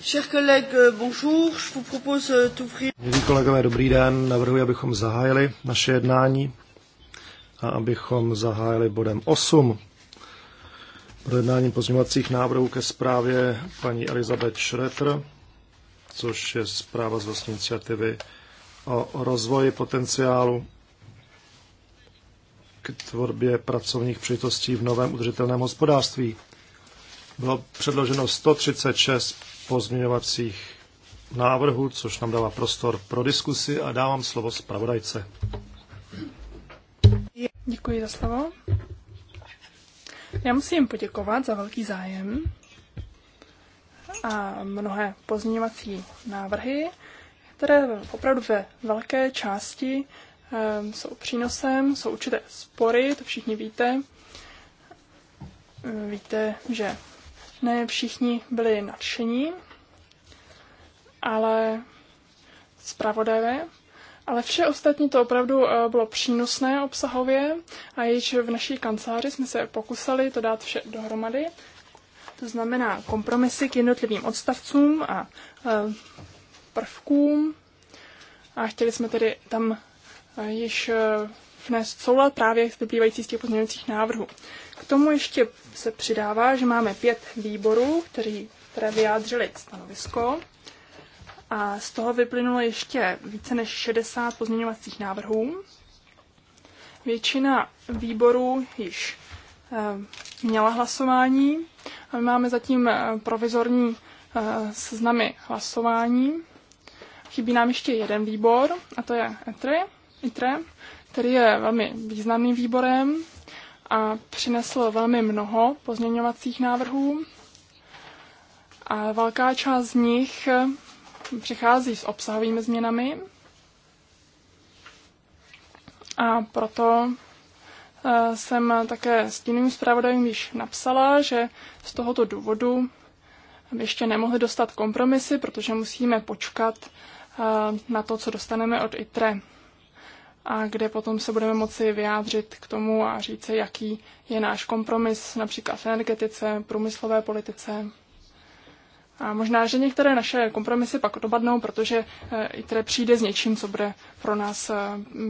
Euh, euh, Milí kolegové, dobrý den. Navrhuji, abychom zahájili naše jednání a abychom zahájili bodem 8. Projednáním pozměňovacích návrhů ke zprávě paní Elizabeth Schroeter, což je zpráva z vlastní iniciativy o rozvoji potenciálu k tvorbě pracovních příležitostí v novém udržitelném hospodářství. Bylo předloženo 136 pozměňovacích návrhů, což nám dává prostor pro diskusi a dávám slovo zpravodajce. Děkuji za slovo. Já musím poděkovat za velký zájem a mnohé pozměňovací návrhy, které opravdu ve velké části eh, jsou přínosem, jsou určité spory, to všichni víte. Víte, že ne všichni byli nadšení, ale zpravodajové, ale vše ostatní to opravdu eh, bylo přínosné obsahově a již v naší kanceláři jsme se pokusili to dát vše dohromady. To znamená kompromisy k jednotlivým odstavcům a eh, prvkům. A chtěli jsme tedy tam eh, již vnést soulad právě vyplývající z těch pozměňujících návrhů. K tomu ještě se přidává, že máme pět výborů, který, které vyjádřili stanovisko a z toho vyplynulo ještě více než 60 pozměňovacích návrhů. Většina výborů již eh, měla hlasování a my máme zatím eh, provizorní eh, seznamy hlasování. Chybí nám ještě jeden výbor, a to je ETRE, ITRE, který je velmi významným výborem a přinesl velmi mnoho pozměňovacích návrhů. A velká část z nich přichází s obsahovými změnami. A proto eh, jsem také s stínovým zpravodajům již napsala, že z tohoto důvodu ještě nemohli dostat kompromisy, protože musíme počkat eh, na to, co dostaneme od ITRE a kde potom se budeme moci vyjádřit k tomu a říci, jaký je náš kompromis například v energetice, průmyslové politice. A možná, že některé naše kompromisy pak dopadnou, protože eh, i ITRE přijde s něčím, co bude pro nás eh,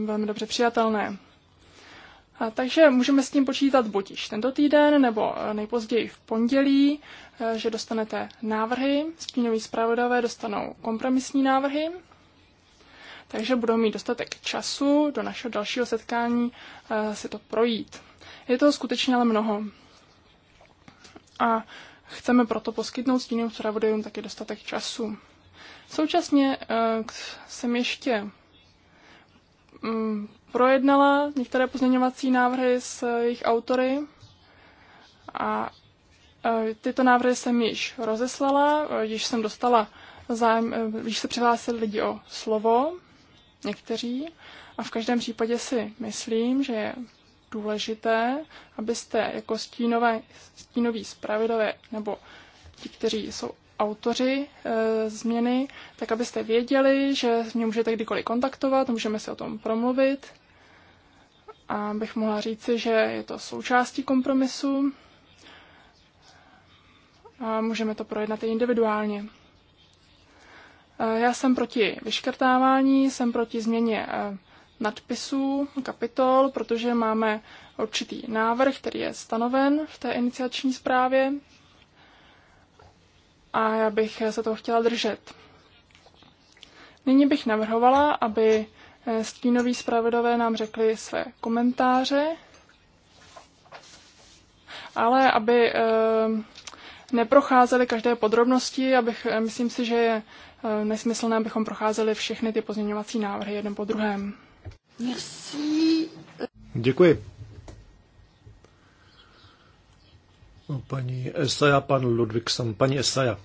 velmi dobře přijatelné. A takže můžeme s tím počítat buď již tento týden, nebo eh, nejpozději v pondělí, že dostanete návrhy, stínoví zpravodavé dostanou kompromisní návrhy takže budou mít dostatek času do našeho dalšího setkání eh, si to projít. Je toho skutečně ale mnoho. A chceme proto poskytnout stínovým zpravodajům taky dostatek času. Současně eh, jsem ještě mm, projednala některé pozměňovací návrhy s jejich autory a eh, tyto návrhy jsem již rozeslala, již jsem dostala zájem, když se přihlásili lidi o slovo někteří. A v každém případě si myslím, že je důležité, abyste jako stínové, stínoví zpravidové nebo ti, kteří jsou autoři e, změny, tak abyste věděli, že mě můžete kdykoliv kontaktovat, můžeme se o tom promluvit. A bych mohla říci, že je to součástí kompromisu. A můžeme to projednat i individuálně. Eh, já jsem proti vyškrtávání, jsem proti změně eh, nadpisů, kapitol, protože máme určitý návrh, který je stanoven v té iniciační zprávě a já bych se toho chtěla držet. Nyní bych navrhovala, aby eh, stínoví zpravodové nám řekli své komentáře, ale aby neprocházeli každé podrobnosti, abych, eh, myslím si, že je eh, nesmyslné, abychom procházeli všechny ty pozměňovací návrhy jeden po druhém. Merci. Děkuji. Paní Esaja, pan Ludvíkson, paní Esaja.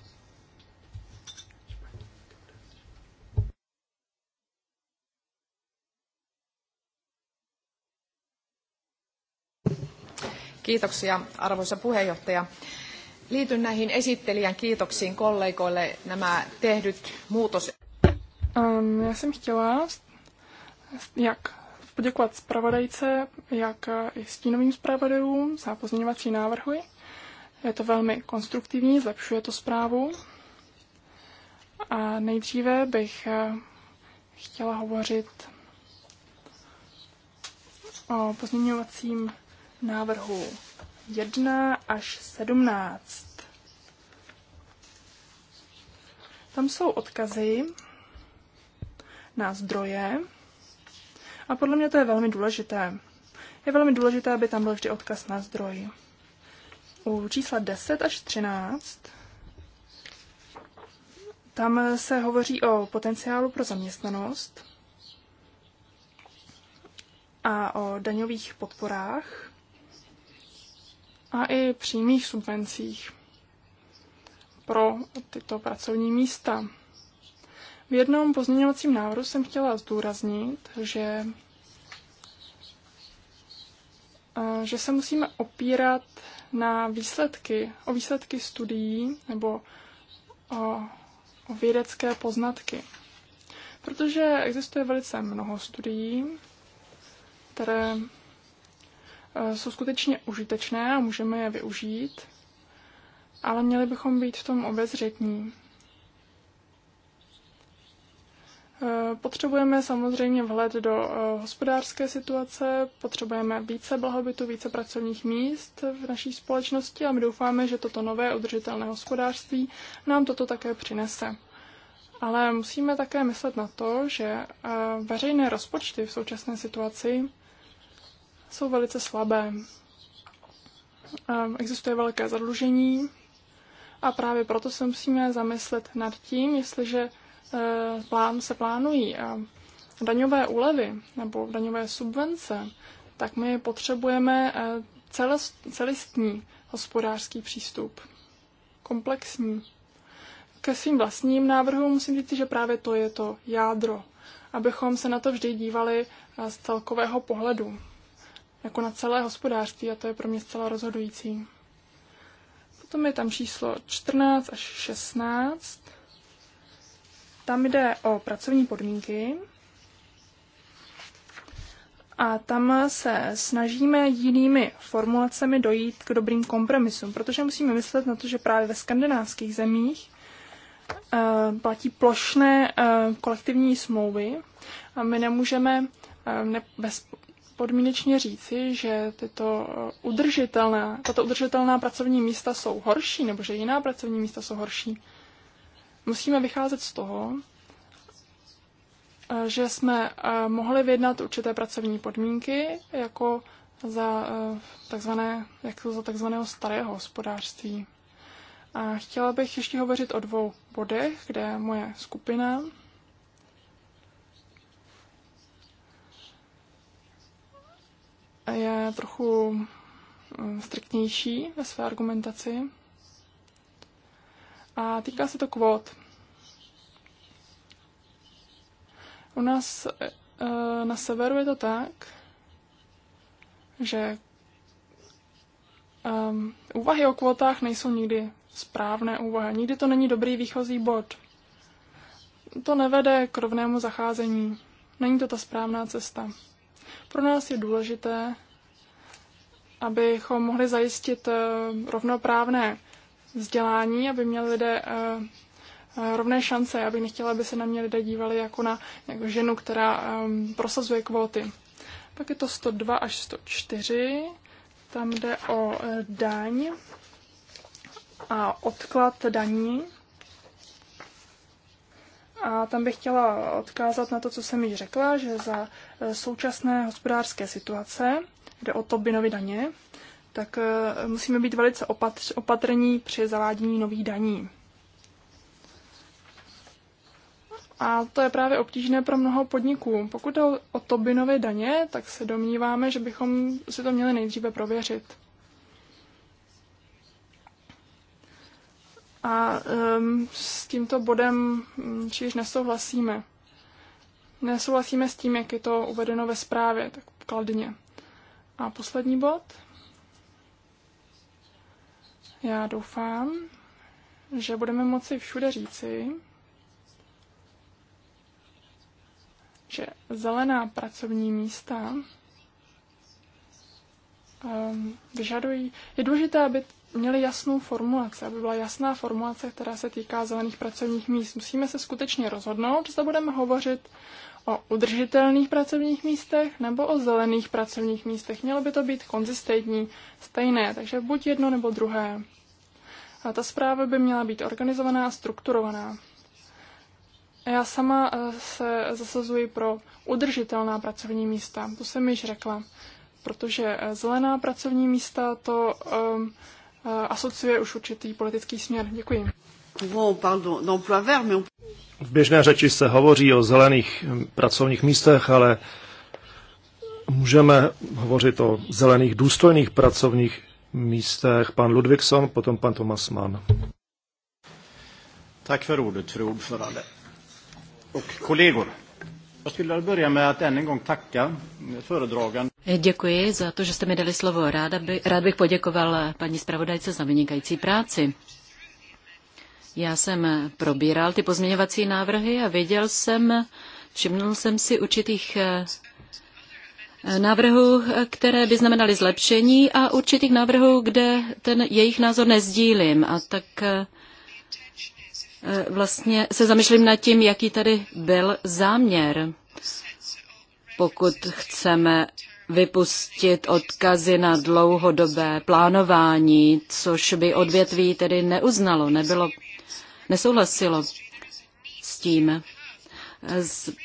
Kiitoksia, arvoisa puheenjohtaja. Liityn näihin esittelijän kiitoksiin kollegoille nämä tehdyt muutos. Um, já jsem chtěla, jak poděkovat zpravodajce, jak i stínovým zpravodajům za pozměňovací návrhy. Je to velmi konstruktivní, zlepšuje to zprávu. A nejdříve bych eh, chtěla hovořit o pozměňovacím návrhu 1 až 17. Tam jsou odkazy na zdroje a podle mě to je velmi důležité. Je velmi důležité, aby tam byl vždy odkaz na zdroj. U čísla 10 až 13 tam se hovoří o potenciálu pro zaměstnanost a o daňových podporách a i přímých subvencích pro tyto pracovní místa. V jednom pozměňovacím návrhu jsem chtěla zdůraznit, že, eh, že se musíme opírat na výsledky, o výsledky studií nebo o, o vědecké poznatky. Protože existuje velice mnoho studií, které Eh, jsou skutečně užitečné a můžeme je využít, ale měli bychom být v tom obezřetní. Eh, potřebujeme samozřejmě vhled do eh, hospodářské situace, potřebujeme více blahobytu, více pracovních míst v naší společnosti a my doufáme, že toto nové udržitelné hospodářství nám toto také přinese. Ale musíme také myslet na to, že veřejné rozpočty v současné situaci jsou velice slabé. Ehm, existuje velké zadlužení a právě proto se musíme zamyslet nad tím, jestliže eh, plán se plánují ehm, daňové úlevy nebo daňové subvence, tak my potřebujeme eh, celistní hospodářský přístup, komplexní. Ke svým vlastním návrhům musím říct, že právě to je to jádro, abychom se na to vždy dívali eh, z celkového pohledu jako na celé hospodářství a to je pro mě zcela rozhodující. Potom je tam číslo 14 až 16. Tam jde o pracovní podmínky. A tam se snažíme jinými formulacemi dojít k dobrým kompromisům, protože musíme myslet na to, že právě ve skandinávských zemích eh, platí plošné eh, kolektivní smlouvy a my nemůžeme eh, podmínečně říci, že tyto eh, udržitelná, tato udržitelná pracovní místa jsou horší, nebo že jiná pracovní místa jsou horší. Musíme vycházet z toho, eh, že jsme eh, mohli vyjednat určité pracovní podmínky jako za, takzvané, jako za takzvaného starého hospodářství. A chtěla bych ještě hovořit o dvou bodech, kde moje skupina je trochu mm, striktnější ve své argumentaci. A týká se to kvót. U nás e, e, na severu je to tak, že um, úvahy o kvotách nejsou nikdy správné úvahy. Nikdy to není dobrý výchozí bod. To nevede k rovnému zacházení. Není to ta správná cesta. Pro nás je důležité, abychom mohli zajistit eh, rovnoprávné vzdělání, aby měli lidé eh, eh, rovné šance. Já bych nechtěla, aby se na mě lidé dívali jako na jako ženu, která prosazuje kvóty. Pak je to 102 až 104. Tam jde o daň a odklad daní. A tam bych chtěla odkázat na to, co jsem již řekla, že za e, současné hospodářské situace, kde o Tobinovy daně, tak e, musíme být velice opatř, opatrní při zavádění nových daní. A to je právě obtížné pro mnoho podniků. Pokud jde o Tobinovy daně, tak se domníváme, že bychom si to měli nejdříve prověřit. a um, s tímto bodem mm, příliš nesouhlasíme. Nesouhlasíme s tím, jak je to uvedeno ve zprávě, tak kladně. A poslední bod. Já doufám, že budeme moci všude říci, že zelená pracovní místa um, vyžadují. Je důležité, aby měli jasnou formulaci, aby byla jasná formulace, která se týká zelených pracovních míst. Musíme se skutečně rozhodnout, zda budeme hovořit o udržitelných pracovních místech nebo o zelených pracovních místech. Mělo by to být konzistentní, stejné, takže buď jedno nebo druhé. A ta zpráva by měla být organizovaná a strukturovaná. Já sama eh, se zasazuji pro udržitelná pracovní místa, to jsem již řekla, protože eh, zelená pracovní místa to um, asociuje už určitý politický směr. Děkuji. V běžné řeči se hovoří o zelených hm, pracovních místech, ale můžeme hovořit o zelených důstojných pracovních místech. Pan Ludvíkson, potom pan Thomas Mann. Tak för ordet, fru ordförande. Och kollegor. Eh, děkuji za to, že jste mi dali slovo. Ráda by, rád bych poděkoval eh, paní zpravodajce za vynikající práci. Já jsem eh, probíral ty pozměňovací návrhy a viděl jsem, všimnul jsem si určitých návrhů, které by znamenaly zlepšení a určitých návrhů, kde ten jejich názor nezdílím. A tak Eh, vlastně se zamýšlím nad tím, jaký tady byl záměr, pokud chceme vypustit odkazy na dlouhodobé plánování, což by odvětví tedy neuznalo, nebylo, nesouhlasilo s tím.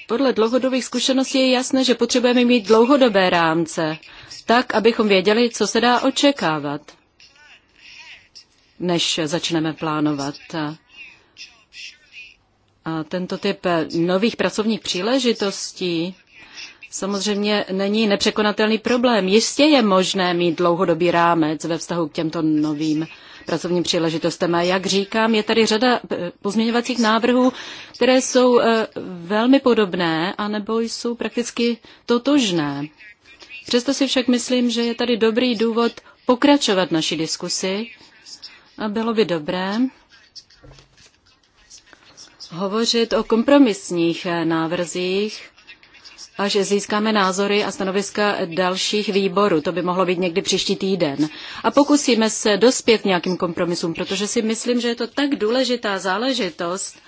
Podle dlouhodobých zkušeností je jasné, že potřebujeme mít dlouhodobé rámce, tak, abychom věděli, co se dá očekávat, než začneme plánovat tento typ nových pracovních příležitostí samozřejmě není nepřekonatelný problém. Jistě je možné mít dlouhodobý rámec ve vztahu k těmto novým pracovním příležitostem. A jak říkám, je tady řada eh, pozměňovacích návrhů, které jsou eh, velmi podobné, anebo jsou prakticky totožné. Přesto si však myslím, že je tady dobrý důvod pokračovat naší diskusi a bylo by dobré, hovořit o kompromisních eh, návrzích, až získáme názory a stanoviska dalších výborů. To by mohlo být někdy příští týden. A pokusíme se dospět nějakým kompromisům, protože si myslím, že je to tak důležitá záležitost,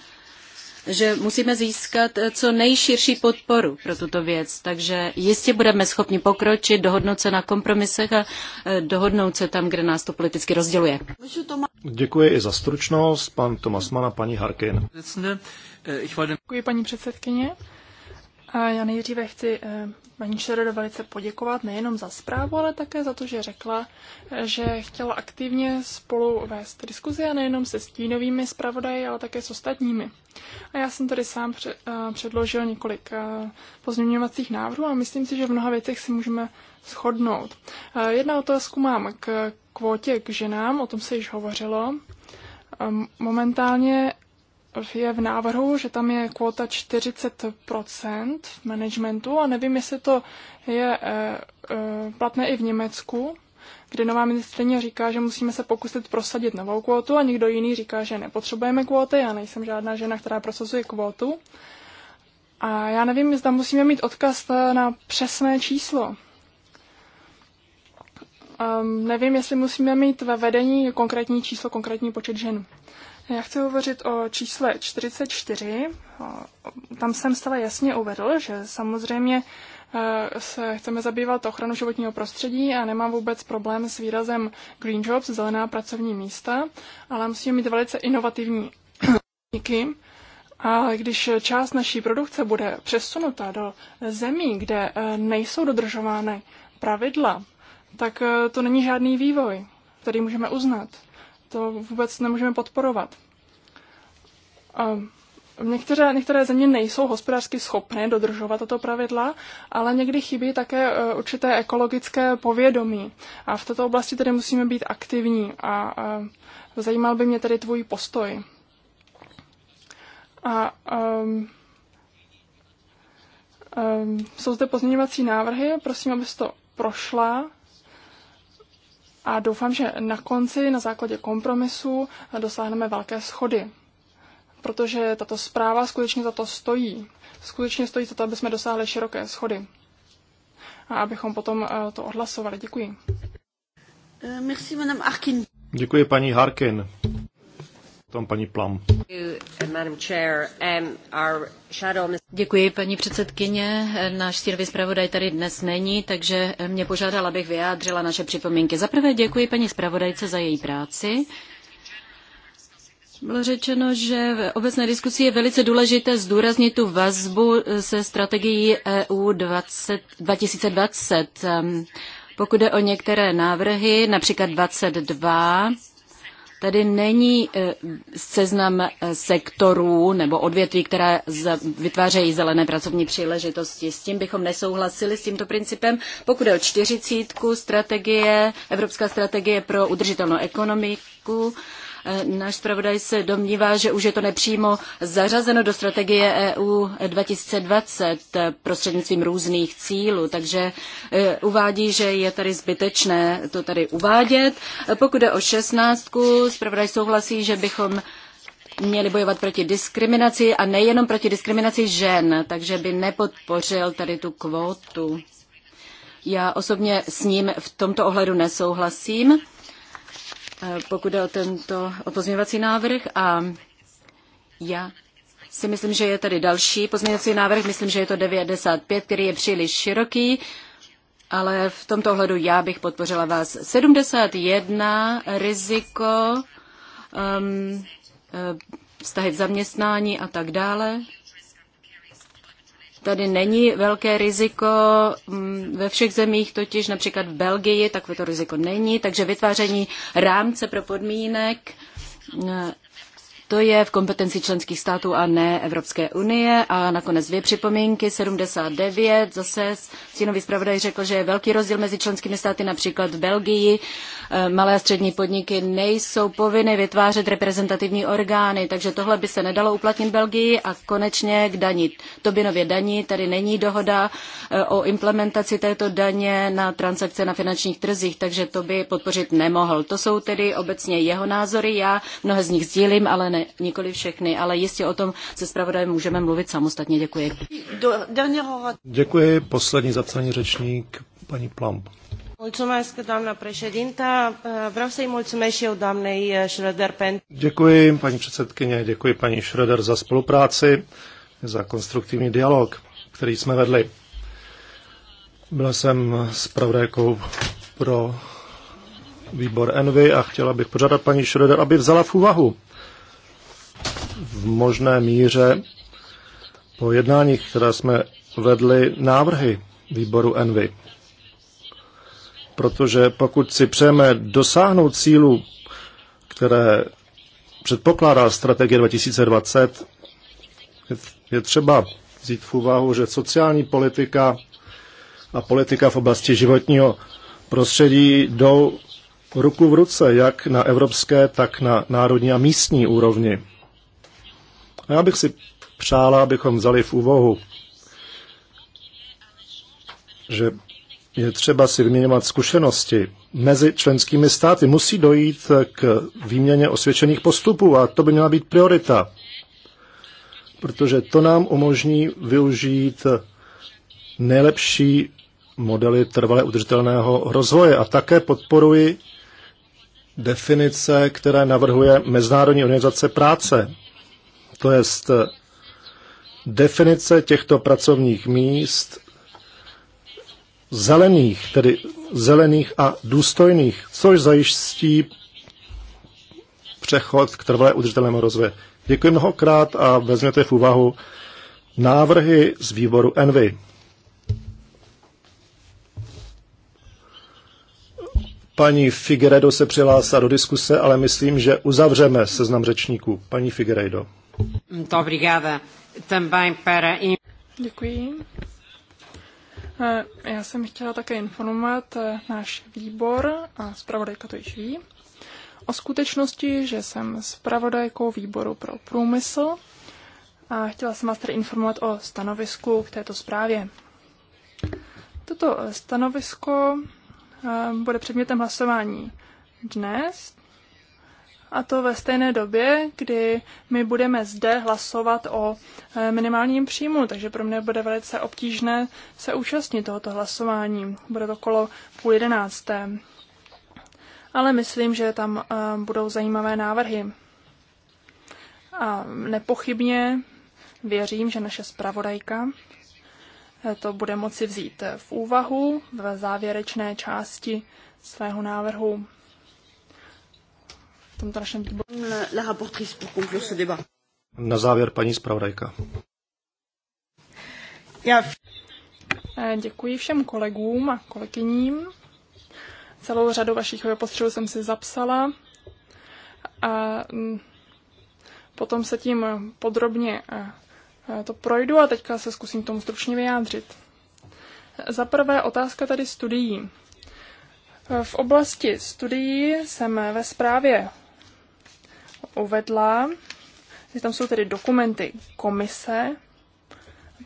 že musíme získat eh, co nejširší podporu pro tuto věc, takže jistě budeme schopni pokročit, dohodnout se na kompromisech a eh, dohodnout se tam, kde nás to politicky rozděluje. Děkuji i za stručnost, pan Tomas Mana, paní Harkin. Děkuji, paní předsedkyně. A já nejdříve chci eh, paní Šerodo velice poděkovat nejenom za zprávu, ale také za to, že řekla, eh, že chtěla aktivně spolu vést diskuzi a nejenom se stínovými zpravodaji, ale také s ostatními. A já jsem tady sám eh, předložil několik pozměňovacích návrhů a myslím si, že v mnoha věcech si můžeme shodnout. Jedna otázku mám k kvótě k ženám, o tom se již hovořilo. Ehm, momentálně je v návrhu, že tam je kvota 40% v managementu a nevím, jestli to je eh, eh, platné i v Německu, kde nová ministrině říká, že musíme se pokusit prosadit novou kvotu, a někdo jiný říká, že nepotřebujeme kvóty. Já nejsem žádná žena, která prosazuje kvótu. A já nevím, zda musíme mít odkaz eh, na přesné číslo. Um, nevím, jestli musíme mít ve vedení konkrétní číslo, konkrétní počet žen. Já chci hovořit o čísle 44. Tam jsem stále jasně uvedl, že samozřejmě eh, se chceme zabývat ochranou životního prostředí a nemám vůbec problém s výrazem Green Jobs, zelená pracovní místa, ale musíme mít velice inovativní podniky. A když část naší produkce bude přesunuta do zemí, kde eh, nejsou dodržovány pravidla, tak eh, to není žádný vývoj, který můžeme uznat to vůbec nemůžeme podporovat. A Některé, některé země nejsou hospodářsky schopné dodržovat tato pravidla, ale někdy chybí také e, určité ekologické povědomí. A v této oblasti tedy musíme být aktivní a, a zajímal by mě tedy tvůj postoj. A um, um, jsou zde pozměňovací návrhy, prosím, abys to prošla a doufám, že na konci, na základě kompromisu, dosáhneme velké schody. Protože tato zpráva skutečně za to stojí. Skutečně stojí za to, aby jsme dosáhli široké schody. A abychom potom eh, to odhlasovali. Děkuji. Eh, Děkuji, paní Harkin paní Plam. Um, děkuji, paní předsedkyně. Náš stínový zpravodaj tady dnes není, takže mě požádala, abych vyjádřila naše připomínky. Za prvé děkuji paní zpravodajce za její práci. Bylo řečeno, že v obecné diskusi je velice důležité zdůraznit tu vazbu se strategií EU 20, 2020. Pokud jde o některé návrhy, například 22, Tady není eh, seznam eh, sektorů nebo odvětví, které vytvářejí zelené pracovní příležitosti. S tím bychom nesouhlasili, s tímto principem. Pokud je o čtyřicítku, strategie, Evropská strategie pro udržitelnou ekonomiku, Eh, náš zpravodaj se domnívá, že už je to nepřímo zařazeno do strategie EU 2020 prostřednictvím různých cílů, takže eh, uvádí, že je tady zbytečné to tady uvádět. Eh, pokud jde o šestnáctku, zpravodaj souhlasí, že bychom měli bojovat proti diskriminaci a nejenom proti diskriminaci žen, takže by nepodpořil tady tu kvótu. Já osobně s ním v tomto ohledu nesouhlasím. Eh, pokud jde o tento o pozměňovací návrh a já si myslím, že je tady další pozměňovací návrh, myslím, že je to 95, který je příliš široký, ale v tomto ohledu já bych podpořila vás. 71, riziko, um, vztahy v zaměstnání a tak dále. Tady není velké riziko mm, ve všech zemích, totiž například v Belgii takové to riziko není, takže vytváření rámce pro podmínek mm, to je v kompetenci členských států a ne Evropské unie. A nakonec dvě připomínky. 79. Zase stínový zpravodaj řekl, že je velký rozdíl mezi členskými státy, například v Belgii. Eh, malé a střední podniky nejsou povinny vytvářet reprezentativní orgány, takže tohle by se nedalo uplatnit Belgii a konečně k daní. Tobinově daní, tady není dohoda eh, o implementaci této daně na transakce na finančních trzích, takže to by podpořit nemohl. To jsou tedy obecně jeho názory, já mnohé z nich sdílím, ale ne, nikoli všechny, ale jistě o tom se zpravodajem můžeme mluvit samostatně. Děkuji. Děkuji. Poslední zapsaný řečník, paní Plump. Mulțumesc, doamna președintă. Vreau să-i mulțumesc și eu doamnei Schröder pentru... Děkuji, paní předsedkyně, děkuji paní Schröder za spolupráci, za konstruktivní dialog, který jsme vedli. Byl jsem zpravodajkou pro výbor Envy a chtěla bych požádat paní Schröder, aby vzala v úvahu v možné míře po jednáních, které jsme vedli návrhy výboru Envy protože pokud si přejeme dosáhnout cílu, které předpokládá strategie 2020, je třeba vzít v úvahu, že sociální politika a politika v oblasti životního prostředí jdou ruku v ruce, jak na evropské, tak na národní a místní úrovni. A já bych si přála, abychom vzali v úvahu, že je třeba si vyměňovat zkušenosti mezi členskými státy. Musí dojít k výměně osvědčených postupů a to by měla být priorita, protože to nám umožní využít nejlepší modely trvale udržitelného rozvoje. A také podporuji definice, které navrhuje Mezinárodní organizace práce. To je definice těchto pracovních míst zelených, tedy zelených a důstojných, což zajistí přechod k trvalé udržitelnému rozvoji. Děkuji mnohokrát a vezměte v úvahu návrhy z výboru Envy. Paní Figueredo se přihlásila do diskuse, ale myslím, že uzavřeme seznam řečníků. Paní Figueredo. Děkuji. Eh, já jsem chtěla také informovat eh, náš výbor a zpravodajka to již ví, o skutečnosti, že jsem zpravodajkou výboru pro průmysl a chtěla jsem vás tedy informovat o stanovisku k této zprávě. Toto eh, stanovisko bude předmětem hlasování dnes, a to ve stejné době, kdy my budeme zde hlasovat o eh, minimálním příjmu, takže pro mě bude velice obtížné se účastnit tohoto hlasování. Bude to kolo půl jedenácté. Ale myslím, že tam eh, budou zajímavé návrhy. A nepochybně věřím, že naše zpravodajka eh, to bude moci vzít v úvahu v závěrečné části svého návrhu tomto našem výboru. Na závěr paní zpravodajka. Já eh, děkuji všem kolegům a kolegyním. Celou řadu vašich postřehů jsem si zapsala a mm, potom se tím podrobně eh, eh, to projdu a teďka se zkusím tomu stručně vyjádřit. Za prvé otázka tady studií. V oblasti studií jsem ve zprávě uvedla, že tam jsou tedy dokumenty komise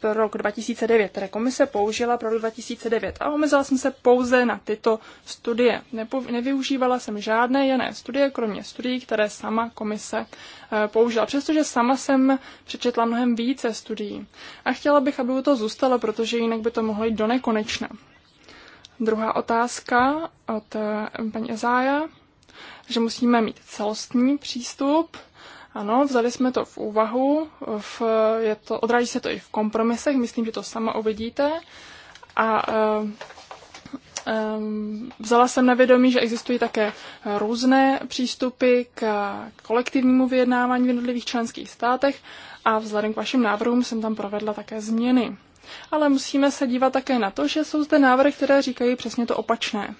pro rok 2009, které komise použila pro rok 2009 a omezila jsem se pouze na tyto studie. Nepo, nevyužívala jsem žádné jiné studie, kromě studií, které sama komise e, použila, přestože sama jsem přečetla mnohem více studií. A chtěla bych, aby to zůstalo, protože jinak by to mohlo jít do nekonečna. Druhá otázka od eh, paní Zája že musíme mít celostní přístup. Ano, vzali jsme to v úvahu, v, je to, odráží se to i v kompromisech, myslím, že to sama uvidíte. A eh, eh, Vzala jsem na vědomí, že existují také různé přístupy k kolektivnímu vyjednávání v jednotlivých členských státech a vzhledem k vašim návrhům jsem tam provedla také změny. Ale musíme se dívat také na to, že jsou zde návrhy, které říkají přesně to opačné.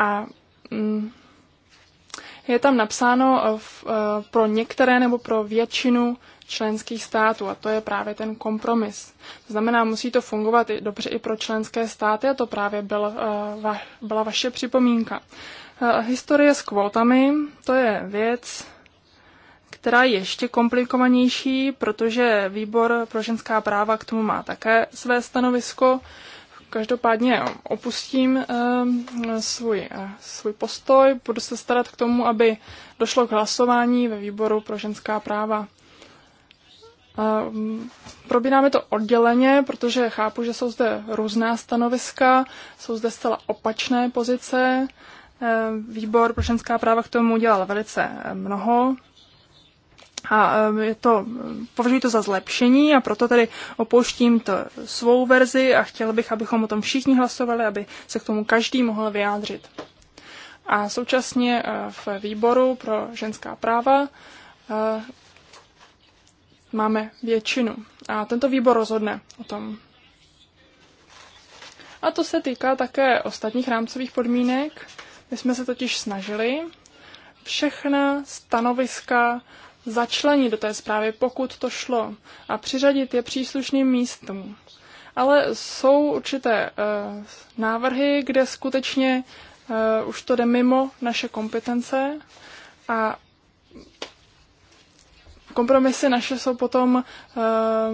A mm, je tam napsáno eh, eh, pro některé nebo pro většinu členských států a to je právě ten kompromis. To znamená, musí to fungovat i dobře i pro členské státy a to právě byl, eh, byla vaše připomínka. Historie s kvótami, to je věc, která je ještě komplikovanější, protože výbor pro ženská práva k tomu má také své stanovisko. Každopádně opustím eh, svůj, eh, svůj postoj, budu se starat k tomu, aby došlo k hlasování ve výboru pro ženská práva. Eh, probíráme to odděleně, protože chápu, že jsou zde různá stanoviska, jsou zde zcela opačné pozice. Výbor pro ženská práva k tomu dělal velice mnoho. A ehm, je to, považuji to za zlepšení a proto tedy opouštím to svou verzi a chtěl bych, abychom o tom všichni hlasovali, aby se k tomu každý mohl vyjádřit. A současně eh, v výboru pro ženská práva eh, máme většinu. A tento výbor rozhodne o tom. A to se týká také ostatních rámcových podmínek. My jsme se totiž snažili všechna stanoviska začlenit do té zprávy, pokud to šlo, a přiřadit je příslušným místům. Ale jsou určité uh, návrhy, kde skutečně uh, už to jde mimo naše kompetence a kompromisy naše jsou potom uh,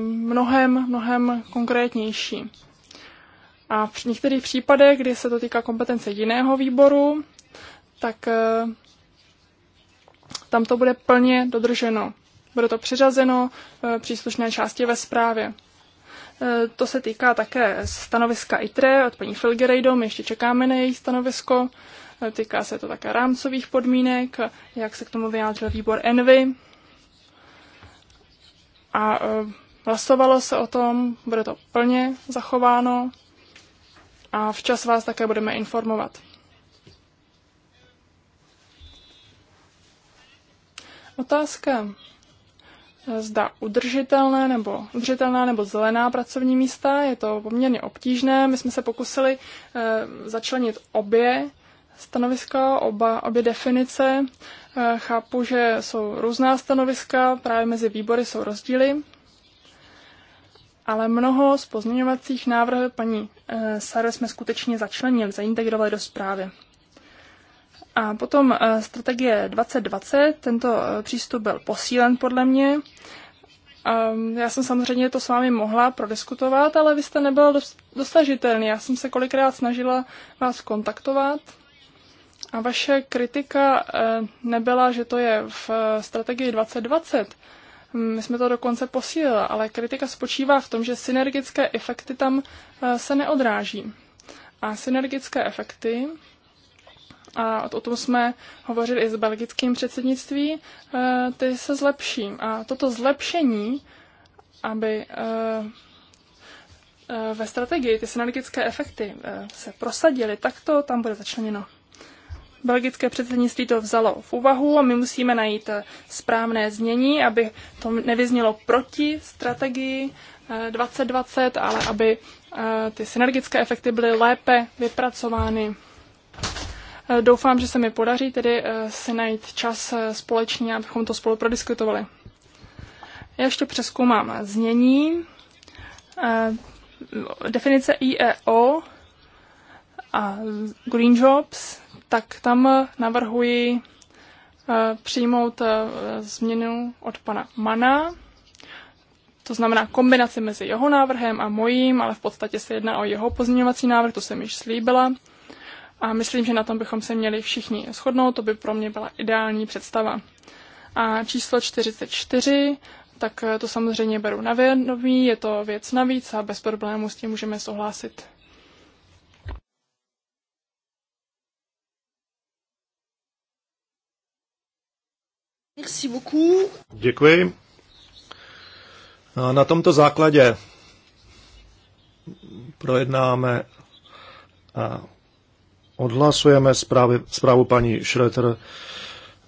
mnohem, mnohem konkrétnější. A v některých případech, kdy se to týká kompetence jiného výboru, tak uh, tam to bude plně dodrženo. Bude to přiřazeno eh, příslušné části ve zprávě. Eh, to se týká také stanoviska ITRE od paní Filgerejdo, my ještě čekáme na její stanovisko. Eh, týká se to také rámcových podmínek, jak se k tomu vyjádřil výbor Envy. A hlasovalo se o tom, bude to plně zachováno a včas vás také budeme informovat. Otázka, eh, zda udržitelné nebo udržitelná nebo zelená pracovní místa, je to poměrně obtížné. My jsme se pokusili eh, začlenit obě stanoviska, oba, obě definice. Eh, chápu, že jsou různá stanoviska, právě mezi výbory jsou rozdíly, ale mnoho z pozměňovacích návrhů paní Sary jsme skutečně začlenili, zaintegrovali do zprávy. A potom eh, strategie 2020, tento eh, přístup byl posílen podle mě. Ehm, já jsem samozřejmě to s vámi mohla prodiskutovat, ale vy jste nebyl dostažitelný. Já jsem se kolikrát snažila vás kontaktovat a vaše kritika eh, nebyla, že to je v strategii 2020. Hm, my jsme to dokonce posílili, ale kritika spočívá v tom, že synergické efekty tam se neodráží. A synergické efekty a o tom jsme hovořili i s belgickým předsednictví, e, ty se zlepší. A toto zlepšení, aby e, e, ve strategii ty synergické efekty se prosadily, tak to tam bude začleněno. Belgické předsednictví to vzalo v úvahu a my musíme najít správné znění, aby to nevyznělo proti strategii 2020, ale aby ty synergické efekty byly lépe vypracovány Eh, doufám, že se mi podaří tedy eh, si najít čas eh, společný, abychom to spolu prodiskutovali. Já ještě přeskoumám znění. Definice IEO a Green Jobs, tak tam navrhuji přijmout změnu od pana Mana, to znamená kombinaci mezi jeho návrhem a mojím, ale v podstatě se jedná o jeho pozměňovací návrh, to jsem již slíbila. A myslím, že na tom bychom se měli všichni shodnout, to by pro mě byla ideální představa. A číslo 44, tak eh, to samozřejmě beru na vědomí, je to věc navíc a bez problémů s tím můžeme souhlasit. Merci Děkuji. na tomto základě projednáme odhlasujeme zprávy, zprávu paní Schröter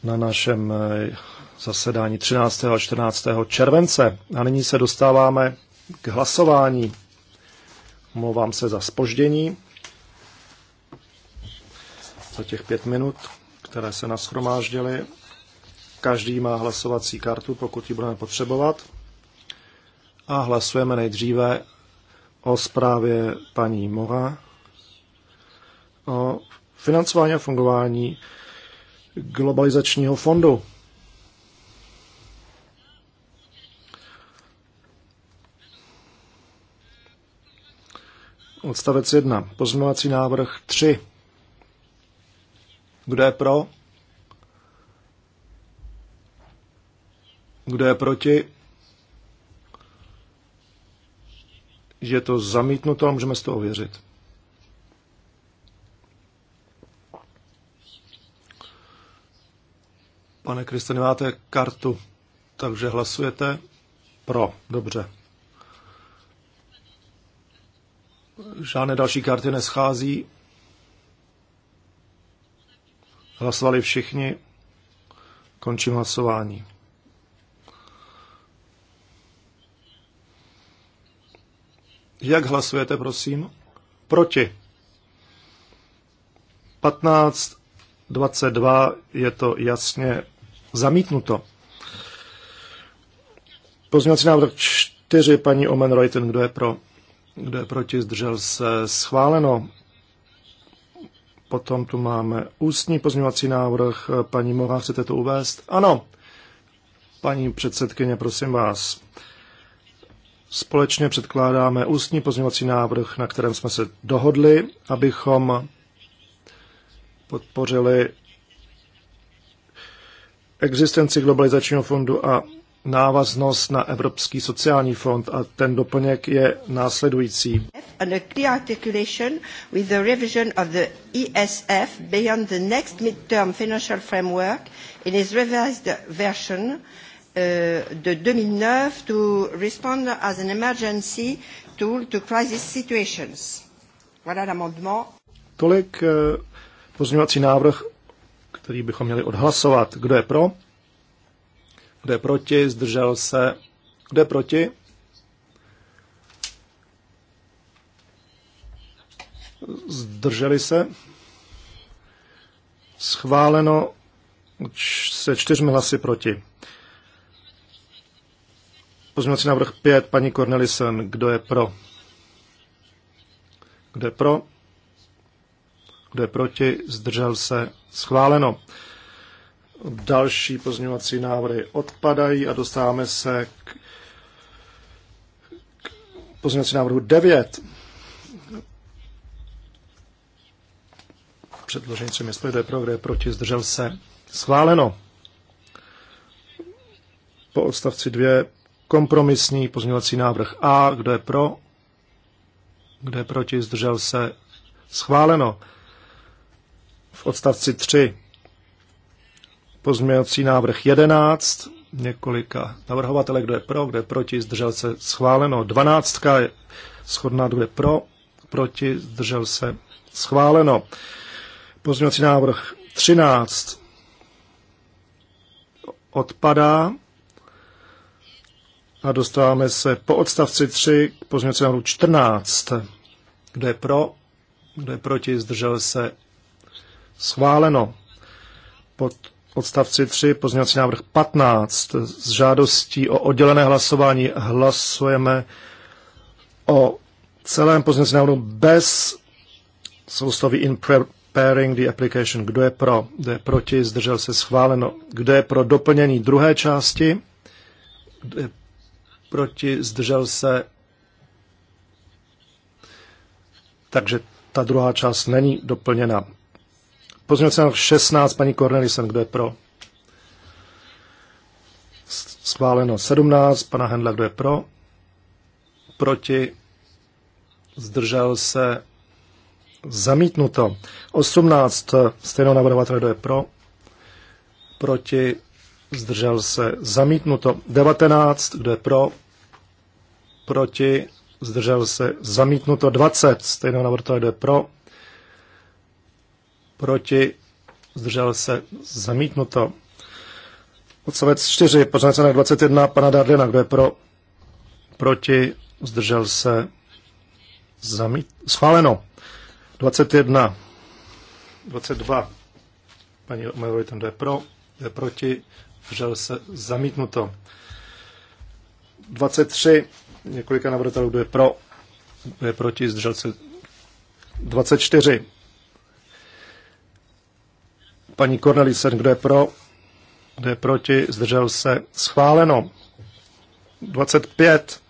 na našem eh, zasedání 13. a 14. července. A nyní se dostáváme k hlasování. Mluvám se za spoždění, za těch pět minut, které se nashromáždily. Každý má hlasovací kartu, pokud ji budeme potřebovat. A hlasujeme nejdříve o zprávě paní Mora o financování a fungování globalizačního fondu. Odstavec 1. Pozměňovací návrh 3. Kdo je pro? Kdo je proti? Je to zamítnuto a můžeme z toho věřit. Pane Kriste, nemáte kartu, takže hlasujete pro. Dobře. Žádné další karty neschází. Hlasovali všichni. Končím hlasování. Jak hlasujete, prosím? Proti. 15, 22, je to jasně Zamítnuto. Pozměňovací návrh 4, paní Omen Reuten, kdo je pro? Kdo je proti? Zdržel se schváleno. Potom tu máme ústní pozměňovací návrh. Paní Mora, chcete to uvést? Ano. Paní předsedkyně, prosím vás. Společně předkládáme ústní pozměňovací návrh, na kterém jsme se dohodli, abychom podpořili existenci globalizačního fondu a návaznost na Evropský sociální fond a ten doplněk je následující. with the revision of the ESF beyond the next financial framework revised version 2009 uh, to respond as an emergency tool to crisis situations. Tolik uh, pozměňovací návrh který bychom měli odhlasovat. Kdo je pro? Kdo je proti? Zdržel se? Kdo je proti? Zdrželi se? Schváleno se čtyřmi hlasy proti. Pozměňovací návrh 5, paní Cornelison, kdo je pro? Kdo je pro? Kdo je proti? Zdržel se? Schváleno. Další pozměňovací návrhy odpadají a dostáváme se k, k pozměňovací návrhu 9. Předložení třemi je pro, kde je proti, zdržel se. Schváleno. Po odstavci 2 kompromisní pozměňovací návrh A. Kdo je pro? Kdo je proti? Zdržel se. Schváleno v odstavci 3 pozměňovací návrh 11 několika navrhovatele, kdo je pro, kdo je proti, zdržel se schváleno. 12 je shodná, kdo je pro, proti, zdržel se schváleno. Pozměňovací návrh 13 odpadá a dostáváme se po odstavci 3 k pozměňovacímu návrhu 14. Kdo je pro, kdo je proti, zdržel se Schváleno. Pod odstavci 3 pozměňovací návrh 15 s žádostí o oddělené hlasování hlasujeme o celém pozměňovacím návrhu bez soustavy in preparing the application. Kdo je pro, kdo je proti, zdržel se schváleno. Kdo je pro doplnění druhé části, kdo je proti, zdržel se. Takže ta druhá část není doplněna. Pozměňovací návrh 16, paní Cornelisen, kdo je pro? Schváleno 17, pana Hendla, kdo je pro? Proti? Zdržel se? Zamítnuto. 18, stejnou navrhovatel, kdo je pro? Proti? Zdržel se? Zamítnuto. 19, kdo je pro? Proti? Zdržel se? Zamítnuto. 20, stejnou navrhovatel, kdo je pro? proti, zdržel se, zamítnuto. Odsovec 4, pořádce na 21, pana Darlina, kdo je pro, proti, zdržel se, zamít, schváleno. 21, 22, paní Omerovi tam je pro, je proti, zdržel se, zamítnuto. 23, několika navrhovatelů, kdo je pro, kdo je proti, zdržel se, 24, paní Cornelisen, kdo je pro, kdo je proti, zdržel se, schváleno. 25,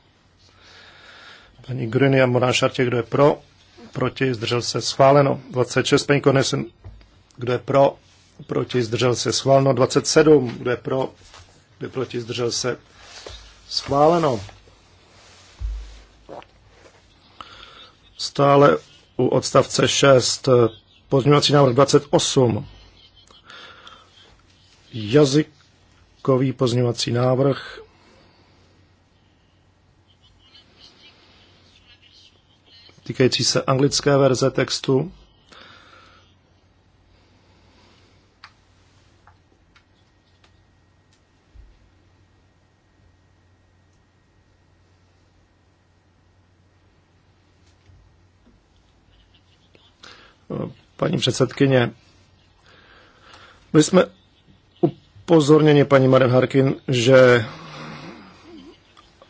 paní Gruny a Morán Šartě, kdo je pro, proti, zdržel se, schváleno. 26, paní Cornelisen, kdo je pro, proti, zdržel se, schváleno. 27, kdo je pro, kdo je proti, zdržel se, schváleno. Stále u odstavce 6, pozměňovací návrh 28, jazykový pozměňovací návrh. týkající se anglické verze textu. Paní předsedkyně, my jsme upozornění paní Maren Harkin, že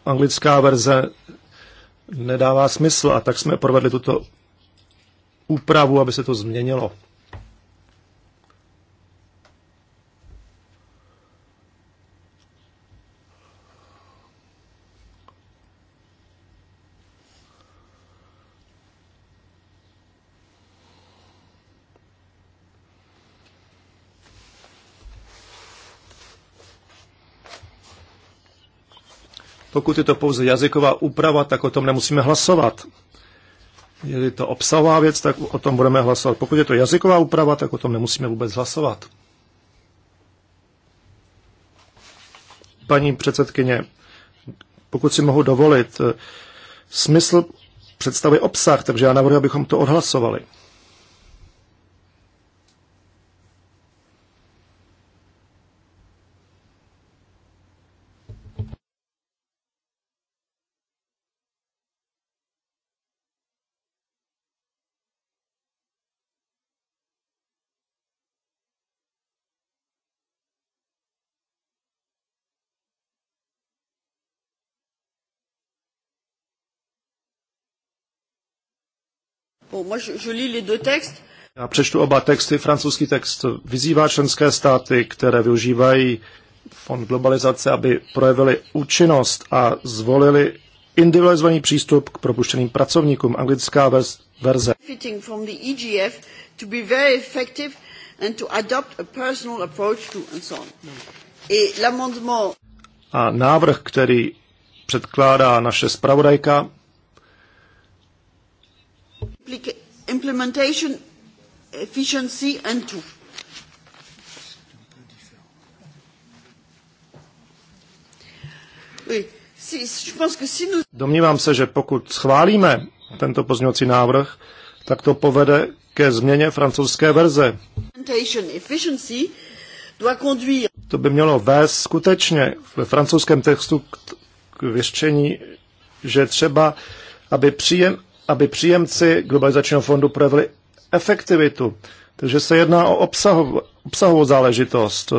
anglická verze nedává smysl a tak jsme provedli tuto úpravu, aby se to změnilo. Pokud je to pouze jazyková úprava, tak o tom nemusíme hlasovat. Je to obsahová věc, tak o tom budeme hlasovat. Pokud je to jazyková úprava, tak o tom nemusíme vůbec hlasovat. Paní předsedkyně, pokud si mohu dovolit, eh, smysl představuje obsah, takže já navrhuji, abychom to odhlasovali. Já přečtu oba texty. Francouzský text vyzývá členské státy, které využívají fond globalizace, aby projevili účinnost a zvolili individualizovaný přístup k propuštěným pracovníkům. Anglická verze. E a A návrh, který předkládá naše spravodajka, implementation efficiency and tout. Domnívám se, že pokud schválíme tento pozměňovací návrh, tak to povede ke změně francouzské verze. To by mělo vést skutečně ve francouzském textu k vyřčení, že třeba, aby příjem aby příjemci globalizačního fondu projevili efektivitu. Takže se jedná o obsahovou, obsahovou záležitost.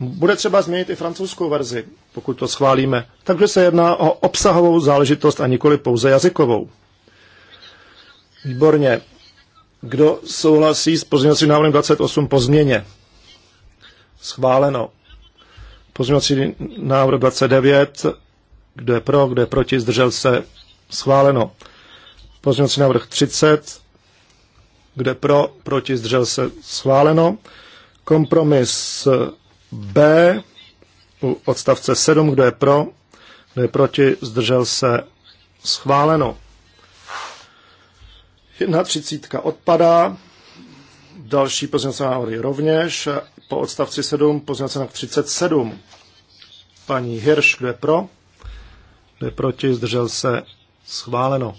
Bude třeba změnit i francouzskou verzi, pokud to schválíme. Takže se jedná o obsahovou záležitost a nikoli pouze jazykovou. Výborně. Kdo souhlasí s pozměňovacím návrhem 28 po změně? Schváleno. Pozměňovací návrh 29. Kdo je pro, kdo je proti, zdržel se? Schváleno. Pozměňovací návrh 30, kde pro, proti, zdržel se, schváleno. Kompromis B u odstavce 7, kdo je pro, kdo je proti, zdržel se, schváleno. 31 odpadá, další pozměňovací návrhy rovněž, po odstavci 7, pozměňovací návrh 37. Paní Hirš, kdo je pro, kdo je proti, zdržel se, schváleno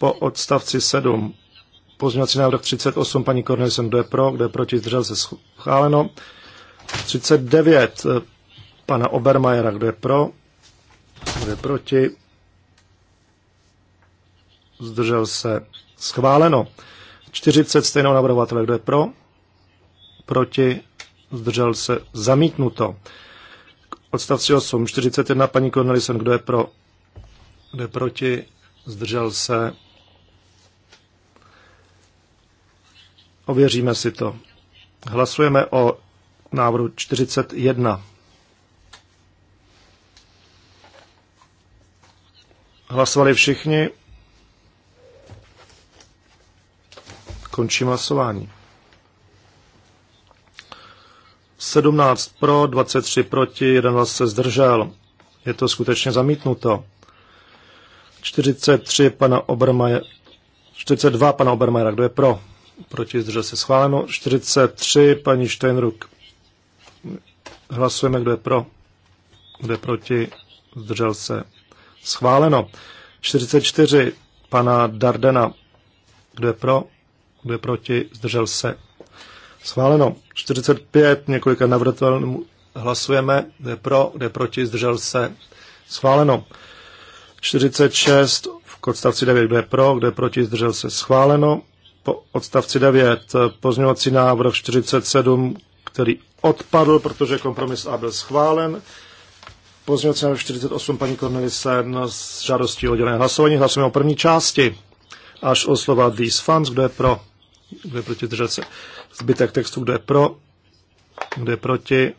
po odstavci 7. Pozměňovací návrh 38, paní Kornelisem, kdo je pro, kdo je proti, zdržel se schváleno. 39, eh, pana Obermajera, kdo je pro, kdo je proti, zdržel se schváleno. 40 stejnou navrhovatele, kdo je pro, proti, zdržel se zamítnuto. Odstavci 8, 41, paní Kornelisem, kdo je pro, kdo je proti, zdržel se Ověříme si to. Hlasujeme o návrhu 41. Hlasovali všichni. Končím hlasování. 17 pro, 23 proti, jeden hlas se zdržel. Je to skutečně zamítnuto. 43 pana Obermaje, 42 pana Obermajera, kdo je pro? proti, zdržel se schváleno. 43, paní Steinruck. Hlasujeme, kdo je pro, kdo je proti, zdržel se schváleno. 44, pana Dardena. Kdo je pro, kdo je proti, zdržel se schváleno. 45, několika navrhovatelů hlasujeme, kdo je pro, kdo je proti, zdržel se schváleno. 46, v odstavci 9, kdo je pro, kdo je proti, zdržel se schváleno po odstavci 9 eh, pozměňovací návrh 47, který odpadl, protože kompromis A byl schválen. Pozměňovací návrh 48 paní Cornelisen s žádostí o dělené hlasování. Hlasujeme o první části až o slova these funds, kdo je pro, kdo je proti, držel se. Zbytek textu, kdo je pro, kdo je proti,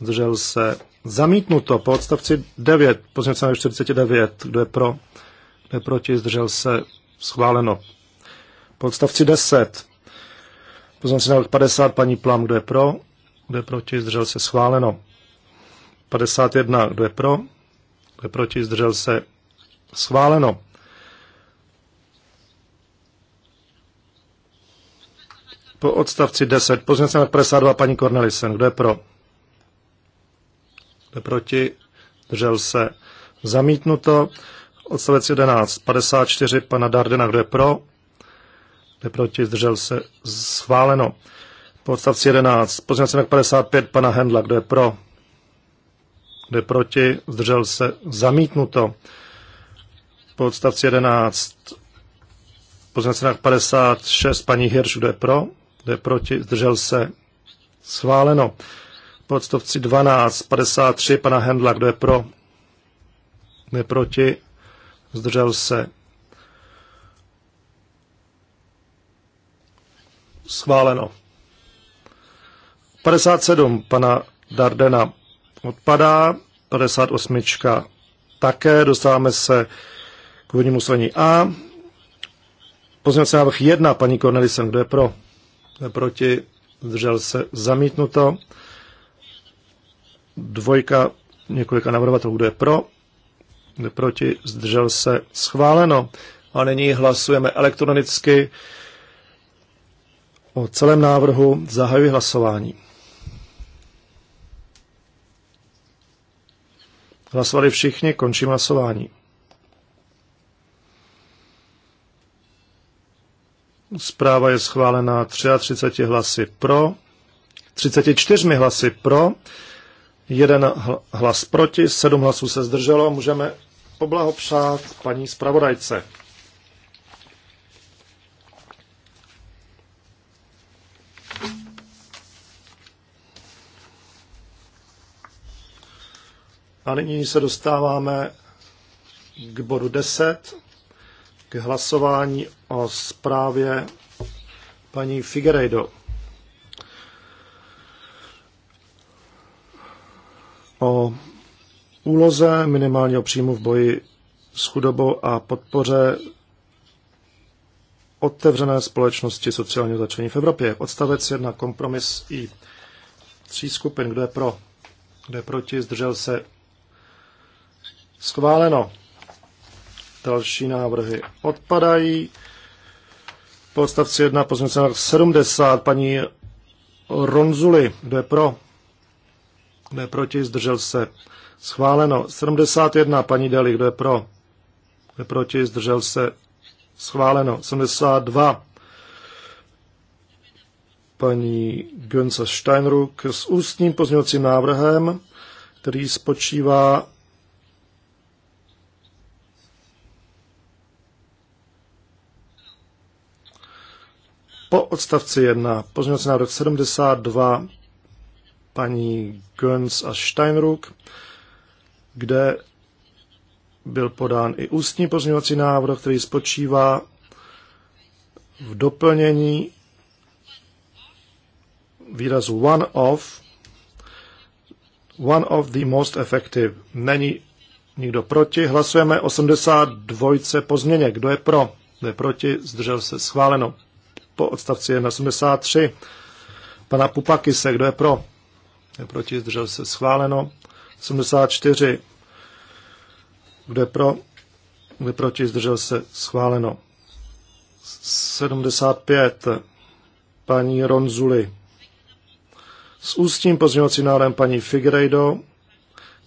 držel se. Zamítnuto po odstavci 9, pozměňovací návrh 49, kdo je pro, kdo je proti, zdržel se. Schváleno. Po odstavci 10. si na 50, paní Plam, kdo je pro? Kdo je proti? Zdržel se schváleno. 51, kdo je pro? Kdo je proti? Zdržel se schváleno. Po odstavci 10. Pozvám Pozměnce na 52 paní Cornelisen. Kdo je pro? Kdo je proti? Zdržel se. Zamítnuto. Odstavec 11. 54 pana Dardena. Kdo je pro? proti, zdržel se, schváleno. Po odstavci 11, pozměn 55 pana Hendla, kdo je pro, kdo je proti, zdržel se, zamítnuto. Po odstavci 11, pozměn 56 paní Hirš, kdo je pro, kdo je proti, zdržel se, schváleno. Po odstavci 12, 53 pana Hendla, kdo je pro, kdo je proti, zdržel se, Schváleno. 57 pana Dardena odpadá, 58 také, dostáváme se k úvodnímu slení A. se návrh 1, paní Cornelisen, kdo je pro? Kdo je proti? Zdržel se zamítnuto. Dvojka několika navrhovatelů, kdo je pro? Kdo je proti? Zdržel se schváleno. A nyní hlasujeme elektronicky O celém návrhu zahajuji hlasování. Hlasovali všichni, končím hlasování. Zpráva je schválena 33 hlasy pro, 34 hlasy pro, jeden hlas proti, sedm hlasů se zdrželo. Můžeme poblahopřát paní zpravodajce. A nyní se dostáváme k bodu 10, k hlasování o zprávě paní Figueiredo. O úloze minimálního příjmu v boji s chudobou a podpoře otevřené společnosti sociálního začlení v Evropě. Odstavec 1, kompromis I. Tří skupin, kdo je pro, kdo je proti, zdržel se, Schváleno. Další návrhy odpadají. Po odstavci 1 pozměnce 70 paní Ronzuli. Kdo je pro? Kdo je proti? Zdržel se. Schváleno. 71 paní Deli. Kdo je pro? Kdo je proti? Zdržel se. Schváleno. 72 paní Gönca Steinruck s ústním pozměňovacím návrhem, který spočívá Po odstavci 1 pozměňovací návrh 72 paní Gönz a Steinruck, kde byl podán i ústní pozměňovací návrh, který spočívá v doplnění výrazu one of, one of the most effective. Není nikdo proti. Hlasujeme 82 po Kdo je pro? Kdo je proti? Zdržel se schváleno po odstavci 183 pana Pupakise, kdo je pro, je proti, zdržel se schváleno, 74, kdo je pro, kdo je proti, zdržel se schváleno, 75, paní Ronzuli, s ústním pozměňovacím návrhem paní Figueiredo,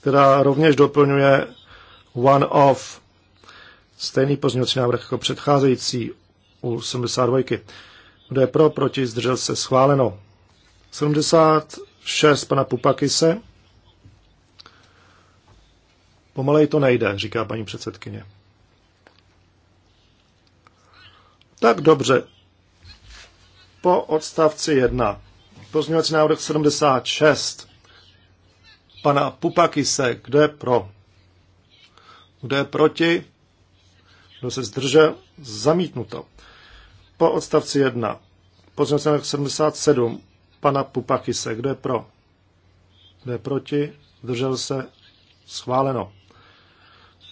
která rovněž doplňuje one-off, stejný pozměňovací návrh jako předcházející u 72. Kdo je pro, proti, zdržel se, schváleno. 76 pana Pupakise. Pomalej to nejde, říká paní předsedkyně. Tak dobře. Po odstavci 1. Pozměňovací návrh 76. Pana Pupakise, kdo je pro? Kdo je proti? Kdo se zdržel? Zamítnuto po odstavci 1. Pozměňovací 77 pana Pupakise. Kdo je pro? Kdo je proti? Držel se? Schváleno.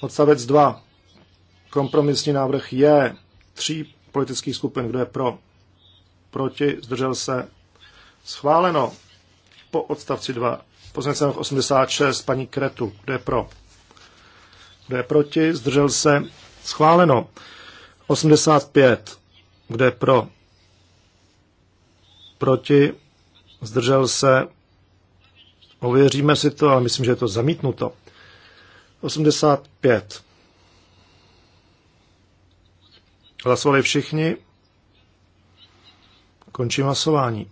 Odstavec 2. Kompromisní návrh je tří politických skupin. Kdo je pro? Proti? Zdržel se? Schváleno. Po odstavci 2. Pozměňovací 86 paní Kretu. Kdo je pro? Kdo je proti? Zdržel se? Schváleno. 85 kdo je pro? Proti? Zdržel se? Ověříme si to, ale myslím, že je to zamítnuto. 85. Hlasovali všichni. Končí hlasování.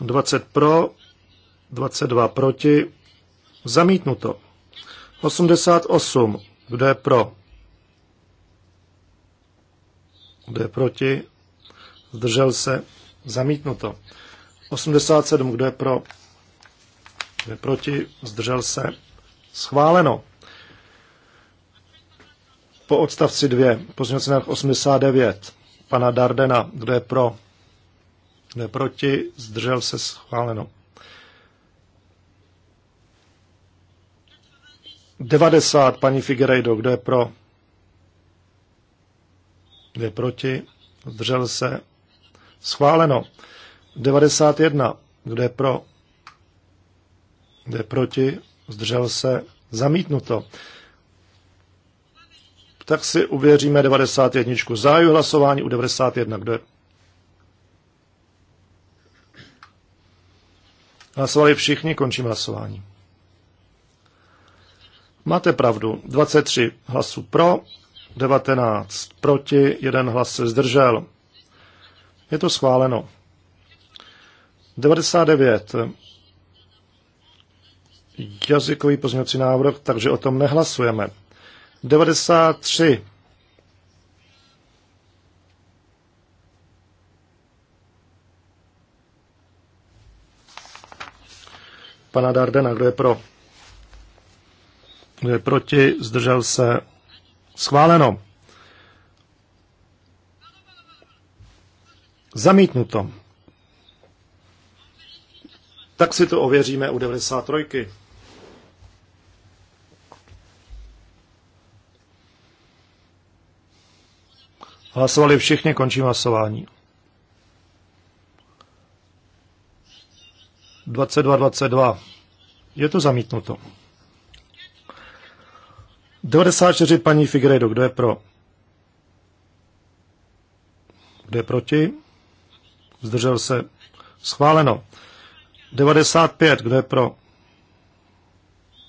20 pro, 22 proti. Zamítnuto. 88. Kdo je pro? Kdo je proti? Zdržel se? Zamítnuto. 87. Kdo je pro? Kdo je proti? Zdržel se? Schváleno. Po odstavci 2, Pozměnce návrh 89, pana Dardena, kdo je pro, kdo je proti, zdržel se schváleno. 90, paní Figueiredo, kdo je pro, 2 proti, zdržel se, schváleno. 91, kdo je pro, kdo je proti, zdržel se, zamítnuto. Tak si uvěříme 91. Záju hlasování u 91. Kdo je? Hlasovali všichni, končím hlasování. Máte pravdu. 23 hlasů pro, 19 proti, jeden hlas se zdržel. Je to schváleno. 99. Jazykový pozměňovací návrh, takže o tom nehlasujeme. 93. Pana Dardena, kdo je pro? Kdo je proti? Zdržel se Schváleno. Zamítnuto. Tak si to ověříme u 93. Hlasovali všichni, končím hlasování. 22, 22. Je to zamítnuto. 94 paní Figueredo, kdo je pro? Kdo je proti? Zdržel se. Schváleno. 95, kdo je pro?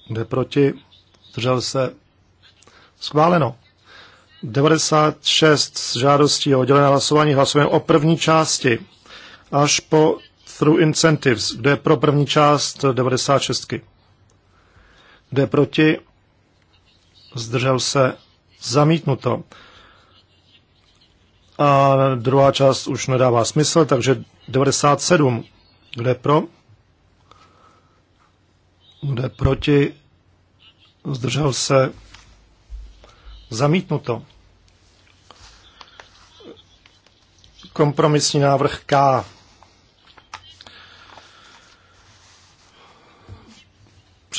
Kdo je proti? Zdržel se. Schváleno. 96 s žádostí o oddělené hlasování hlasujeme o první části až po through incentives, Kdo je pro první část 96. Kdo je proti? zdržel se, zamítnuto. A druhá část už nedává smysl, takže 97. Kde pro? Kde proti? Zdržel se? Zamítnuto. Kompromisní návrh K.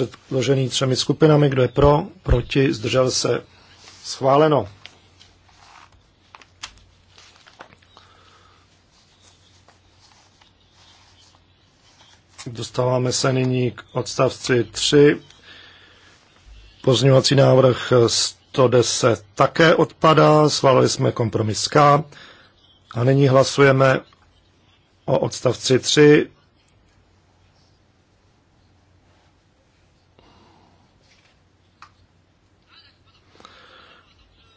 předložený třemi skupinami. Kdo je pro, proti, zdržel se. Schváleno. Dostáváme se nyní k odstavci 3. Pozňovací návrh 110 také odpadá. Schválili jsme kompromis K. A nyní hlasujeme o odstavci 3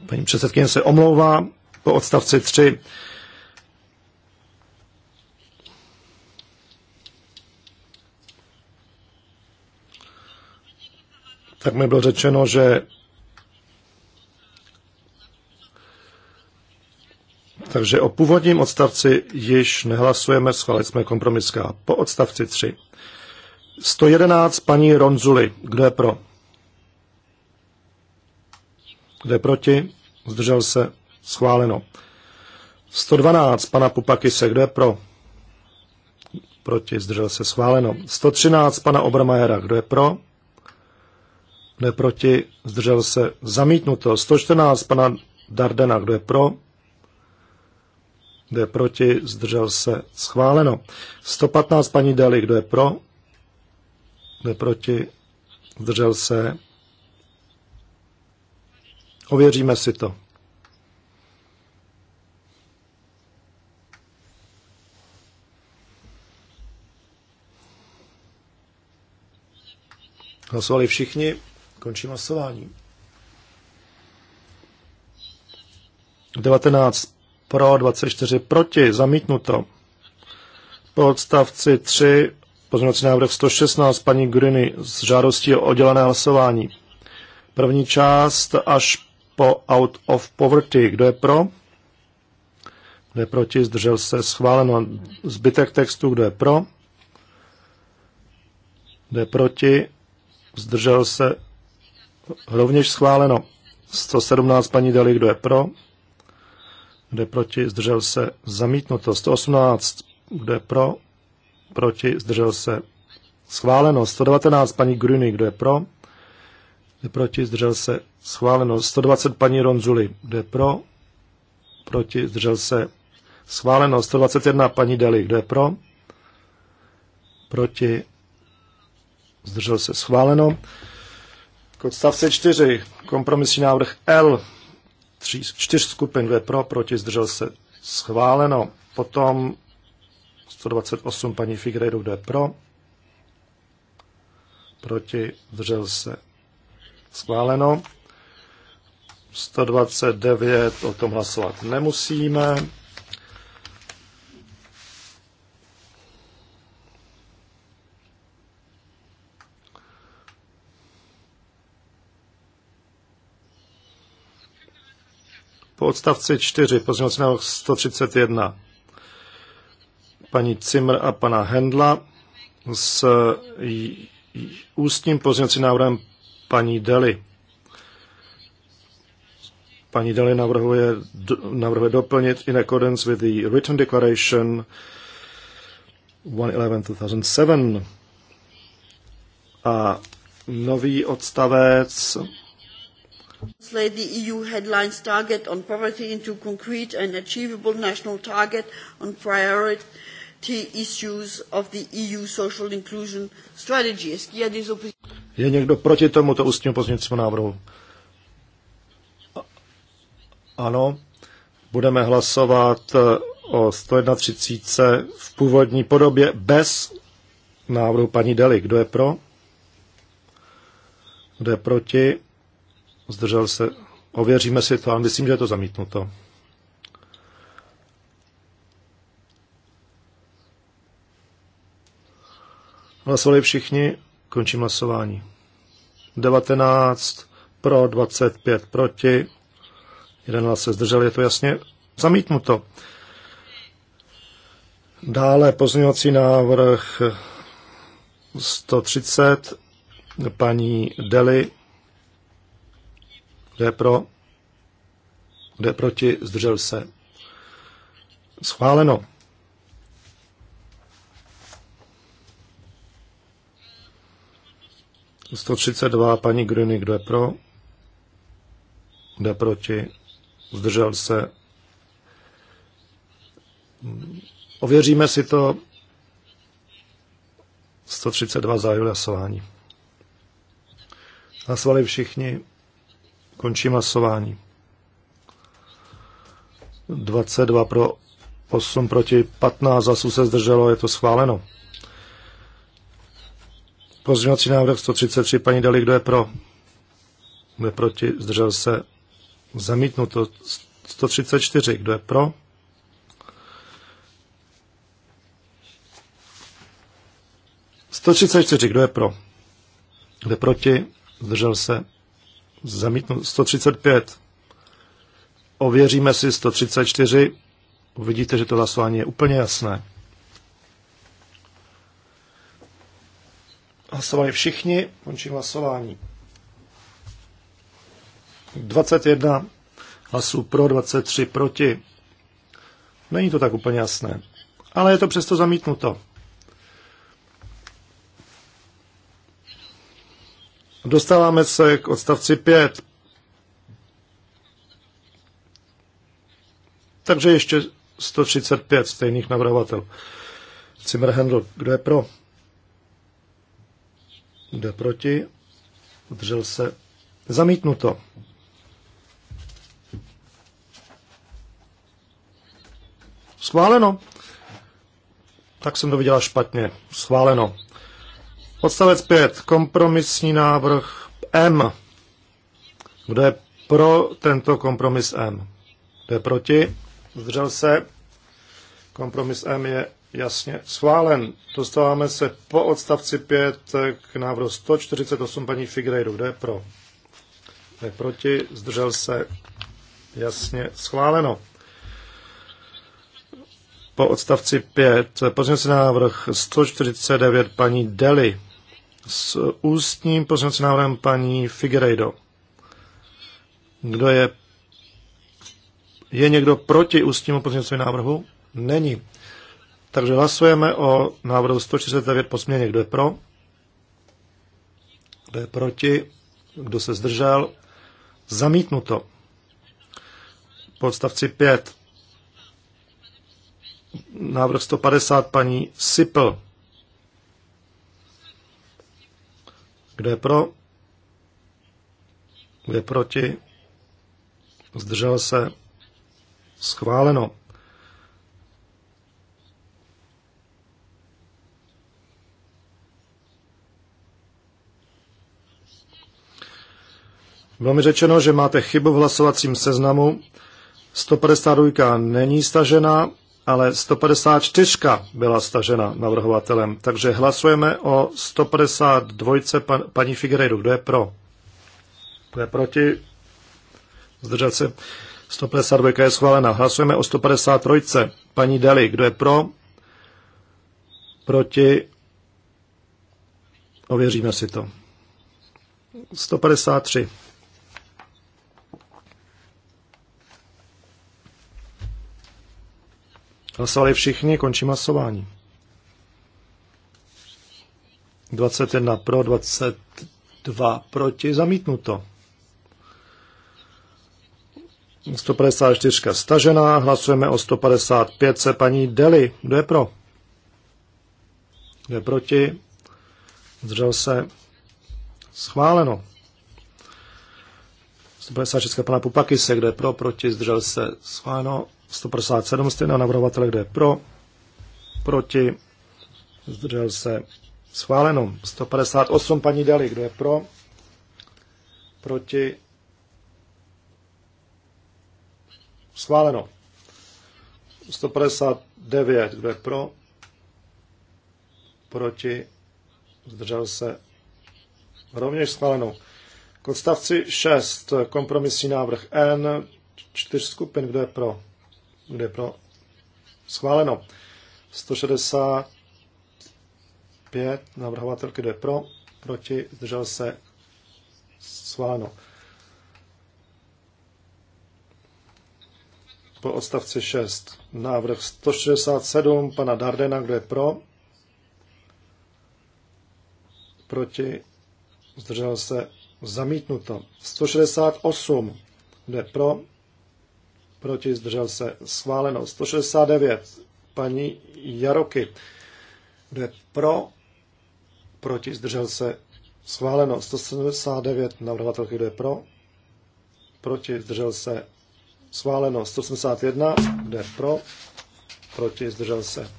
Paní předsedkyně se omlouvá po odstavci 3. Tak mi bylo řečeno, že Takže o původním odstavci již nehlasujeme, schválili jsme kompromiská. Po odstavci 3. 111 paní Ronzuli. Kdo je pro? Kdo je proti? zdržel se, schváleno. 112 pana Pupakise, kdo je pro? Proti, zdržel se, schváleno. 113 pana Obramajera, kdo je pro? Kdo je proti, zdržel se, zamítnuto. 114 pana Dardena, kdo je pro? Kdo je proti, zdržel se, schváleno. 115 paní Deli, kdo je pro? Kdo je proti, zdržel se, Ověříme si to. Hlasovali všichni. Končím hlasování. 19 pro, 24 proti, zamítnuto. Po odstavci 3 pozměňovací návrh 116 paní Gruny z žádostí o oddělené hlasování. První část až po Out of Poverty. Kdo je pro? Kdo je proti? Zdržel se schváleno. Zbytek textu, kdo je pro? Kdo je proti? Zdržel se rovněž schváleno. 117 paní Deli, kdo je pro? Kdo je proti? Zdržel se zamítnuto. 118, kdo je pro? Proti? Zdržel se schváleno. 119 paní Gruny, kdo je pro? jde proti, zdržel se, schváleno. 120 paní Ronzuli, jde pro, proti, zdržel se, schváleno. 121 paní Deli, jde pro, proti, zdržel se, schváleno. K odstavce 4, kompromisní návrh L, Tři. čtyř skupin, Jde pro, proti, zdržel se, schváleno. Potom 128 paní Figredu. Jde pro, proti, zdržel se, Schváleno. 129, o tom hlasovat nemusíme. Po odstavci 4, pozměnovací 131, paní Cimr a pana Hendla s ústním pozměňovacím návrhem paní Deli. Paní Deli navrhuje, navrhuje doplnit in accordance with the written declaration 1.11.2007 a nový odstavec translate the EU headlines target on poverty into concrete and achievable national target on priority E je někdo proti tomuto ústnímu pozměňovacímu návrhu? Ano. Budeme hlasovat eh, o 131 v původní podobě bez návrhu paní Deli. Kdo je pro? Kdo je proti? Zdržel se. Ověříme si to, ale myslím, že je to zamítnuto. Hlasovali všichni, končím hlasování. 19 pro, 25 proti, jeden hlas se zdržel, je to jasně zamítnuto. Dále pozměňovací návrh 130 paní Deli. Kde pro? Kde proti? Zdržel se. Schváleno. 132, paní Gruny, kdo je pro? Kdo je proti? Zdržel se? Ověříme si to. 132 zájil hlasování. Hlasovali všichni. Končím hlasování. 22 pro 8 proti 15 zasů se zdrželo, je to schváleno. Pozměňovací návrh 133, paní Dali, kdo je pro? Kdo je proti? Zdržel se? Zamítnuto. 134, kdo je pro? Sto třicet čtyři, kdo je pro? Kdo je proti? Zdržel se? Zamítnu. 135. Ověříme si 134. Uvidíte, že to hlasování je úplně jasné. Hlasovali všichni, končím hlasování. 21 hlasů pro, 23 proti. Není to tak úplně jasné. Ale je to přesto zamítnuto. Dostáváme se k odstavci 5. Takže ještě 135 stejných navrhovatelů. Zimmer Handel, kdo je pro? Kdo proti? Držel se. Zamítnuto. Schváleno. Tak jsem to viděla špatně. Schváleno. Odstavec 5. Kompromisní návrh M. Kdo je pro tento kompromis M? Kdo je proti? Zdržel se. Kompromis M je Jasně, schválen. Dostáváme se po odstavci 5 k návrhu 148 paní Figrejdu. Kdo je pro? je proti, zdržel se. Jasně, schváleno. Po odstavci 5 pozměňovací návrh 149 paní Deli s ústním pozměňovacím návrhem paní Figueiredo. Kdo je je někdo proti ústnímu pozměňovacímu návrhu? Není. Takže hlasujeme o návrhu 139 po směně. Kdo je pro? Kdo je proti? Kdo se zdržel? Zamítnuto. Podstavci 5. Návrh 150 paní Sipl. Kdo je pro? Kdo je proti? Zdržel se? Schváleno. Bylo mi řečeno, že máte chybu v hlasovacím seznamu. 152 není stažena, ale 154 byla stažena navrhovatelem. Takže hlasujeme o 152 pan, paní Figueiredu. Kdo je pro? Kdo je proti? Zdržet se. 152 je schválena. Hlasujeme o 153. Paní Deli, kdo je pro? Proti? Ověříme si to. 153. Hlasovali všichni, končím hlasování. 21 pro, 22 proti, zamítnuto. 154 stažená, hlasujeme o 155 se paní Deli. Kdo je pro? Kdo je proti? Zdržel se. Schváleno. 156 pana Pupakise, kdo je pro, proti, zdržel se. Schváleno. 157 stejná navrhovatele, kde je pro, proti, zdržel se, schváleno. 158 paní Dali, kdo je pro, proti, schváleno. 159, kdo je pro, proti, zdržel se, rovněž schváleno. K odstavci 6, kompromisní návrh N, čtyř skupin, kdo je pro, kde je pro? Schváleno. 165 navrhovatelky, kdo je pro? Proti? Zdržel se? Schváleno. Po odstavci 6 návrh 167 pana Dardena, kdo je pro? Proti? Zdržel se? Zamítnuto. 168 kdo je pro? proti, zdržel se, schváleno. 169, paní Jaroky, kde pro, proti, zdržel se, schváleno. 179, navrhovatelky, kde pro, proti, zdržel se, schváleno. 181, kde pro, proti, zdržel se,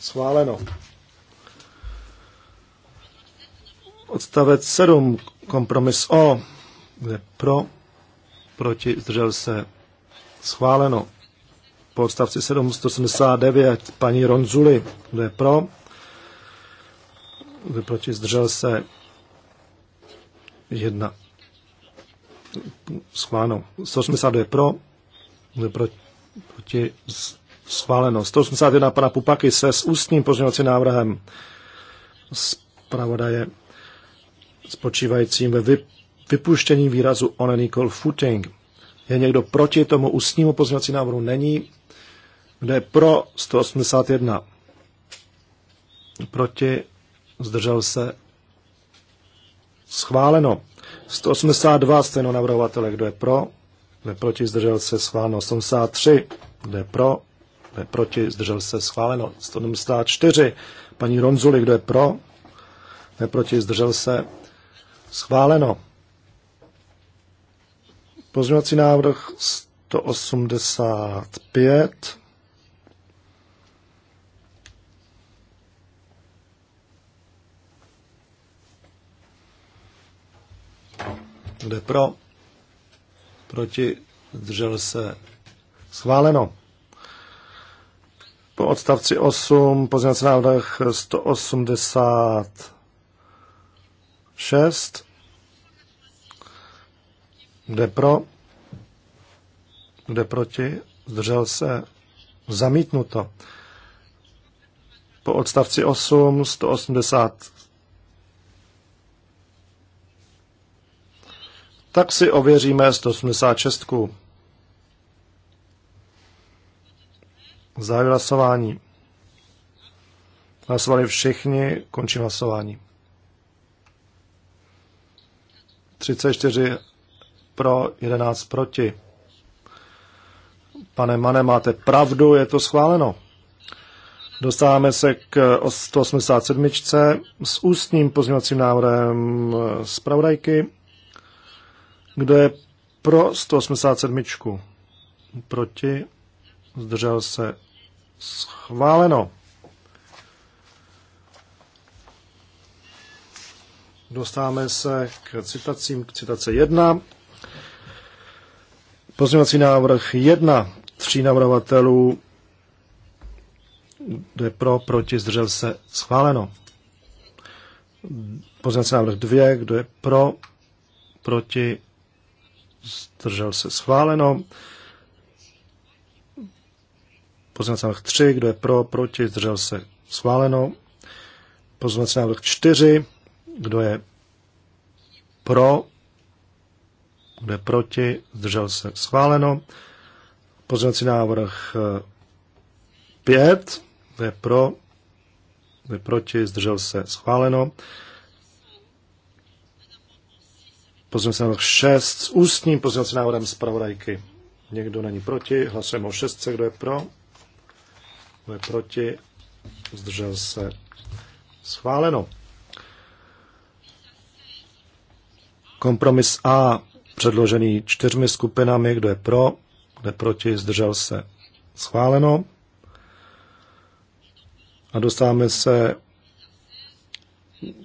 schváleno. Odstavec 7, kompromis O, kde pro, proti, zdržel se, Schváleno. Po odstavci 7, paní Ronzuli, kdo je pro? Kdo je proti? Zdržel se? Jedna. Schváleno. 182 je pro, kdo je proti? schváleno. 181 pana Pupaky se s ústním pozměňovacím návrhem zpravodaje spočívajícím ve vypuštění výrazu Onenikol footing. Je někdo proti tomu ústnímu pozměňovací návrhu? Není. Kdo je pro 181? Proti? Zdržel se? Schváleno. 182 stejno navrhovatele. Kdo je pro? Kdo je proti? Zdržel se? Schváleno. 183. Kdo je pro? Kdo je proti? Zdržel se? Schváleno. 184. Paní Ronzuli, kdo je pro? Kdo je proti? Zdržel se? Schváleno. Pozměňovací návrh 185. Kde pro? Proti? Zdržel se? Schváleno. Po odstavci 8 pozměňovací návrh 186. Kde pro? Kde proti? Zdržel se? Zamítnuto. Po odstavci 8, 180. Tak si ověříme 186. Zahajuji hlasování. Hlasovali všichni, končí hlasování. 34 pro, 11 proti. Pane Mane, máte pravdu, je to schváleno. Dostáváme se k 187. s ústním pozměňovacím návrhem eh, zpravodajky. Kdo je pro 187? Proti? Zdržel se? Schváleno. Dostáváme se k citacím. K citace 1. Pozměňovací návrh 1, tří navrhovatelů, kde pro, proti, zdržel se, schváleno. Pozměňovací návrh 2, kdo je pro, proti, zdržel se, schváleno. Pozměňovací návrh 3, kdo je pro, proti, zdržel se, schváleno. Pozměňovací návrh 4, kdo je pro, kdo je proti? Zdržel se. Schváleno. Pozměňovací návrh 5. Eh, Kdo je pro? Kdo je proti? Zdržel se. Schváleno. Pozměňovací návrh 6 s ústním pozměňovacím návrhem zpravodajky. Někdo není proti. Hlasujeme o 6. Kdo je pro? Kdo je proti? Zdržel se. Schváleno. Kompromis A předložený čtyřmi skupinami, kdo je pro, kdo je proti, zdržel se schváleno. A dostáváme se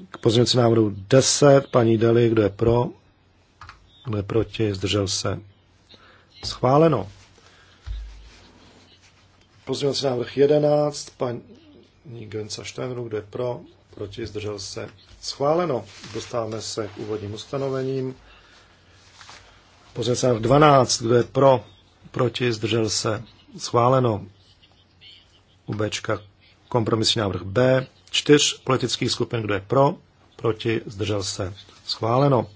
k pozměnci návrhu 10, paní Deli, kdo je pro, kdo je proti, zdržel se schváleno. Pozměnci návrh 11, paní Gönca Štenru, kdo je pro, proti, zdržel se schváleno. Dostáváme se k úvodním ustanovením. Pozměňovací návrh 12, kdo je pro, proti, zdržel se, schváleno. U B kompromisní návrh B, čtyř politických skupin, kdo je pro, proti, zdržel se, schváleno.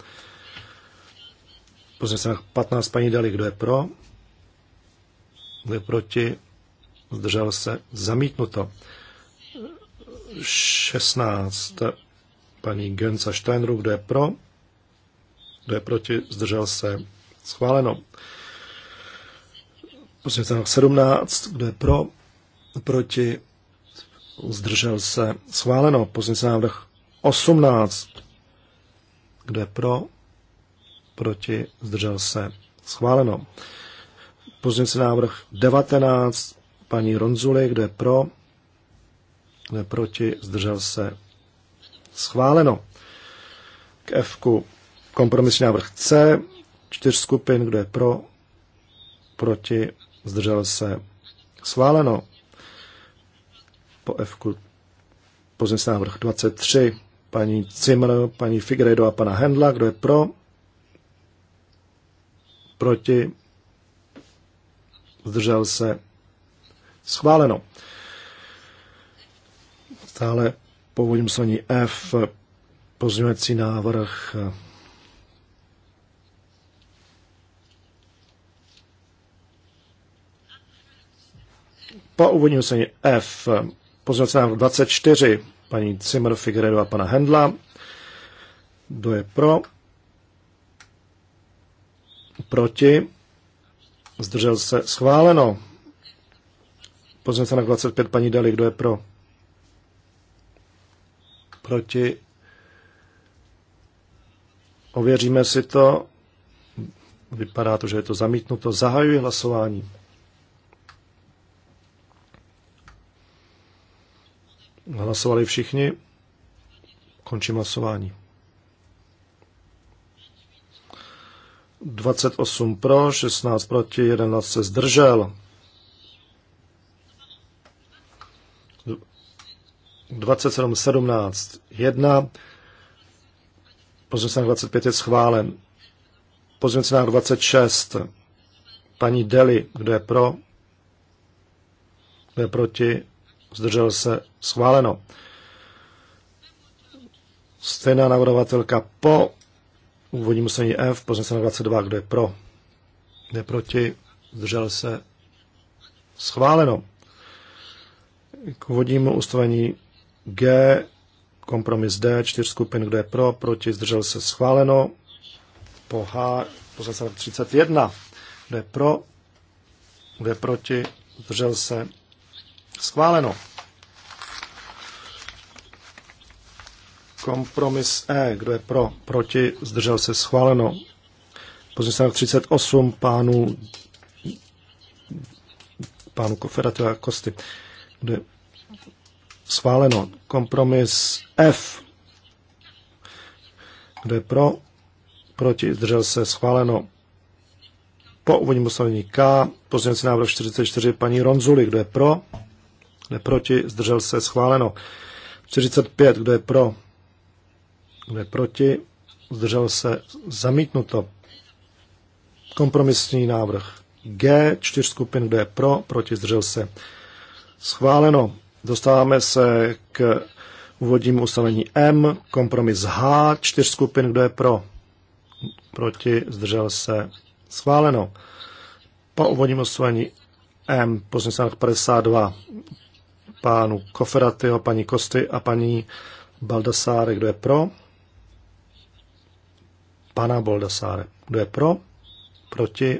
Pozměňovací návrh 15, paní Dali, kdo je pro, kdo je proti, zdržel se, zamítnuto. 16, paní Gönca Steinruck, kdo je pro, kdo je proti, zdržel se, Schváleno. Prosím, návrh 17, kdo je pro, proti, zdržel se. Schváleno. Prosím, návrh 18, kdo je pro, proti, zdržel se. Schváleno. se návrh 19, paní Ronzuli, kdo je pro, kdo je proti, zdržel se. Schváleno. K F kompromisní návrh C, čtyř skupin, kdo je pro, proti, zdržel se. Schváleno. Po F pozměnce návrh 23, paní Cimr, paní Figredo a pana Hendla, kdo je pro, proti, zdržel se. Schváleno. Stále původním sloní F pozměňovací návrh Po úvodním usnesení F pozvací návrh 24 paní Zimmer, Figueredo a pana Hendla. Kdo je pro? Proti? Zdržel se schváleno. Pozvací návrh 25 paní Dali, Kdo je pro? Proti? Ověříme si to. Vypadá to, že je to zamítnuto. Zahajuji hlasování. Hlasovali všichni. Končím hlasování. 28 pro, 16 proti, 11 se zdržel. 27, 17, 1. Pozměnce 25 je schválen. Pozměnce 26. Paní Deli, kdo je pro? Kdo je proti? zdržel se, schváleno. Stejná navrhovatelka po úvodním usnesení F, na 22, kdo je pro, kdo je proti, zdržel se, schváleno. K úvodnímu ustavení G, kompromis D, čtyř skupin, kdo je pro, proti, zdržel se, schváleno. Po H, na 31, kdo je pro, kdo je proti, zdržel se, Schváleno. Kompromis E. Kdo je pro? Proti? Zdržel se? Schváleno. Pozměnil 38 pánů pánu Koferatu a Kosty. Kdo je schváleno. Kompromis F. Kdo je pro? Proti? Zdržel se? Schváleno. Po úvodním ustanovení K, pozměňovací návrh 44, paní Ronzuli, kdo je pro? ne proti, zdržel se, schváleno. 45, kdo je pro, kdo je proti, zdržel se, zamítnuto. Kompromisní návrh G, čtyř skupin, kdo je pro, proti, zdržel se, schváleno. Dostáváme se k úvodnímu ustanovení M, kompromis H, čtyř skupin, kdo je pro, proti, zdržel se, schváleno. Po úvodním ustanovení M, pozměnce 52, pánu Koferatyho, paní Kosty a paní Baldasáre. Kdo je pro? Pana Baldasáre. Kdo je pro? Proti?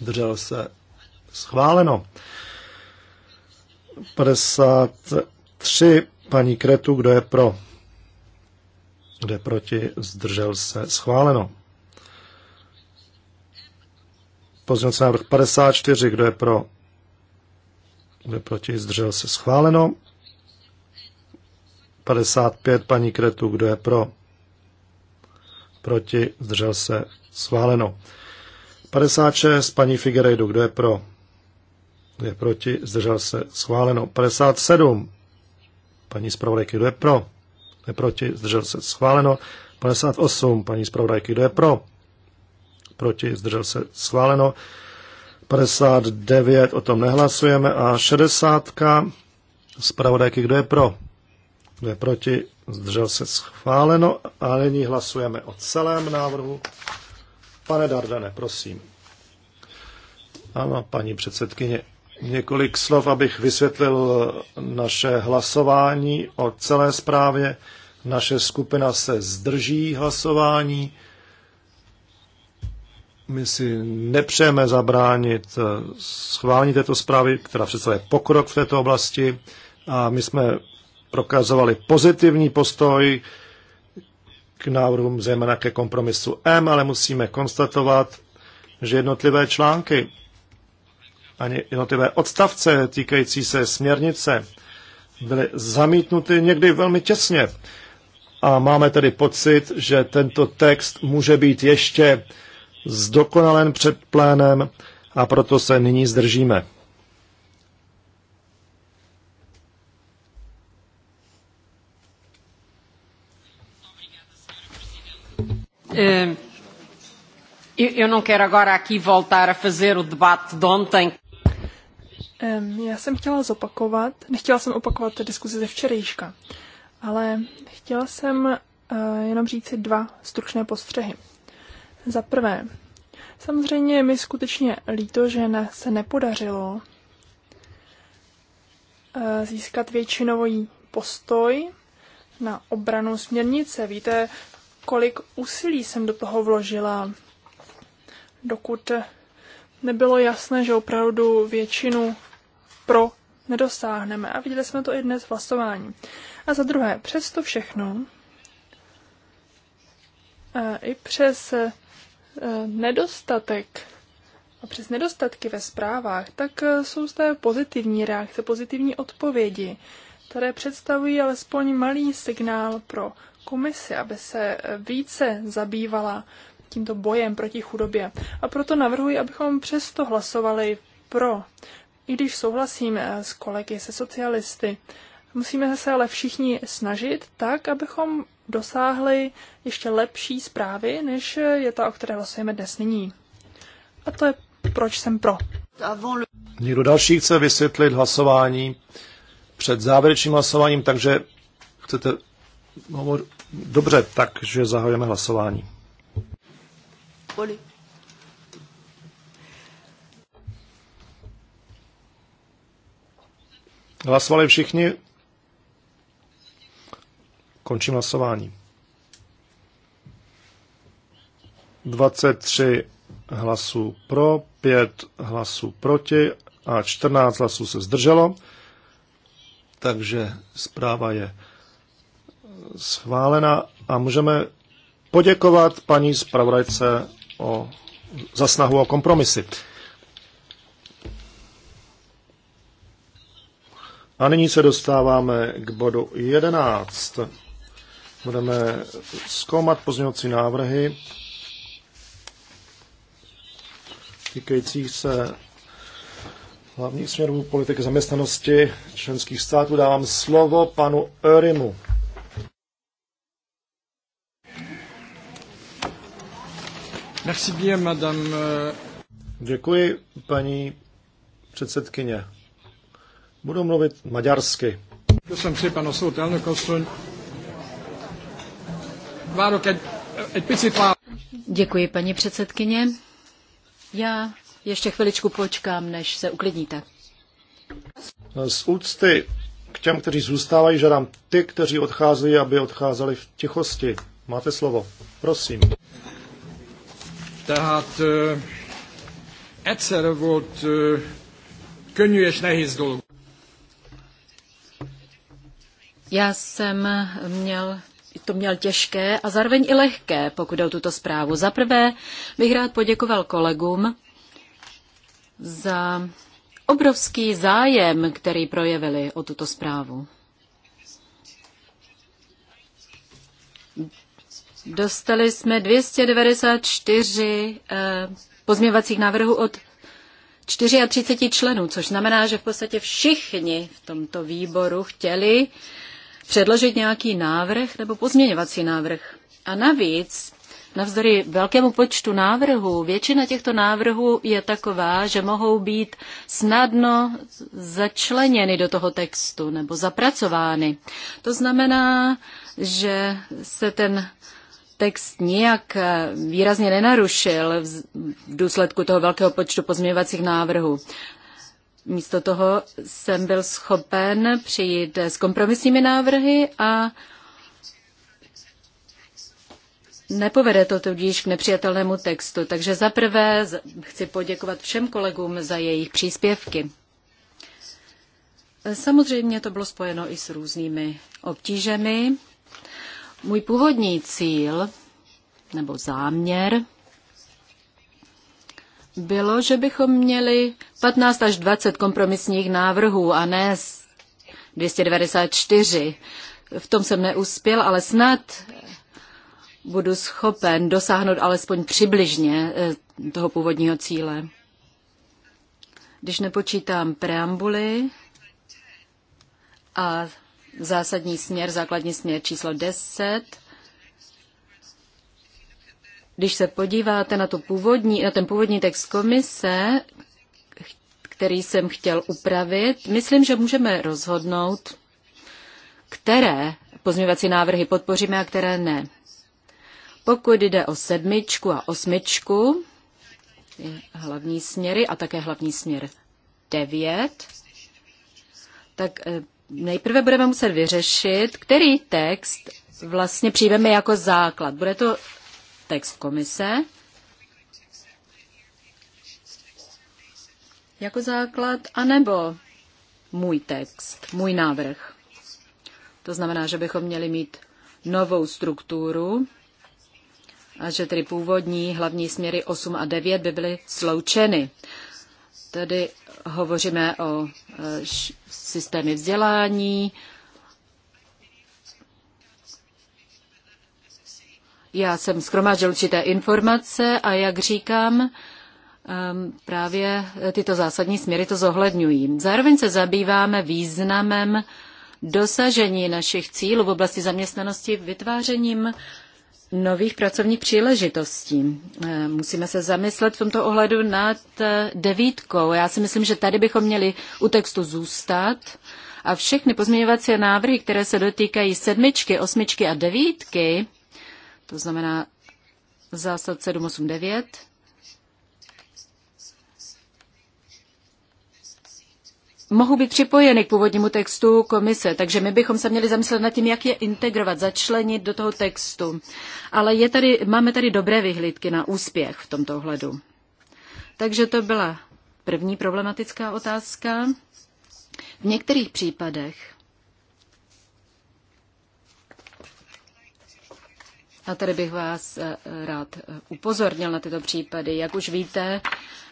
Držel se. Schváleno. 53. Paní Kretu, kdo je pro? Kdo je proti? Zdržel se. Schváleno. Pozměňovací návrh 54. Kdo je pro? Kdo proti? Zdržel se. Schváleno. 55. Paní Kretu. Kdo je pro? Proti? Zdržel se. Schváleno. 56. Paní Figerejdu, Kdo je pro? Kdo je proti? Zdržel se. Schváleno. 57. Paní zpravodajky. Kdo je pro? Kdo je proti? Zdržel se. Schváleno. 58. Paní zpravodajky. Kdo je pro? Proti? Zdržel se. Schváleno. 59, o tom nehlasujeme. A 60, zpravodajky, kdo je pro? Kdo je proti? Zdržel se schváleno. A nyní hlasujeme o celém návrhu. Pane Dardane, prosím. Ano, paní předsedkyně, několik slov, abych vysvětlil naše hlasování o celé zprávě. Naše skupina se zdrží hlasování my si nepřejeme zabránit eh, schválení této zprávy, která představuje pokrok v této oblasti a my jsme prokazovali pozitivní postoj k návrhům, zejména ke kompromisu M, ale musíme konstatovat, že jednotlivé články ani jednotlivé odstavce týkající se směrnice byly zamítnuty někdy velmi těsně. A máme tedy pocit, že tento text může být ještě zdokonalen před plénem a proto se nyní zdržíme. Eh, já jsem chtěla zopakovat, nechtěla jsem opakovat diskuzi ze včerejška, ale chtěla jsem eh, jenom říci dva stručné postřehy. Za prvé, samozřejmě mi skutečně líto, že ne, se nepodařilo eh, získat většinový postoj na obranu směrnice. Víte, kolik úsilí jsem do toho vložila, dokud nebylo jasné, že opravdu většinu pro nedosáhneme. A viděli jsme to i dnes v hlasování. A za druhé, přes to všechno, eh, i přes Eh, nedostatek a přes nedostatky ve zprávách, tak eh, jsou zde pozitivní reakce, pozitivní odpovědi, které představují alespoň malý signál pro komisi, aby se eh, více zabývala tímto bojem proti chudobě. A proto navrhuji, abychom přesto hlasovali pro. I když souhlasím s kolegy, se socialisty, musíme se ale všichni snažit tak, abychom dosáhli ještě lepší zprávy, než je ta, o které hlasujeme dnes nyní. A to je, proč jsem pro. Někdo další chce vysvětlit hlasování před závěrečným hlasováním, takže chcete hovor... Dobře, takže zahajujeme hlasování. Hlasovali všichni? Končím hlasování. 23 hlasů pro, 5 hlasů proti a 14 hlasů se zdrželo. Takže zpráva je schválena a můžeme poděkovat paní zpravodajce o, za snahu o kompromisy. A nyní se dostáváme k bodu 11. Budeme zkoumat pozměňovací návrhy týkajících se hlavních směrů politiky zaměstnanosti členských států. Dávám slovo panu Örimu. Merci bien, madame. Euh, Děkuji, paní předsedkyně. Budu mluvit maďarsky. Děkuji szépen jako a Děkuji, paní předsedkyně. Já ještě chviličku počkám, než se uklidníte. Z úcty k těm, kteří zůstávají, žádám ty, kteří odcházejí, aby odcházeli v tichosti. Máte slovo. Prosím. Tehát uh, egyszerre volt uh, könnyű és nehéz dolog. Já jsem měl to měl těžké a zároveň i lehké, pokud jde o tuto zprávu. Za prvé bych rád poděkoval kolegům za obrovský zájem, který projevili o tuto zprávu. Dostali jsme 294 eh, pozměvacích návrhů od 34 členů, což znamená, že v podstatě všichni v tomto výboru chtěli předložit nějaký návrh nebo pozměňovací návrh. A navíc, navzdory velkému počtu návrhů, většina těchto návrhů je taková, že mohou být snadno začleněny do toho textu nebo zapracovány. To znamená, že se ten text nijak eh, výrazně nenarušil v důsledku toho velkého počtu pozměňovacích návrhů místo toho jsem byl schopen přijít s kompromisními návrhy a Nepovede to tudíž k nepřijatelnému textu, takže zaprvé chci poděkovat všem kolegům za jejich příspěvky. Samozřejmě to bylo spojeno i s různými obtížemi. Můj původní cíl nebo záměr bylo, že bychom měli 15 až 20 kompromisních návrhů a ne 294. V tom jsem neuspěl, ale snad budu schopen dosáhnout alespoň přibližně eh, toho původního cíle. Když nepočítám preambuly a zásadní směr, základní směr číslo 10, když se podíváte na, tu původní, na ten původní text komise, který jsem chtěl upravit, myslím, že můžeme rozhodnout, které pozměňovací návrhy podpoříme a které ne. Pokud jde o sedmičku a osmičku, hlavní směry a také hlavní směr devět, tak eh, nejprve budeme muset vyřešit, který text vlastně přijmeme jako základ. Bude to text komise jako základ, anebo můj text, můj návrh. To znamená, že bychom měli mít novou strukturu a že tedy původní hlavní směry 8 a 9 by byly sloučeny. Tedy hovoříme o e, systémy vzdělání, Já jsem skromážil určité informace a jak říkám, um, právě tyto zásadní směry to zohledňují. Zároveň se zabýváme významem dosažení našich cílů v oblasti zaměstnanosti vytvářením nových pracovních příležitostí. Um, musíme se zamyslet v tomto ohledu nad eh, devítkou. Já si myslím, že tady bychom měli u textu zůstat a všechny pozměňovací návrhy, které se dotýkají sedmičky, osmičky a devítky, to znamená zásad 789. mohou být připojeny k původnímu textu komise, takže my bychom se měli zamyslet nad tím, jak je integrovat, začlenit do toho textu. Ale je tady, máme tady dobré vyhlídky na úspěch v tomto ohledu. Takže to byla první problematická otázka. V některých případech A tady bych vás eh, rád eh, upozornil na tyto případy. Jak už víte,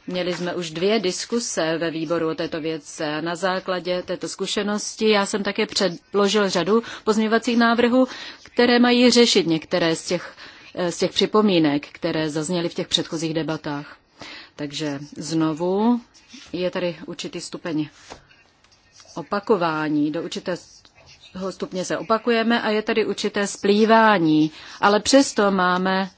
měli jsme už dvě diskuse ve výboru o této věci. Na základě této zkušenosti já jsem také předložil řadu pozměňovacích návrhů, které mají řešit některé z těch, eh, z těch připomínek, které zazněly v těch předchozích debatách. Takže znovu je tady určitý stupeň opakování. Do určité postupně se opakujeme a je tady určité splývání, ale přesto máme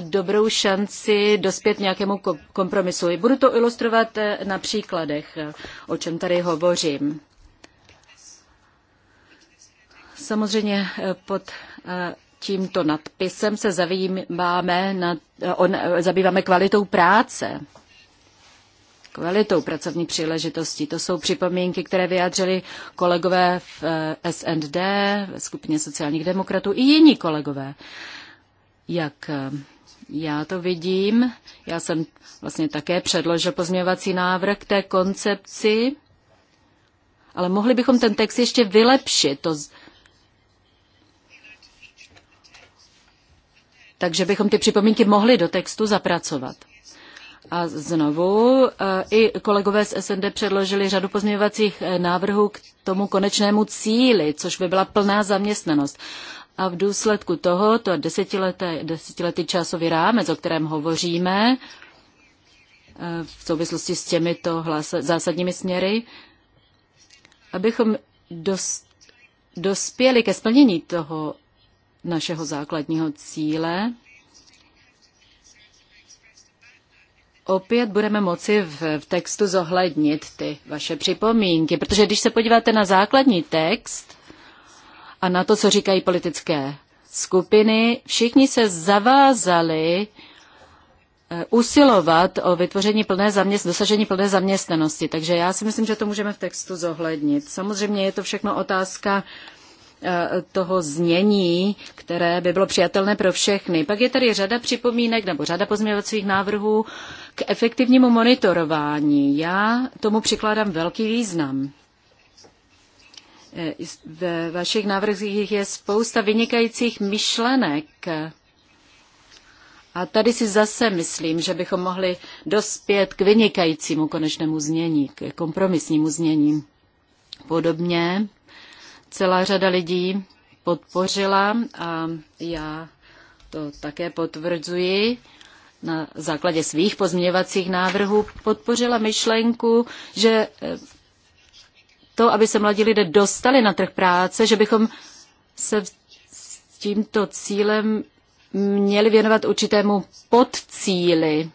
dobrou šanci dospět nějakému kompromisu. Budu to ilustrovat na příkladech, o čem tady hovořím. Samozřejmě pod eh, tímto nadpisem se zabýváme, na eh, on, eh, zabýváme kvalitou práce kvalitou pracovní příležitostí. To jsou připomínky, které vyjádřili kolegové v eh, SND, v skupině sociálních demokratů i jiní kolegové. Jak eh, já to vidím, já jsem vlastně také předložil pozměňovací návrh k té koncepci, ale mohli bychom ten text ještě vylepšit. To z... Takže bychom ty připomínky mohli do textu zapracovat. A znovu eh, i kolegové z SND předložili řadu pozměňovacích eh, návrhů k tomu konečnému cíli, což by byla plná zaměstnanost. A v důsledku toho, to desetileté, desetiletý časový rámec, o kterém hovoříme, eh, v souvislosti s těmito zásadními směry, abychom dos, dospěli ke splnění toho našeho základního cíle, opět budeme moci v, v textu zohlednit ty vaše připomínky, protože když se podíváte na základní text a na to, co říkají politické skupiny, všichni se zavázali eh, usilovat o vytvoření plné zaměst, dosažení plné zaměstnanosti. Takže já si myslím, že to můžeme v textu zohlednit. Samozřejmě je to všechno otázka Eh, toho znění, které by bylo přijatelné pro všechny. Pak je tady řada připomínek nebo řada pozměňovacích návrhů k efektivnímu monitorování. Já tomu přikládám velký význam. Eh, ve vašich návrzích je spousta vynikajících myšlenek. A tady si zase myslím, že bychom mohli dospět k vynikajícímu konečnému znění, k kompromisnímu znění. Podobně celá řada lidí podpořila a já to také potvrdzuji na základě svých pozměňovacích návrhů, podpořila myšlenku, že eh, to, aby se mladí lidé dostali na trh práce, že bychom se s tímto cílem měli věnovat určitému podcíli.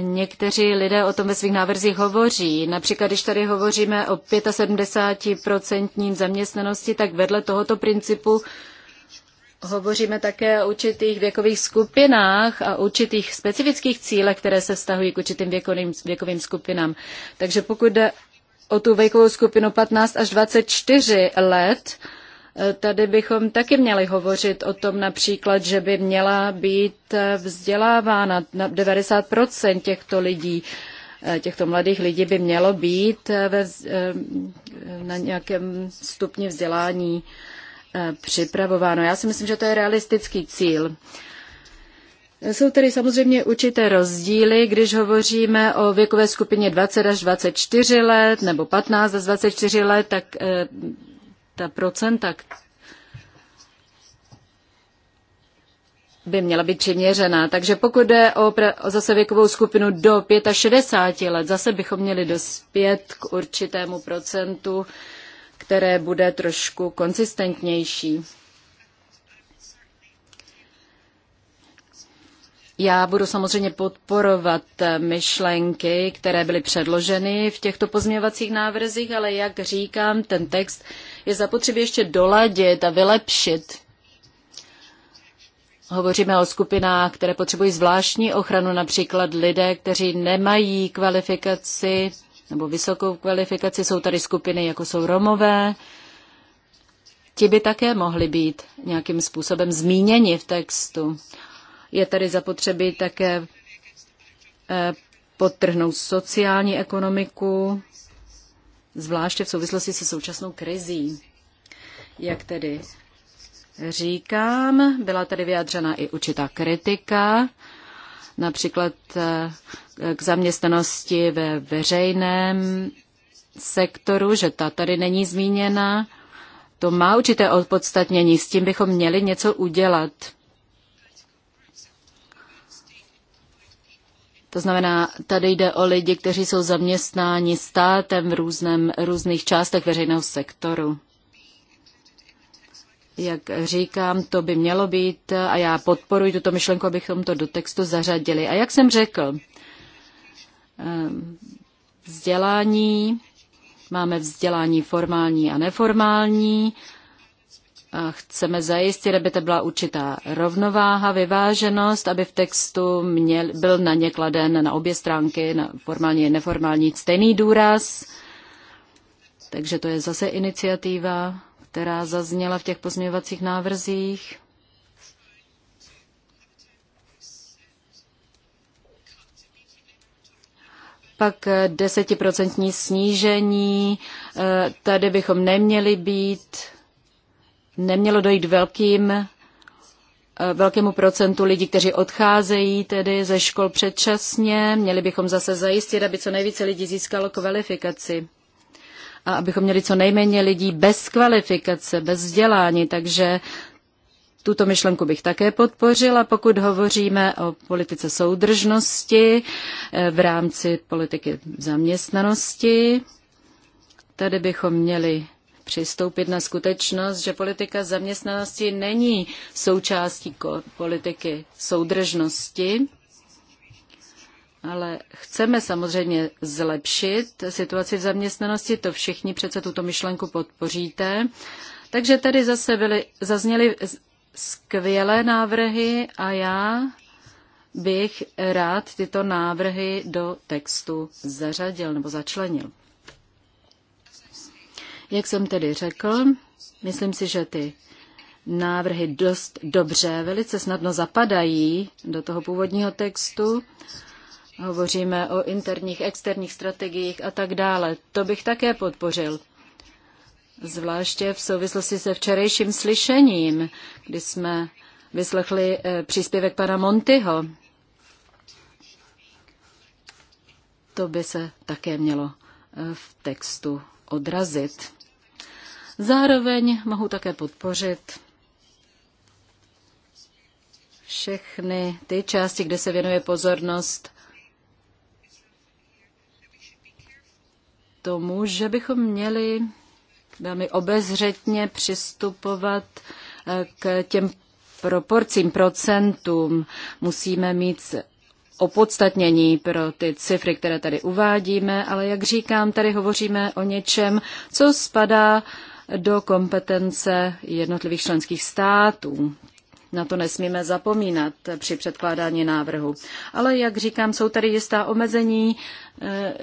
Někteří lidé o tom ve svých návrzích hovoří. Například, když tady hovoříme o 75% zaměstnanosti, tak vedle tohoto principu hovoříme také o určitých věkových skupinách a určitých specifických cílech, které se vztahují k určitým věkovým, věkovým skupinám. Takže pokud jde o tu věkovou skupinu 15 až 24 let, Tady bychom taky měli hovořit o tom například, že by měla být eh, vzdělávána na 90% těchto lidí eh, těchto mladých lidí by mělo být eh, ve, na nějakém stupni vzdělání připravováno. Já si myslím, že to je realistický cíl. Jsou tady samozřejmě určité rozdíly, když hovoříme o věkové skupině 20 až 24 let nebo 15 až 24 let, tak procenta by měla být přiměřená. Takže pokud jde o, pra, o zase věkovou skupinu do 65 let, zase bychom měli dospět k určitému procentu, které bude trošku konsistentnější. Já budu samozřejmě podporovat myšlenky, které byly předloženy v těchto pozměňovacích návrzích, ale jak říkám, ten text je zapotřebí ještě doladit a vylepšit. Hovoříme o skupinách, které potřebují zvláštní ochranu, například lidé, kteří nemají kvalifikaci nebo vysokou kvalifikaci. Jsou tady skupiny, jako jsou Romové. Ti by také mohli být nějakým způsobem zmíněni v textu. Je tady zapotřebí také eh, podtrhnout sociální ekonomiku, zvláště v souvislosti se současnou krizí. Jak tedy říkám, byla tady vyjádřena i určitá kritika, například eh, k zaměstnanosti ve veřejném sektoru, že ta tady není zmíněna. To má určité odpodstatnění, s tím bychom měli něco udělat. To znamená, tady jde o lidi, kteří jsou zaměstnáni státem v různém, různých částech veřejného sektoru. Jak říkám, to by mělo být a já podporuji tuto myšlenku, abychom to do textu zařadili. A jak jsem řekl, ehm, vzdělání, máme vzdělání formální a neformální chceme zajistit, aby to byla určitá rovnováha, vyváženost, aby v textu měl, byl na ně kladen na obě stránky, na formální i neformální, stejný důraz. Takže to je zase iniciativa, která zazněla v těch pozměňovacích návrzích. pak eh, desetiprocentní snížení. Eh, tady bychom neměli být nemělo dojít velkým, eh, velkému procentu lidí, kteří odcházejí tedy ze škol předčasně. Měli bychom zase zajistit, aby co nejvíce lidí získalo kvalifikaci a abychom měli co nejméně lidí bez kvalifikace, bez vzdělání, takže tuto myšlenku bych také podpořila, pokud hovoříme o politice soudržnosti eh, v rámci politiky zaměstnanosti. Tady bychom měli přistoupit na skutečnost, že politika zaměstnanosti není součástí politiky soudržnosti, ale chceme samozřejmě zlepšit situaci v zaměstnanosti, to všichni přece tuto myšlenku podpoříte. Takže tady zase byly, zazněly skvělé návrhy a já bych rád tyto návrhy do textu zařadil nebo začlenil. Jak jsem tedy řekl, myslím si, že ty návrhy dost dobře, velice snadno zapadají do toho původního textu. Hovoříme o interních, externích strategiích a tak dále. To bych také podpořil. Zvláště v souvislosti se včerejším slyšením, kdy jsme vyslechli eh, příspěvek pana Montyho. To by se také mělo eh, v textu odrazit. Zároveň mohu také podpořit všechny ty části, kde se věnuje pozornost tomu, že bychom měli velmi obezřetně přistupovat eh, k těm proporcím, procentům. Musíme mít opodstatnění pro ty cifry, které tady uvádíme, ale jak říkám, tady hovoříme o něčem, co spadá do kompetence jednotlivých členských států. Na to nesmíme zapomínat při předkládání návrhu. Ale jak říkám, jsou tady jistá omezení, eh,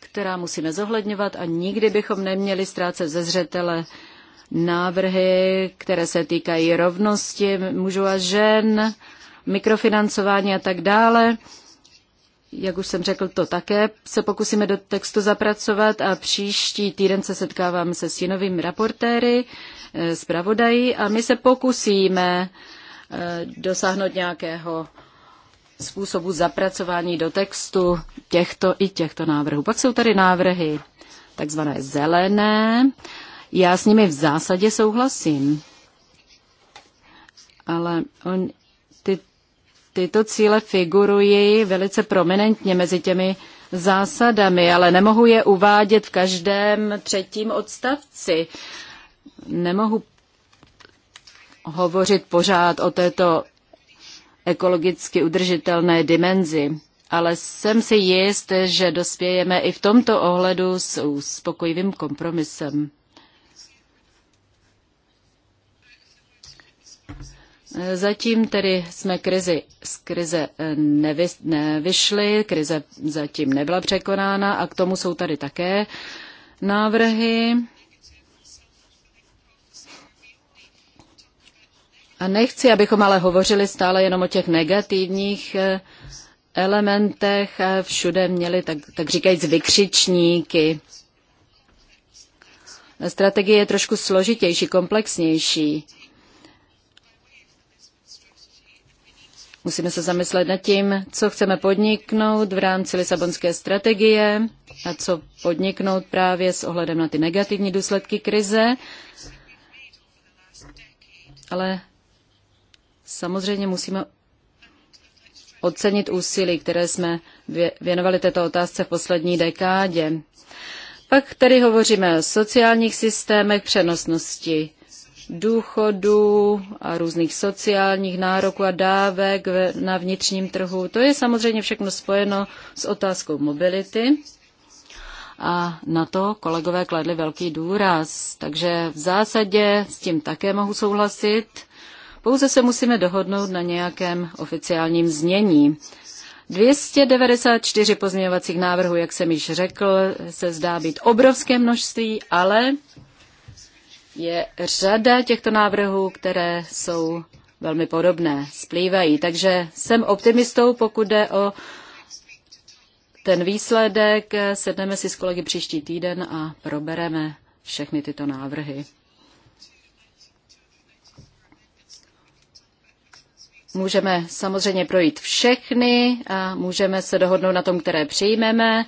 která musíme zohledňovat a nikdy bychom neměli ztrácet ze zřetele návrhy, které se týkají rovnosti mužů a žen, mikrofinancování a tak dále jak už jsem řekl, to také se pokusíme do textu zapracovat a příští týden se setkávám se stínovými raportéry, eh, zpravodají a my se pokusíme eh, dosáhnout nějakého způsobu zapracování do textu těchto i těchto návrhů. Pak jsou tady návrhy takzvané zelené. Já s nimi v zásadě souhlasím, ale on, tyto cíle figurují velice prominentně mezi těmi zásadami, ale nemohu je uvádět v každém třetím odstavci. Nemohu hovořit pořád o této ekologicky udržitelné dimenzi, ale jsem si jist, že dospějeme i v tomto ohledu s uspokojivým kompromisem. Zatím tedy jsme krizi, z krize eh, nevy, nevyšli, krize zatím nebyla překonána a k tomu jsou tady také návrhy. A nechci, abychom ale hovořili stále jenom o těch negativních eh, elementech a eh, všude měli, tak, tak říkajíc, vykřičníky. Strategie je trošku složitější, komplexnější. Musíme se zamyslet nad tím, co chceme podniknout v rámci Lisabonské strategie a co podniknout právě s ohledem na ty negativní důsledky krize. Ale samozřejmě musíme ocenit úsilí, které jsme věnovali této otázce v poslední dekádě. Pak tedy hovoříme o sociálních systémech přenosnosti důchodů a různých sociálních nároků a dávek na vnitřním trhu. To je samozřejmě všechno spojeno s otázkou mobility a na to kolegové kladli velký důraz. Takže v zásadě s tím také mohu souhlasit. Pouze se musíme dohodnout na nějakém oficiálním znění. 294 pozměňovacích návrhů, jak jsem již řekl, se zdá být obrovské množství, ale je řada těchto návrhů, které jsou velmi podobné, splývají. Takže jsem optimistou, pokud jde o ten výsledek. Sedneme si s kolegy příští týden a probereme všechny tyto návrhy. Můžeme samozřejmě projít všechny a můžeme se dohodnout na tom, které přijmeme,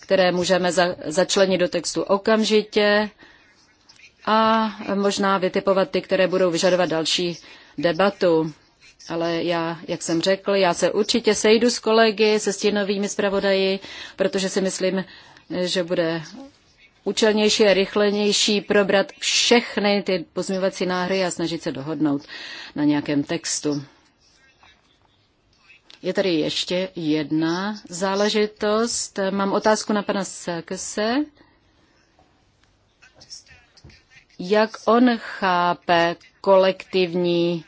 které můžeme za, začlenit do textu okamžitě a možná vytipovat ty, které budou vyžadovat další debatu. Ale já, jak jsem řekl, já se určitě sejdu s kolegy, se stěnovými zpravodaji, protože si myslím, že bude účelnější a rychlenější probrat všechny ty pozměňovací náhry a snažit se dohodnout na nějakém textu. Je tady ještě jedna záležitost. Mám otázku na pana Sakese jak on chápe kolektivní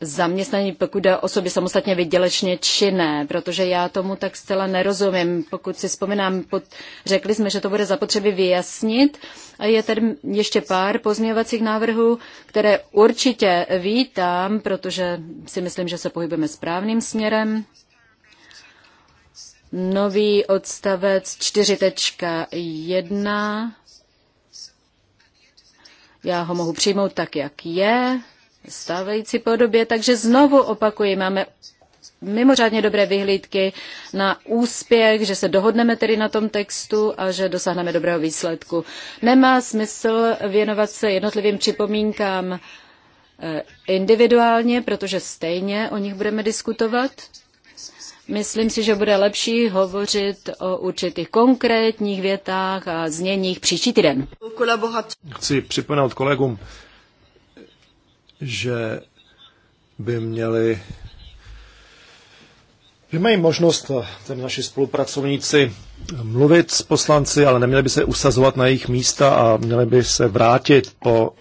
zaměstnaní, pokud jde o osoby samostatně vydělečně činné, protože já tomu tak zcela nerozumím. Pokud si vzpomínám, pod, řekli jsme, že to bude zapotřebí vyjasnit. A je tady ještě pár pozměňovacích návrhů, které určitě vítám, protože si myslím, že se pohybujeme správným směrem. Nový odstavec já ho mohu přijmout tak, jak je, stávající podobě, takže znovu opakuji, máme mimořádně dobré vyhlídky na úspěch, že se dohodneme tedy na tom textu a že dosáhneme dobrého výsledku. Nemá smysl věnovat se jednotlivým připomínkám eh, individuálně, protože stejně o nich budeme diskutovat. Myslím si, že bude lepší hovořit o určitých konkrétních větách a zněních příští týden. Chci připomenout kolegům, že by měli že mají možnost eh, ten naši spolupracovníci mluvit s poslanci, ale neměli by se usazovat na jejich místa a měli by se vrátit po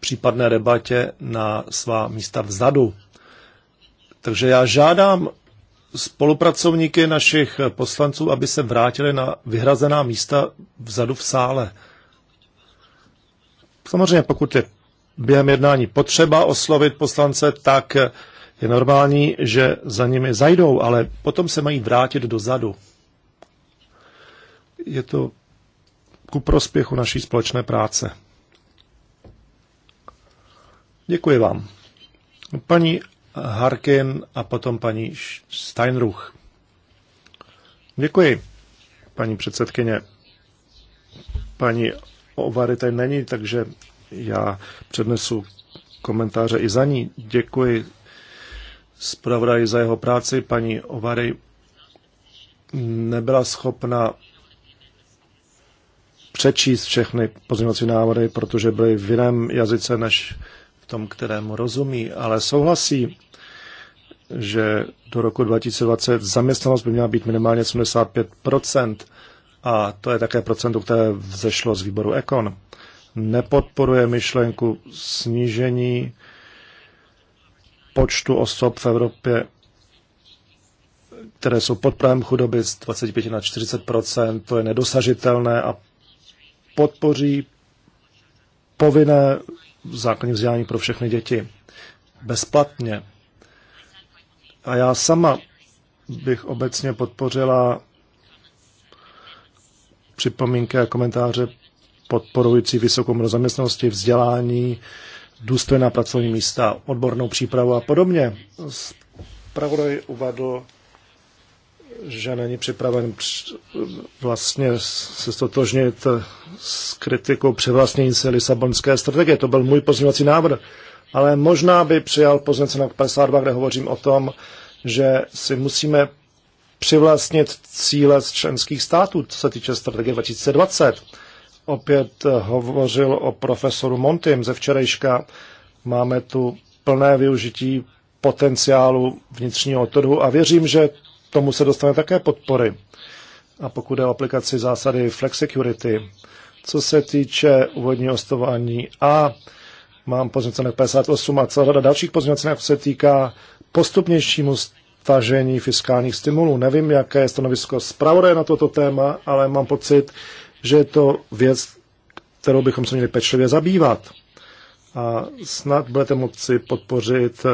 případné debatě na svá místa vzadu. Takže já žádám spolupracovníky našich poslanců, aby se vrátili na vyhrazená místa vzadu v sále. Samozřejmě, pokud je během jednání potřeba oslovit poslance, tak je normální, že za nimi zajdou, ale potom se mají vrátit dozadu. Je to ku prospěchu naší společné práce. Děkuji vám. Paní Harkin a potom paní Steinruch. Děkuji, paní předsedkyně. Paní Ovary tady není, takže já přednesu komentáře i za ní. Děkuji zpravodaji za jeho práci. Paní Ovary nebyla schopna přečíst všechny pozměňovací návrhy, protože byly v jiném jazyce než tom, kterému rozumí, ale souhlasí, že do roku 2020 zaměstnanost by měla být minimálně 75 a to je také procento, které vzešlo z výboru Ekon. Nepodporuje myšlenku snížení počtu osob v Evropě, které jsou pod prahem chudoby z 25 na 40 to je nedosažitelné a podpoří povinné základní vzdělání pro všechny děti bezplatně. A já sama bych obecně podpořila připomínky a komentáře podporující vysokou zaměstnanosti, vzdělání, důstojná pracovní místa, odbornou přípravu a podobně. Pravodaj uvedl, že není připraven vlastně se stotožnit s kritikou převlastnění se Lisabonské strategie. To byl můj pozměňovací návrh. Ale možná by přijal pozměnce na 52, kde hovořím o tom, že si musíme přivlastnit cíle z členských států, co se týče strategie 2020. Opět hovořil o profesoru Montym ze včerejška. Máme tu plné využití potenciálu vnitřního trhu a věřím, že tomu se dostane také podpory. A pokud je o aplikaci zásady Flexicurity, co se týče úvodního stování A, mám pozměcenek 58 a celá řada dalších pozměcenek se týká postupnějšímu stažení fiskálních stimulů. Nevím, jaké je stanovisko zpravodaje na toto téma, ale mám pocit, že je to věc, kterou bychom se měli pečlivě zabývat. A snad budete moci podpořit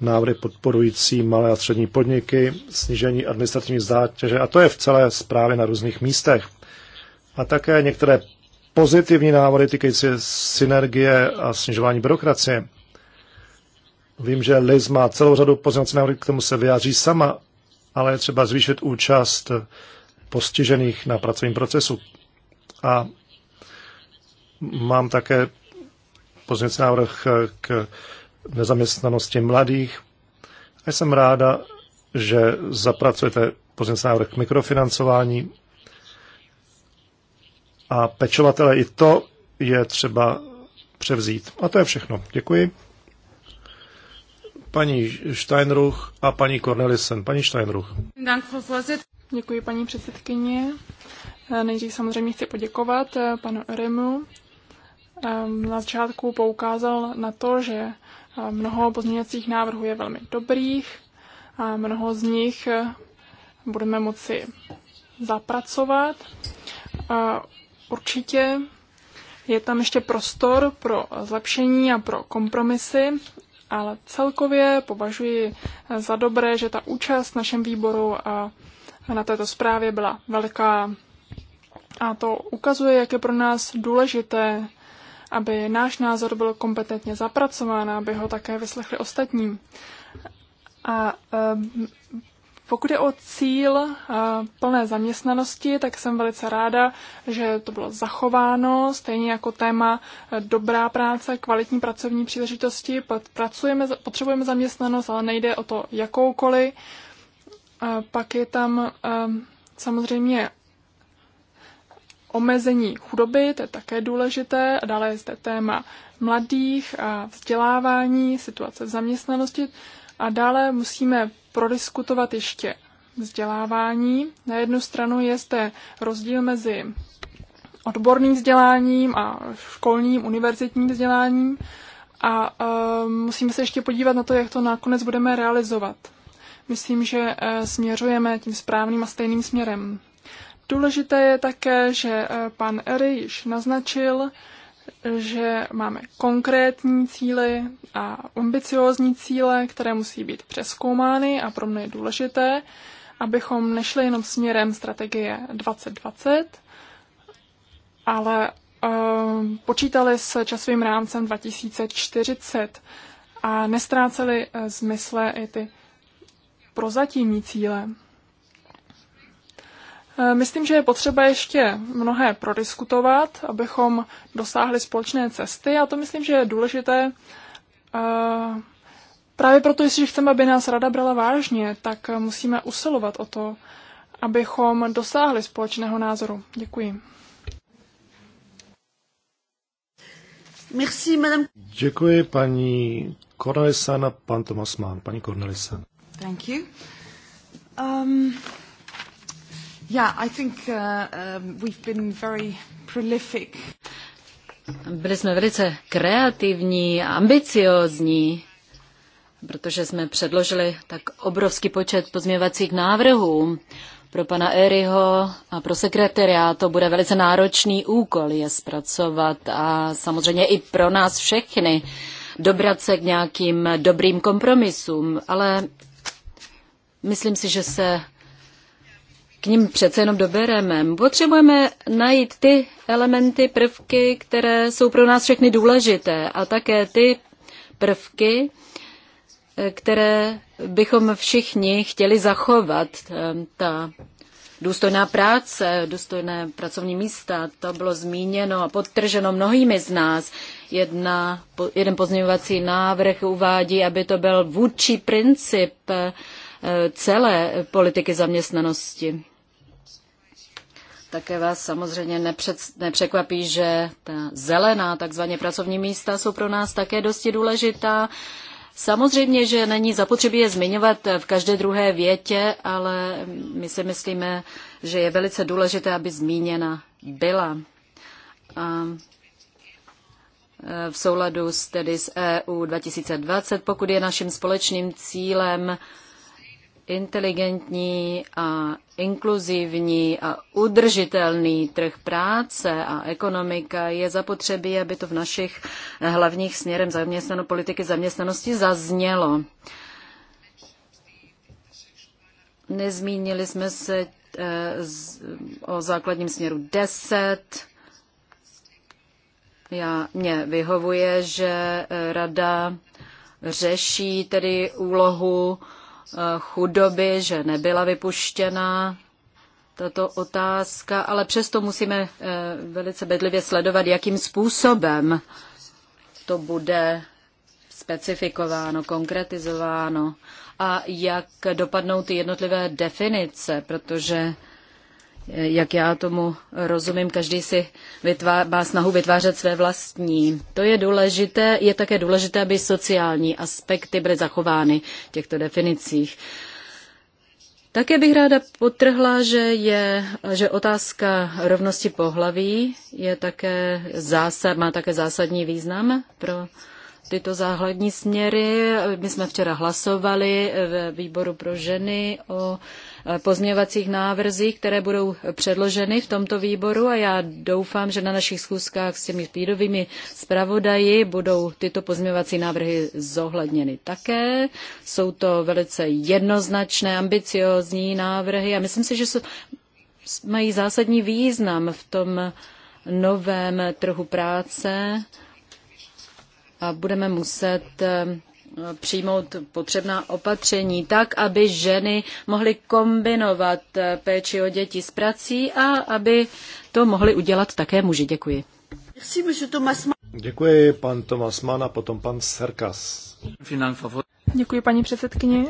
návrhy podporující malé a střední podniky, snížení administrativní zátěže, a to je v celé zprávě na různých místech. A také některé pozitivní návrhy týkající synergie a snižování byrokracie. Vím, že Liz má celou řadu pozitivních návrhů, k tomu se vyjádří sama, ale je třeba zvýšit účast postižených na pracovním procesu. A mám také pozitivní návrh k nezaměstnanosti mladých. A jsem ráda, že zapracujete pozměnce návrh k mikrofinancování a pečovatele. I to je třeba převzít. A to je všechno. Děkuji. Paní Steinruch a paní Cornelissen. Paní Steinruch. Děkuji, paní předsedkyně. Nejdřív samozřejmě chci poděkovat panu Remu. Na začátku poukázal na to, že Mnoho pozměňovacích návrhů je velmi dobrých a mnoho z nich eh, budeme moci zapracovat. Určitě je tam ještě prostor pro zlepšení a pro kompromisy, ale celkově považuji za dobré, že ta účast v našem výboru a na této zprávě byla velká. A to ukazuje, jak je pro nás důležité aby náš názor byl kompetentně zapracován, aby ho také vyslechli ostatní. A ehm, pokud je o cíl plné zaměstnanosti, tak jsem velice ráda, že to bylo zachováno, stejně jako téma e, dobrá práce, kvalitní pracovní příležitosti. Pracujeme, potřebujeme zaměstnanost, ale nejde o to jakoukoliv. Pak je tam ehm, samozřejmě omezení chudoby, to je také důležité. A dále je zde téma mladých a vzdělávání, situace v zaměstnanosti. A dále musíme prodiskutovat ještě vzdělávání. Na jednu stranu je zde rozdíl mezi odborným vzděláním a školním, univerzitním vzděláním. A e, musíme se ještě podívat na to, jak to nakonec budeme realizovat. Myslím, že e, směřujeme tím správným a stejným směrem. Důležité je také, že eh, pan Ery již naznačil, že máme konkrétní cíly a ambiciózní cíle, které musí být přeskoumány a pro mě je důležité, abychom nešli jenom směrem strategie 2020, ale uh, počítali s časovým rámcem 2040 a nestráceli uh, eh, zmysle i ty prozatímní cíle. Eh, myslím, že je potřeba ještě mnohé prodiskutovat, abychom dosáhli společné cesty a to myslím, že je důležité eh, právě proto, jestliže chceme, aby nás rada brala vážně, tak musíme usilovat o to, abychom dosáhli společného názoru. Děkuji. Merci, madame. Děkuji paní Cornelisan a pan Tomasman. Paní Cornelisan. Thank you. Um... Yeah, I think uh, um, we've been very prolific. Byli jsme velice kreativní, ambiciozní, protože jsme předložili tak obrovský počet pozměvacích návrhů. Pro pana Eriho a pro sekretariát to bude velice náročný úkol je zpracovat a samozřejmě i pro nás všechny dobrat se k nějakým dobrým kompromisům, ale myslím si, že se k ním přece jenom dobereme. Potřebujeme najít ty elementy, prvky, které jsou pro nás všechny důležité a také ty prvky, které bychom všichni chtěli zachovat. Ehm, ta důstojná práce, důstojné pracovní místa, to bylo zmíněno a podtrženo mnohými z nás. Jedna, jeden pozměňovací návrh uvádí, aby to byl vůdčí princip eh, celé politiky zaměstnanosti. Také vás samozřejmě nepřed, nepřekvapí, že ta zelená takzvaně pracovní místa jsou pro nás také dosti důležitá. Samozřejmě, že není zapotřebí je zmiňovat v každé druhé větě, ale my si myslíme, že je velice důležité, aby zmíněna byla. A e, v souladu s, tedy s EU 2020, pokud je naším společným cílem inteligentní a inkluzivní a udržitelný trh práce a ekonomika je zapotřebí, aby to v našich hlavních směrem zaměstnano politiky zaměstnanosti zaznělo. Nezmínili jsme se eh, o základním směru 10. Já, mě vyhovuje, že eh, rada řeší tedy úlohu chudoby, že nebyla vypuštěna tato otázka, ale přesto musíme eh, velice bedlivě sledovat, jakým způsobem to bude specifikováno, konkretizováno a jak dopadnou ty jednotlivé definice, protože jak já tomu rozumím, každý si vytvář, má snahu vytvářet své vlastní. To je důležité, je také důležité, aby sociální aspekty byly zachovány v těchto definicích. Také bych ráda potrhla, že, je, že otázka rovnosti pohlaví je také zásad, má také zásadní význam pro tyto záhladní směry. My jsme včera hlasovali ve výboru pro ženy o Eh, pozměňovacích návrzích, které budou předloženy v tomto výboru a já doufám, že na našich schůzkách s těmi pídovými zpravodaji budou tyto pozměňovací návrhy zohledněny také. Jsou to velice jednoznačné, ambiciozní návrhy a myslím si, že jsou, mají zásadní význam v tom novém trhu práce a budeme muset eh, přijmout potřebná opatření tak, aby ženy mohly kombinovat eh, péči o děti s prací a aby to mohli udělat také muži. Děkuji. Děkuji, pan Tomas Mann a potom pan Serkas. Děkuji, paní předsedkyně.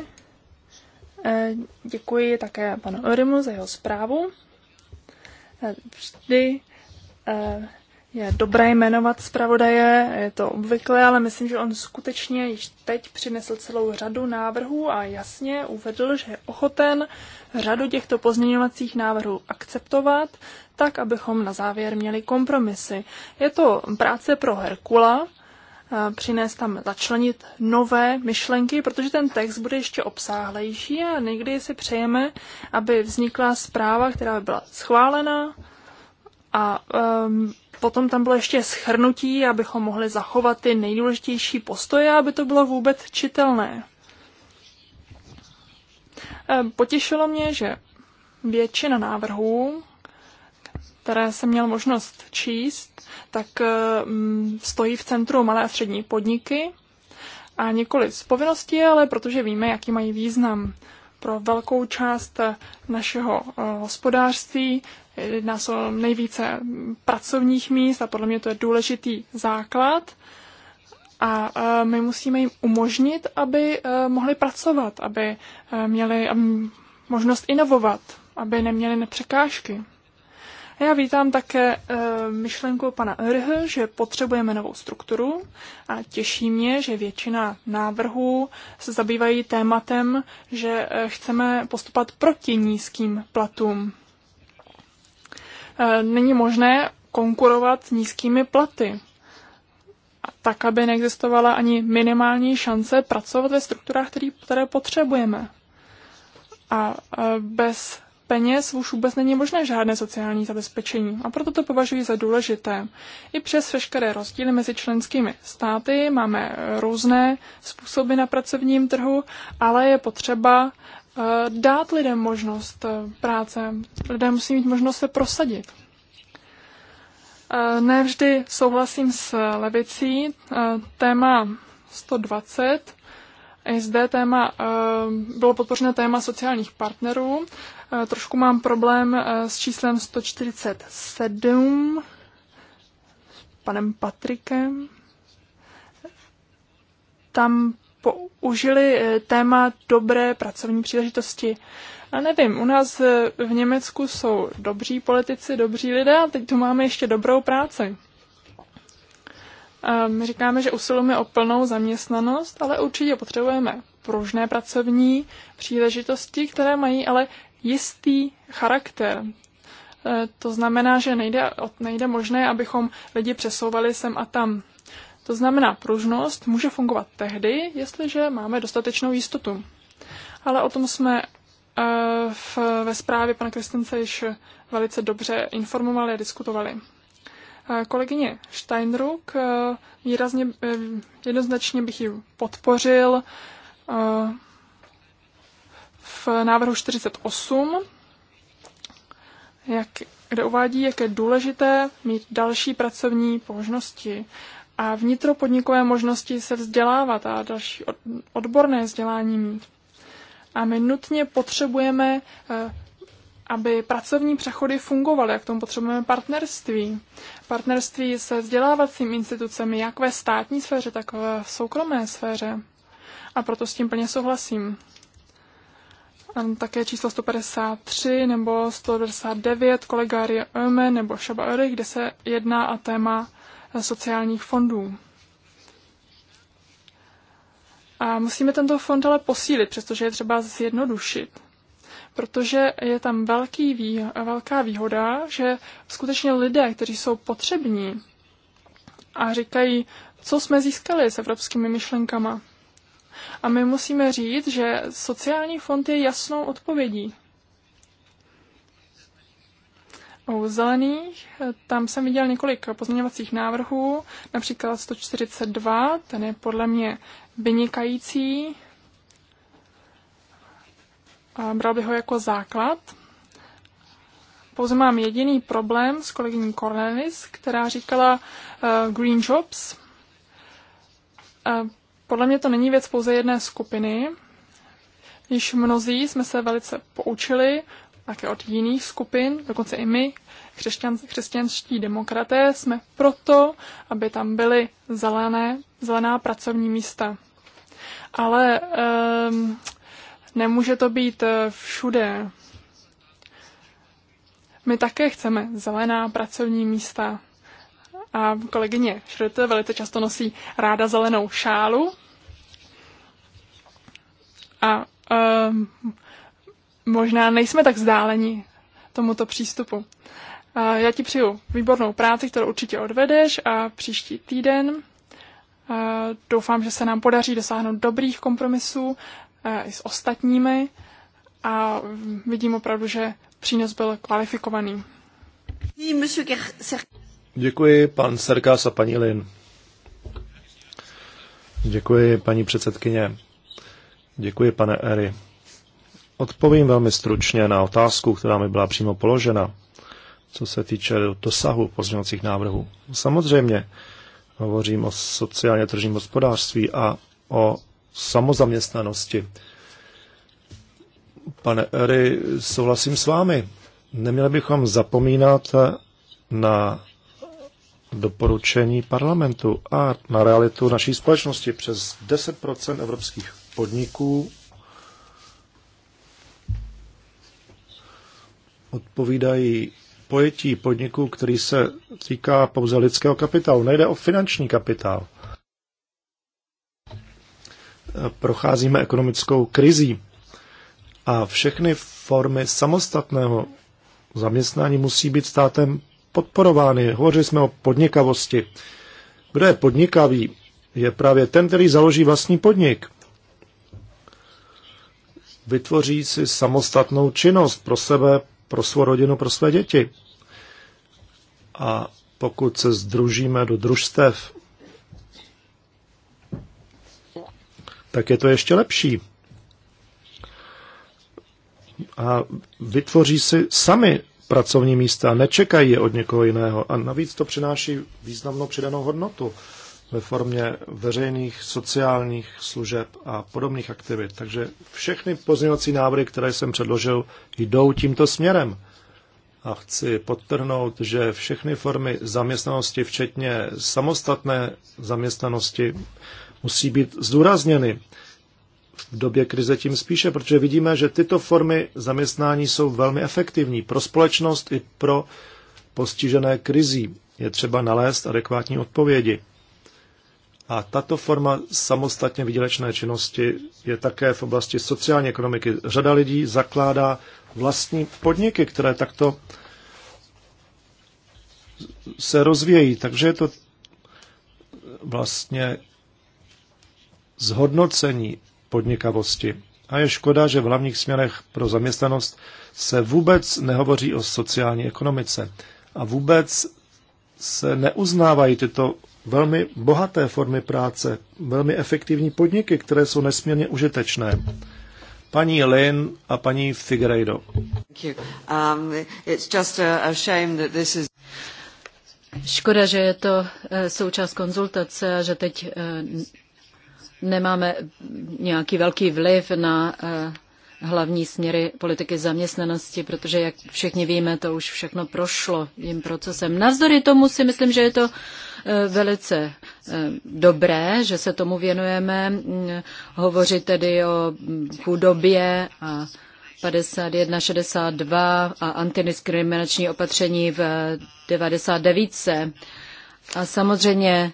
Eh, děkuji také panu Orimu za jeho zprávu. Eh, vždy je dobré jmenovat zpravodaje, je to obvyklé, ale myslím, že on skutečně již teď přinesl celou řadu návrhů a jasně uvedl, že je ochoten řadu těchto pozměňovacích návrhů akceptovat, tak abychom na závěr měli kompromisy. Je to práce pro Herkula, eh, přinést tam, začlenit nové myšlenky, protože ten text bude ještě obsáhlejší a někdy si přejeme, aby vznikla zpráva, která by byla schválena a um, potom tam bylo ještě schrnutí, abychom mohli zachovat ty nejdůležitější postoje, aby to bylo vůbec čitelné. E, potěšilo mě, že většina návrhů, které jsem měl možnost číst, tak e, stojí v centru malé a střední podniky a nikoli z povinnosti, ale protože víme, jaký mají význam pro velkou část našeho e, hospodářství, jedná se o nejvíce pracovních míst a podle mě to je důležitý základ. A e, my musíme jim umožnit, aby e, mohli pracovat, aby e, měli možnost inovovat, aby neměli nepřekážky. já vítám také myšlenku pana Rh, že potřebujeme novou strukturu a těší mě, že většina návrhů se zabývají tématem, že chceme postupat proti nízkým platům E, není možné konkurovat nízkými platy. Tak, aby neexistovala ani minimální šance pracovat ve strukturách, který, které potřebujeme. A e, bez peněz už vůbec není možné žádné sociální zabezpečení a proto to považuji za důležité. I přes veškeré rozdíly mezi členskými státy máme různé způsoby na pracovním trhu, ale je potřeba Eh, dát lidem možnost eh, práce. Lidé musí mít možnost se prosadit. Eh, nevždy souhlasím s levicí. Téma 120. I zde téma, bylo podpořené téma sociálních partnerů. Trošku mám problém s číslem 147 panem Patrikem. Tam použili eh, téma dobré pracovní příležitosti. A nevím, u nás eh, v Německu jsou dobří politici, dobří lidé a teď tu máme ještě dobrou práci. My říkáme, že usilujeme o plnou zaměstnanost, ale určitě potřebujeme pružné pracovní příležitosti, které mají ale jistý charakter. Eh, to znamená, že nejde, nejde možné, abychom lidi přesouvali sem a tam. To znamená, pružnost může fungovat tehdy, jestliže máme dostatečnou jistotu. Ale o tom jsme eh, v, ve zprávě pana Kristence již velice dobře informovali a diskutovali. Eh, kolegyně Steinruck eh, výrazně, jednoznačně bych ji podpořil v návrhu 48, jak, kde uvádí, jak je důležité mít další pracovní možnosti a vnitropodnikové možnosti se vzdělávat a další odborné vzdělání mít. A my nutně potřebujeme, eh, aby pracovní přechody fungovaly, jak tomu potřebujeme partnerství. Partnerství se vzdělávacím institucemi, jak ve státní sféře, tak v soukromé sféře. A proto s tím plně souhlasím. také číslo 153 nebo 199 kolega Öme nebo Šaba Öry, kde se jedná a téma sociálních fondů. A musíme tento fond ale posílit, přestože je třeba zjednodušit protože je tam velký vý, velká výhoda, že skutečně lidé, kteří jsou potřební a říkají, co jsme získali s evropskými myšlenkama. A my musíme říct, že sociální fond je jasnou odpovědí. U zelených tam jsem viděl několik pozměňovacích návrhů, například 142, ten je podle mě vynikající. Bral bych ho jako základ. Pouze mám jediný problém s kolegyní Cornelis, která říkala uh, Green Jobs. Uh, podle mě to není věc pouze jedné skupiny. Již mnozí jsme se velice poučili také od jiných skupin, dokonce i my, křesťan, křesťanští demokraté, jsme proto, aby tam byly zelené, zelená pracovní místa. Ale um, nemůže to být eh, všude. My také chceme zelená pracovní místa. A kolegyně Šrte velice často nosí ráda zelenou šálu. A um, možná nejsme tak vzdáleni tomuto přístupu. Já ti přeju výbornou práci, kterou určitě odvedeš a příští týden doufám, že se nám podaří dosáhnout dobrých kompromisů i s ostatními a vidím opravdu, že přínos byl kvalifikovaný. Děkuji, pan Serkás a paní Lin. Děkuji, paní předsedkyně. Děkuji, pane Ery. Odpovím velmi stručně na otázku, která mi byla přímo položena, co se týče dosahu pozměňovacích návrhů. Samozřejmě hovořím o sociálně tržním hospodářství a o samozaměstnanosti. Pane Ery, souhlasím s vámi. Neměli bychom zapomínat na doporučení parlamentu a na realitu naší společnosti. Přes 10 evropských podniků odpovídají pojetí podniku, který se týká pouze lidského kapitálu. Nejde o finanční kapitál. Procházíme ekonomickou krizí a všechny formy samostatného zaměstnání musí být státem podporovány. Hovořili jsme o podnikavosti. Kdo je podnikavý, je právě ten, který založí vlastní podnik. Vytvoří si samostatnou činnost pro sebe, pro svou rodinu, pro své děti. A pokud se združíme do družstev, tak je to ještě lepší. A vytvoří si sami pracovní místa, nečekají je od někoho jiného. A navíc to přináší významnou přidanou hodnotu ve formě veřejných sociálních služeb a podobných aktivit. Takže všechny pozměňovací návrhy, které jsem předložil, jdou tímto směrem. A chci podtrhnout, že všechny formy zaměstnanosti, včetně samostatné zaměstnanosti, musí být zdůrazněny v době krize tím spíše, protože vidíme, že tyto formy zaměstnání jsou velmi efektivní pro společnost i pro postižené krizí. Je třeba nalézt adekvátní odpovědi. A tato forma samostatně výdělečné činnosti je také v oblasti sociální ekonomiky. Řada lidí zakládá vlastní podniky, které takto se rozvíjejí. Takže je to vlastně zhodnocení podnikavosti. A je škoda, že v hlavních směrech pro zaměstnanost se vůbec nehovoří o sociální ekonomice a vůbec se neuznávají tyto velmi bohaté formy práce, velmi efektivní podniky, které jsou nesmírně užitečné. Paní Lin a paní Figueiredo. Um, Škoda, že je to eh, součást konzultace a že teď eh, nemáme nějaký velký vliv na eh, hlavní směry politiky zaměstnanosti, protože, jak všichni víme, to už všechno prošlo tím procesem. Navzdory tomu si myslím, že je to eh, velice eh, dobré, že se tomu věnujeme. Mm, hovořit tedy o mm, chudobě a 51, 62 a antidiskriminační opatření v 99. Eh, a samozřejmě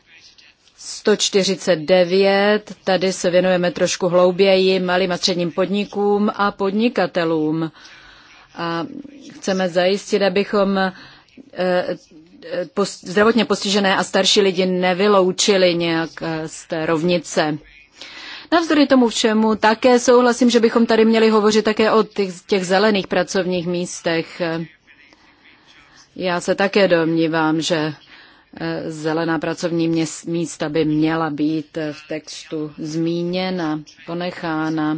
149, tady se věnujeme trošku hlouběji malým a středním podnikům a podnikatelům. A chceme zajistit, abychom e, e, zdravotně postižené a starší lidi nevyloučili nějak e, z té rovnice. Navzdory tomu všemu také souhlasím, že bychom tady měli hovořit také o těch, těch zelených pracovních místech. Já se také domnívám, že Zelená pracovní místa by měla být v textu zmíněna, ponechána.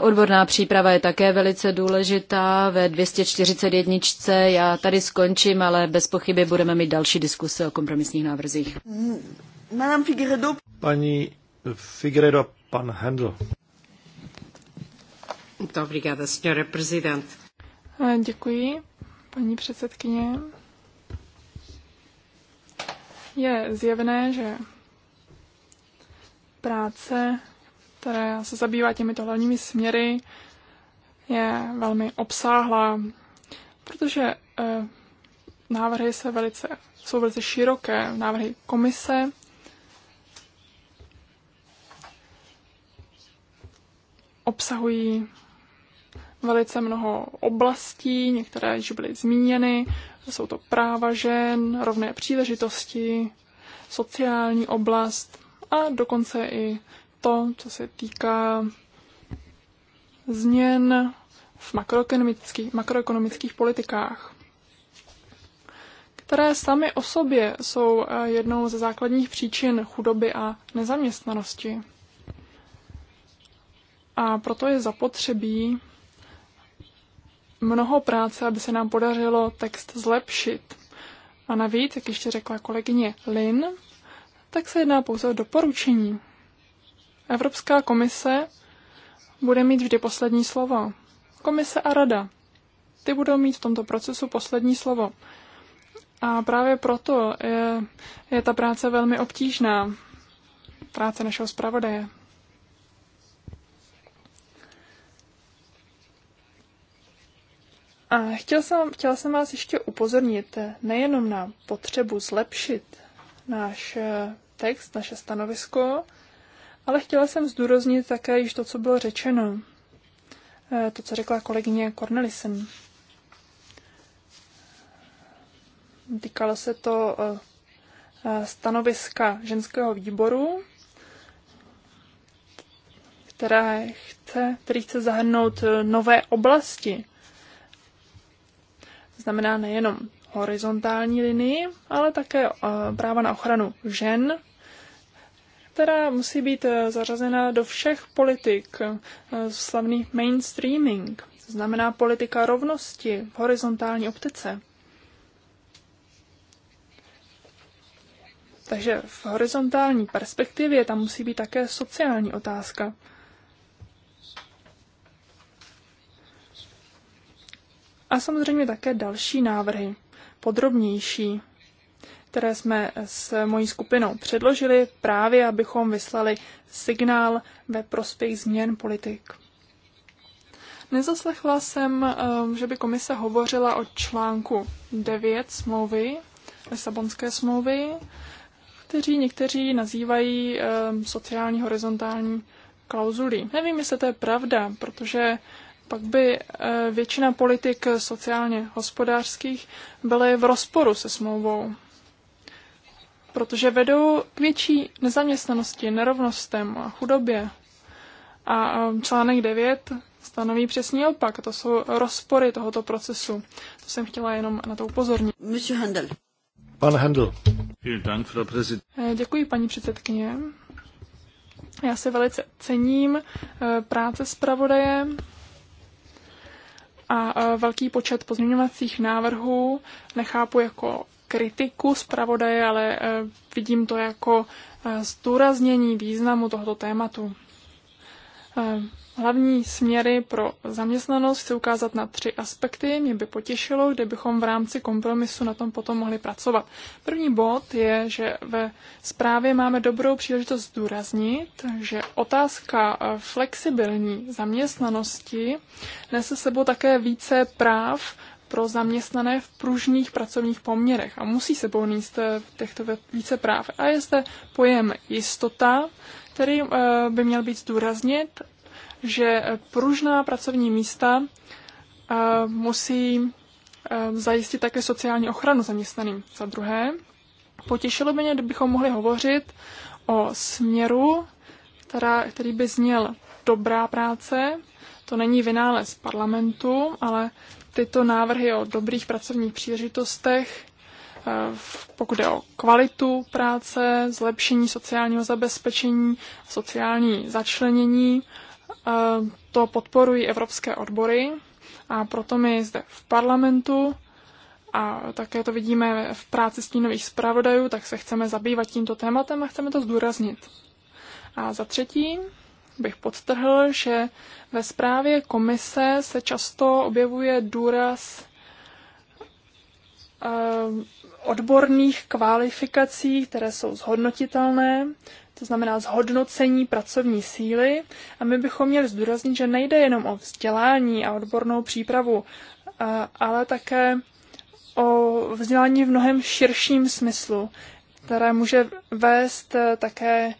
Odborná příprava je také velice důležitá ve 241. Já tady skončím, ale bez pochyby budeme mít další diskuse o kompromisních návrzích. Paní Figueredo, pan Hendl. Dobrý den, Děkuji, paní předsedkyně je vlastně zjevné, že práce, která se zabývá těmito hlavními směry, je velmi obsáhlá, protože eh, návrhy se velice, jsou velice široké, návrhy komise. Obsahují velice mnoho oblastí, některé již byly zmíněny, jsou to práva žen, rovné příležitosti, sociální oblast a dokonce i to, co se týká změn v makroekonomických, makroekonomických politikách, které sami o sobě jsou eh, jednou ze základních příčin chudoby a nezaměstnanosti. A proto je zapotřebí mnoho práce, aby se nám podařilo text zlepšit. A navíc, jak ještě řekla kolegyně Lin, tak se jedná pouze o doporučení. Evropská komise bude mít vždy poslední slovo. Komise a rada. Ty budou mít v tomto procesu poslední slovo. A právě proto je, je ta práce velmi obtížná. Práce našeho zpravodaje. A chtěl jsem, chtěla jsem vás ještě upozornit eh, nejenom na potřebu zlepšit náš eh, text, naše stanovisko, ale chtěla jsem zdůraznit také již to, co bylo řečeno. Eh, to, co řekla kolegyně Cornelisen. Týkalo se to stanoviska ženského výboru, které chce, který chce zahrnout nové oblasti znamená nejenom horizontální linii, ale také eh, práva na ochranu žen, která musí být eh, zařazena do všech politik, eh, slavný mainstreaming, to znamená politika rovnosti v horizontální optice. Takže v horizontální perspektivě tam musí být také sociální otázka. A samozřejmě také další návrhy, podrobnější, které jsme s mojí skupinou předložili právě, abychom vyslali signál ve prospěch změn politik. Nezaslechla jsem, eh, že by komise hovořila o článku 9 smlouvy, Lisabonské smlouvy, kteří někteří nazývají eh, sociální horizontální klauzulí. Nevím, jestli to je pravda, protože pak by eh, většina politik sociálně hospodářských byly v rozporu se smlouvou, protože vedou k větší nezaměstnanosti, nerovnostem a chudobě. A článek 9 stanoví přesný opak. To jsou rozpory tohoto procesu. To jsem chtěla jenom na to upozornit. Handel. Pan Handel. Eh, děkuji, paní předsedkyně. Já se velice cením eh, práce zpravodaje a velký počet pozměňovacích návrhů nechápu jako kritiku zpravodaje, ale e, vidím to jako e, zdůraznění významu tohoto tématu. Hlavní směry pro zaměstnanost chci ukázat na tři aspekty. Mě by potěšilo, kdybychom v rámci kompromisu na tom potom mohli pracovat. První bod je, že ve zprávě máme dobrou příležitost zdůraznit, že otázka e, flexibilní zaměstnanosti nese sebou také více práv pro zaměstnané v pružných pracovních poměrech a musí sebou níst e, těchto více práv. A je zde pojem jistota, který eh, by měl být zdůraznit, že pružná pracovní místa eh, musí eh, zajistit také sociální ochranu zaměstnaným. Za druhé, potěšilo by mě, kdybychom mohli hovořit o směru, která, který by zněl dobrá práce. To není vynález parlamentu, ale tyto návrhy o dobrých pracovních příležitostech Eh, pokud je o kvalitu práce, zlepšení sociálního zabezpečení, sociální začlenění. Eh, to podporují evropské odbory a proto my zde v parlamentu a také to vidíme v práci stínových zpravodajů, tak se chceme zabývat tímto tématem a chceme to zdůraznit. A za třetí bych podtrhl, že ve zprávě komise se často objevuje důraz eh, odborných kvalifikací, které jsou zhodnotitelné, to znamená zhodnocení pracovní síly. A my bychom měli zdůraznit, že nejde jenom o vzdělání a odbornou přípravu, ale také o vzdělání v mnohem širším smyslu, které může vést e, také e,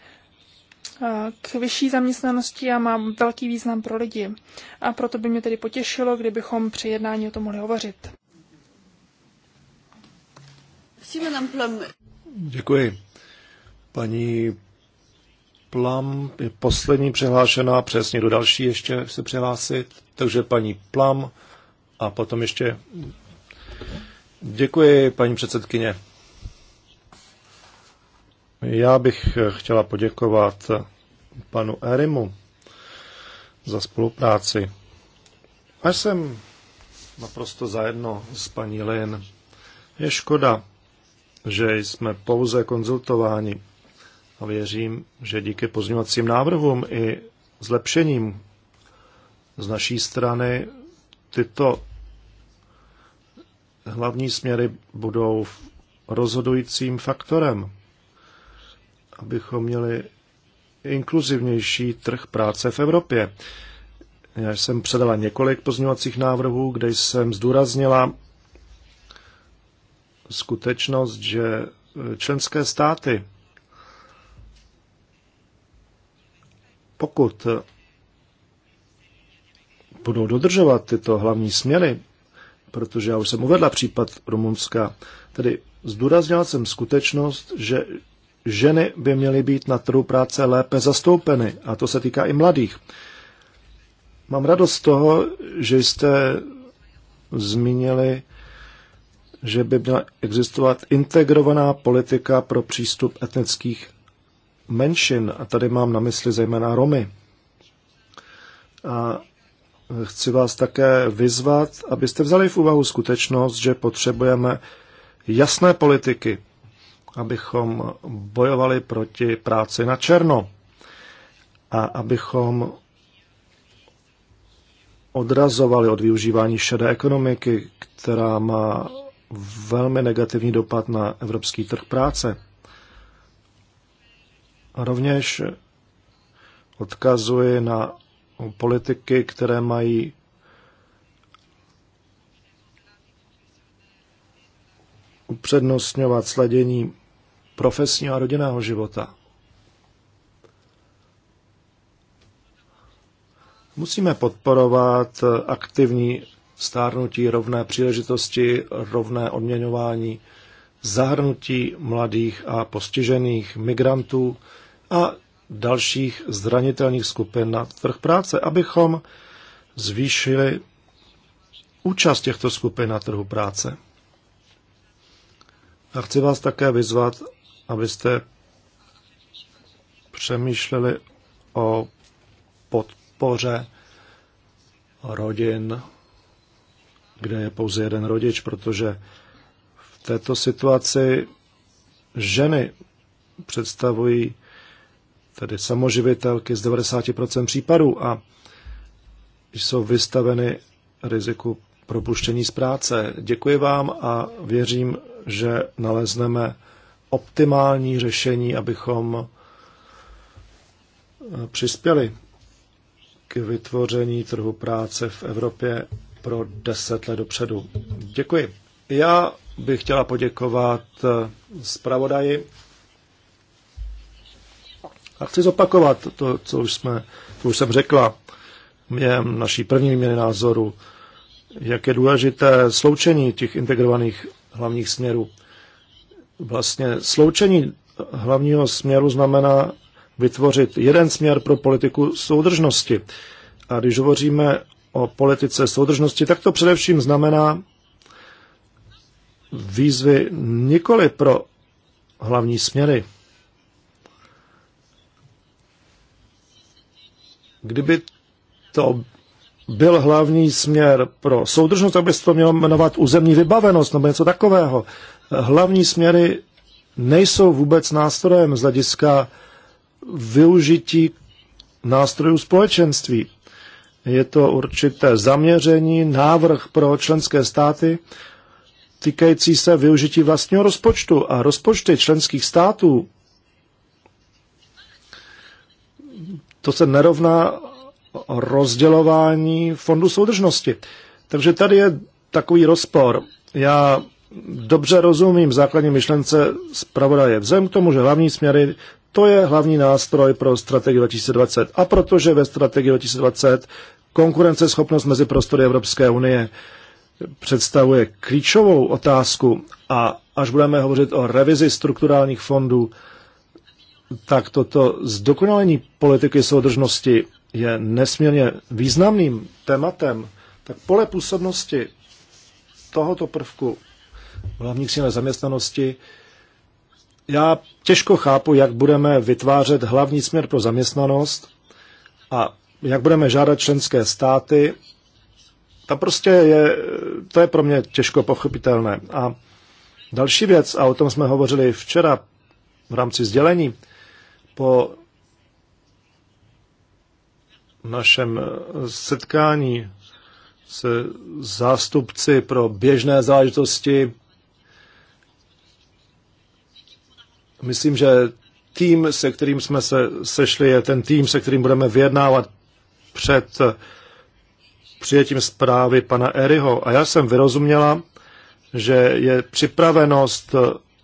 k vyšší zaměstnanosti a má velký význam pro lidi. A proto by mě tedy potěšilo, kdybychom při jednání o tom mohli hovořit. Děkuji. Paní Plam je poslední přihlášená, přesně do další ještě se přihlásit. Takže paní Plam a potom ještě. Děkuji, paní předsedkyně. Já bych chtěla poděkovat panu Erimu za spolupráci. Až jsem naprosto zajedno s paní Lin. Je škoda, že jsme pouze konzultováni a věřím, že díky pozměňovacím návrhům i zlepšením z naší strany tyto hlavní směry budou rozhodujícím faktorem, abychom měli inkluzivnější trh práce v Evropě. Já jsem předala několik pozměňovacích návrhů, kde jsem zdůraznila skutečnost, že eh, členské státy, pokud eh, budou dodržovat tyto hlavní směry, protože já už jsem uvedla případ Rumunska, tedy zdůraznil jsem skutečnost, že ženy by měly být na trhu práce lépe zastoupeny, a to se týká i mladých. Mám radost z toho, že jste zmínili že by měla existovat integrovaná politika pro přístup etnických menšin, a tady mám na mysli zejména Romy. A chci vás také vyzvat, abyste vzali v úvahu skutečnost, že potřebujeme jasné politiky, abychom bojovali proti práci na černo a abychom odrazovali od využívání šedé ekonomiky, která má velmi negativní dopad na evropský trh práce. A rovněž odkazuji na politiky, které mají upřednostňovat sledění profesního a rodinného života. Musíme podporovat aktivní stárnutí, rovné příležitosti, rovné odměňování, zahrnutí mladých a postižených migrantů a dalších zranitelných skupin na trh práce, abychom zvýšili účast těchto skupin na trhu práce. A chci vás také vyzvat, abyste přemýšleli o podpoře rodin kde je pouze jeden rodič, protože v této situaci ženy představují tedy samoživitelky z 90% případů a jsou vystaveny riziku propuštění z práce. Děkuji vám a věřím, že nalezneme optimální řešení, abychom eh, přispěli k vytvoření trhu práce v Evropě pro deset let dopředu. Děkuji. Já bych chtěla poděkovat eh, zpravodaji a chci zopakovat to, co už, jsme, co už jsem řekla během naší první výměny názoru, jak je důležité sloučení těch integrovaných hlavních směrů. Vlastně sloučení hlavního směru znamená vytvořit jeden směr pro politiku soudržnosti. A když hovoříme o politice soudržnosti, tak to především znamená výzvy nikoli pro hlavní směry. Kdyby to byl hlavní směr pro soudržnost, by se to mělo jmenovat územní vybavenost nebo něco takového. Hlavní směry nejsou vůbec nástrojem z hlediska využití nástrojů společenství. Je to určité zaměření, návrh pro členské státy týkající se využití vlastního rozpočtu a rozpočty členských států. To se nerovná rozdělování fondu soudržnosti. Takže tady je takový rozpor. Já dobře rozumím základní myšlence zpravodaje. Vzem k tomu, že hlavní směry to je hlavní nástroj pro strategii 2020. A protože ve strategii 2020 konkurenceschopnost mezi prostory Evropské unie představuje klíčovou otázku a až budeme hovořit o revizi strukturálních fondů, tak toto zdokonalení politiky soudržnosti je nesmírně významným tématem, tak pole působnosti tohoto prvku v hlavních zaměstnanosti já těžko chápu, jak budeme vytvářet hlavní směr pro zaměstnanost a jak budeme žádat členské státy. To prostě je, to je pro mě těžko pochopitelné. A další věc, a o tom jsme hovořili včera v rámci sdělení, po našem setkání se zástupci pro běžné záležitosti Myslím, že tým, se kterým jsme se sešli, je ten tým, se kterým budeme vyjednávat před eh, přijetím zprávy pana Eriho. A já jsem vyrozuměla, že je připravenost eh,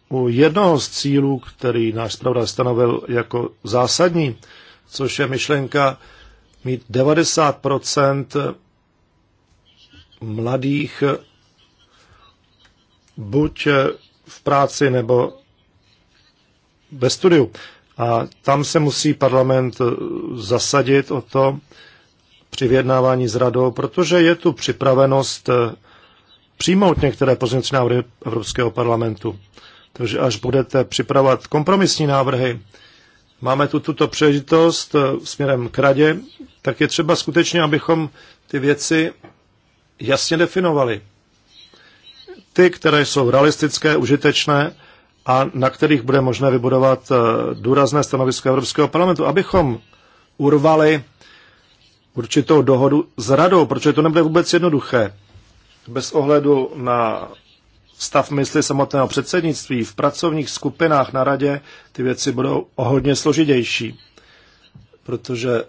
u jednoho z cílů, který náš zpravodaj stanovil jako zásadní, což je myšlenka mít 90 eh, mladých buď v práci nebo ve studiu. A tam se musí parlament eh, zasadit o to při vyjednávání s radou, protože je tu připravenost eh, přijmout některé pozměňovací návrhy Evropského parlamentu. Takže až budete připravovat kompromisní návrhy, máme tu tuto příležitost eh, směrem k radě, tak je třeba skutečně, abychom ty věci jasně definovali. Ty, které jsou realistické, užitečné a na kterých bude možné vybudovat eh, důrazné stanovisko Evropského parlamentu, abychom urvali určitou dohodu s radou, protože to nebude vůbec jednoduché. Bez ohledu na stav mysli samotného předsednictví v pracovních skupinách na radě ty věci budou o hodně složitější, protože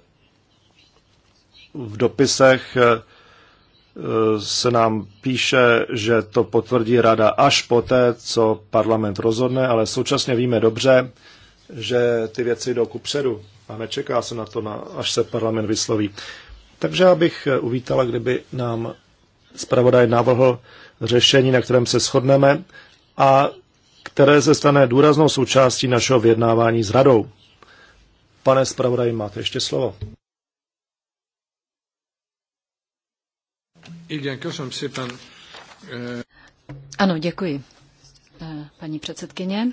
v dopisech eh, se nám píše, že to potvrdí rada až poté, co parlament rozhodne, ale současně víme dobře, že ty věci jdou ku předu a nečeká se na to, až se parlament vysloví. Takže abych eh, uvítala, kdyby nám zpravodaj navrhl řešení, na kterém se shodneme a které se stane důraznou součástí našeho vyjednávání s radou. Pane zpravodaj, máte ještě slovo. Eh, Igen, köszönöm szépen. Eh, ano, děkuji, eh, paní předsedkyně.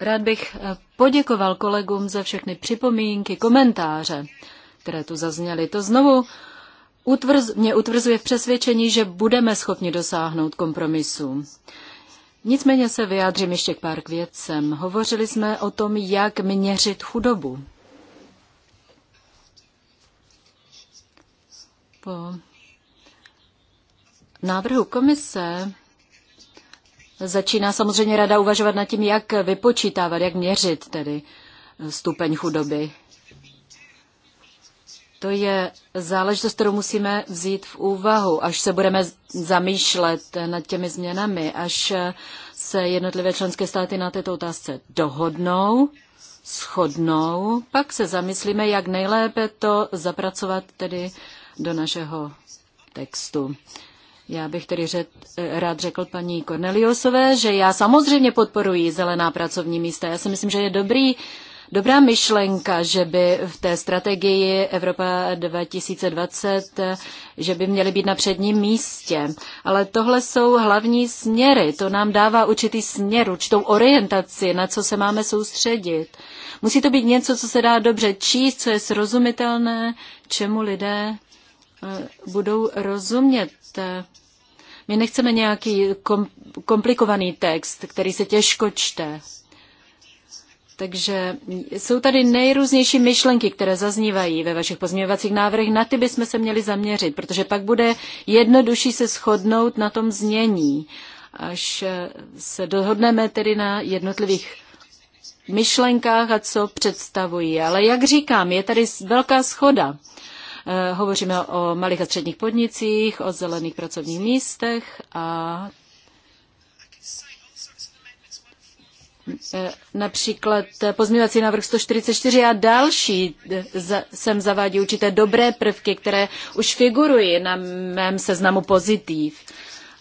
Rád bych poděkoval kolegům za všechny připomínky, komentáře, které tu zazněly. To znovu utvrz, mě utvrzuje v přesvědčení, že budeme schopni dosáhnout kompromisu. Nicméně se vyjádřím ještě k pár k věcem. Hovořili jsme o tom, jak měřit chudobu. Po návrhu komise začíná samozřejmě rada uvažovat nad tím, jak vypočítávat, jak měřit tedy eh, stupeň chudoby. To je záležitost, kterou musíme vzít v úvahu, až se budeme zamýšlet nad těmi změnami, až eh, se jednotlivé členské státy na této otázce dohodnou, shodnou, pak se zamyslíme, jak nejlépe to zapracovat tedy do našeho textu. Já bych tedy řet, eh, rád řekl paní Corneliusové, že já samozřejmě podporuji zelená pracovní místa. Já si myslím, že je dobrý, dobrá myšlenka, že by v té strategii Evropa 2020, že by měly být na předním místě. Ale tohle jsou hlavní směry. To nám dává určitý směr, určitou orientaci, na co se máme soustředit. Musí to být něco, co se dá dobře číst, co je srozumitelné, čemu lidé budou rozumět. My nechceme nějaký komplikovaný text, který se těžko čte. Takže jsou tady nejrůznější myšlenky, které zaznívají ve vašich pozměňovacích návrhech. Na ty bychom se měli zaměřit, protože pak bude jednodušší se shodnout na tom znění, až se dohodneme tedy na jednotlivých myšlenkách a co představují. Ale jak říkám, je tady velká schoda. Eh, hovoříme o malých a středních podnicích, o zelených pracovních místech a eh, například pozměňovací návrh 144 a další sem zavádí určité dobré prvky, které už figurují na mém seznamu pozitiv.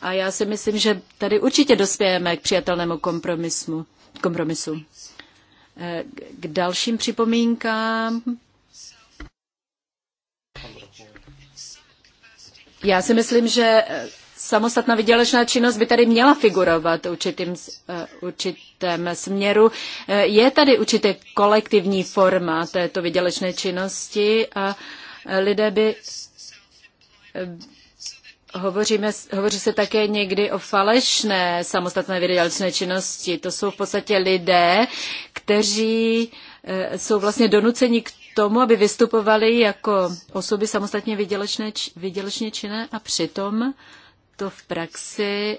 A já si myslím, že tady určitě dospějeme k přijatelnému kompromisu. kompromisu. Eh, k dalším připomínkám Já si myslím, že eh, samostatná vydělečná činnost by tady měla figurovat určitým, eh, určitém směru. Eh, je tady určitě kolektivní forma této vydělečné činnosti a lidé by Hovoříme, hovoří se také někdy o falešné samostatné vydělečné činnosti. To jsou v podstatě lidé, kteří jsou vlastně donuceni k tomu, aby vystupovali jako osoby samostatně vydělečné, vydělečně činné a přitom to v praxi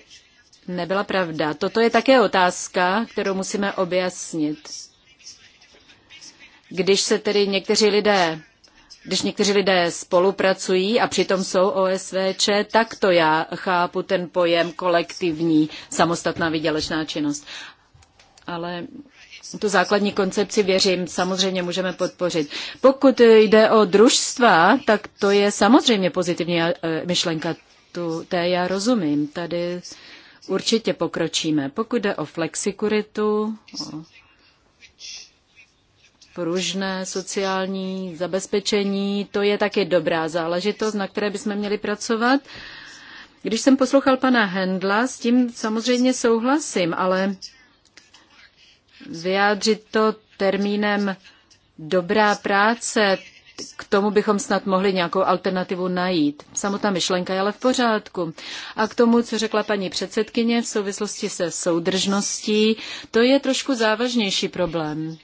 nebyla pravda. Toto je také otázka, kterou musíme objasnit. Když se tedy někteří lidé když někteří lidé spolupracují a přitom jsou OSVČ, tak to já chápu ten pojem kolektivní samostatná vydělečná činnost. Ale tu základní koncepci věřím, samozřejmě můžeme podpořit. Pokud jde o družstva, tak to je samozřejmě pozitivní eh, myšlenka, tu, té já rozumím. Tady určitě pokročíme. Pokud jde o flexikuritu, o pružné sociální zabezpečení, to je taky dobrá záležitost, na které bychom měli pracovat. Když jsem poslouchal pana Hendla, s tím samozřejmě souhlasím, ale vyjádřit to termínem dobrá práce, k tomu bychom snad mohli nějakou alternativu najít. Samotná myšlenka je ale v pořádku. A k tomu, co řekla paní předsedkyně v souvislosti se soudržností, to je trošku závažnější problém.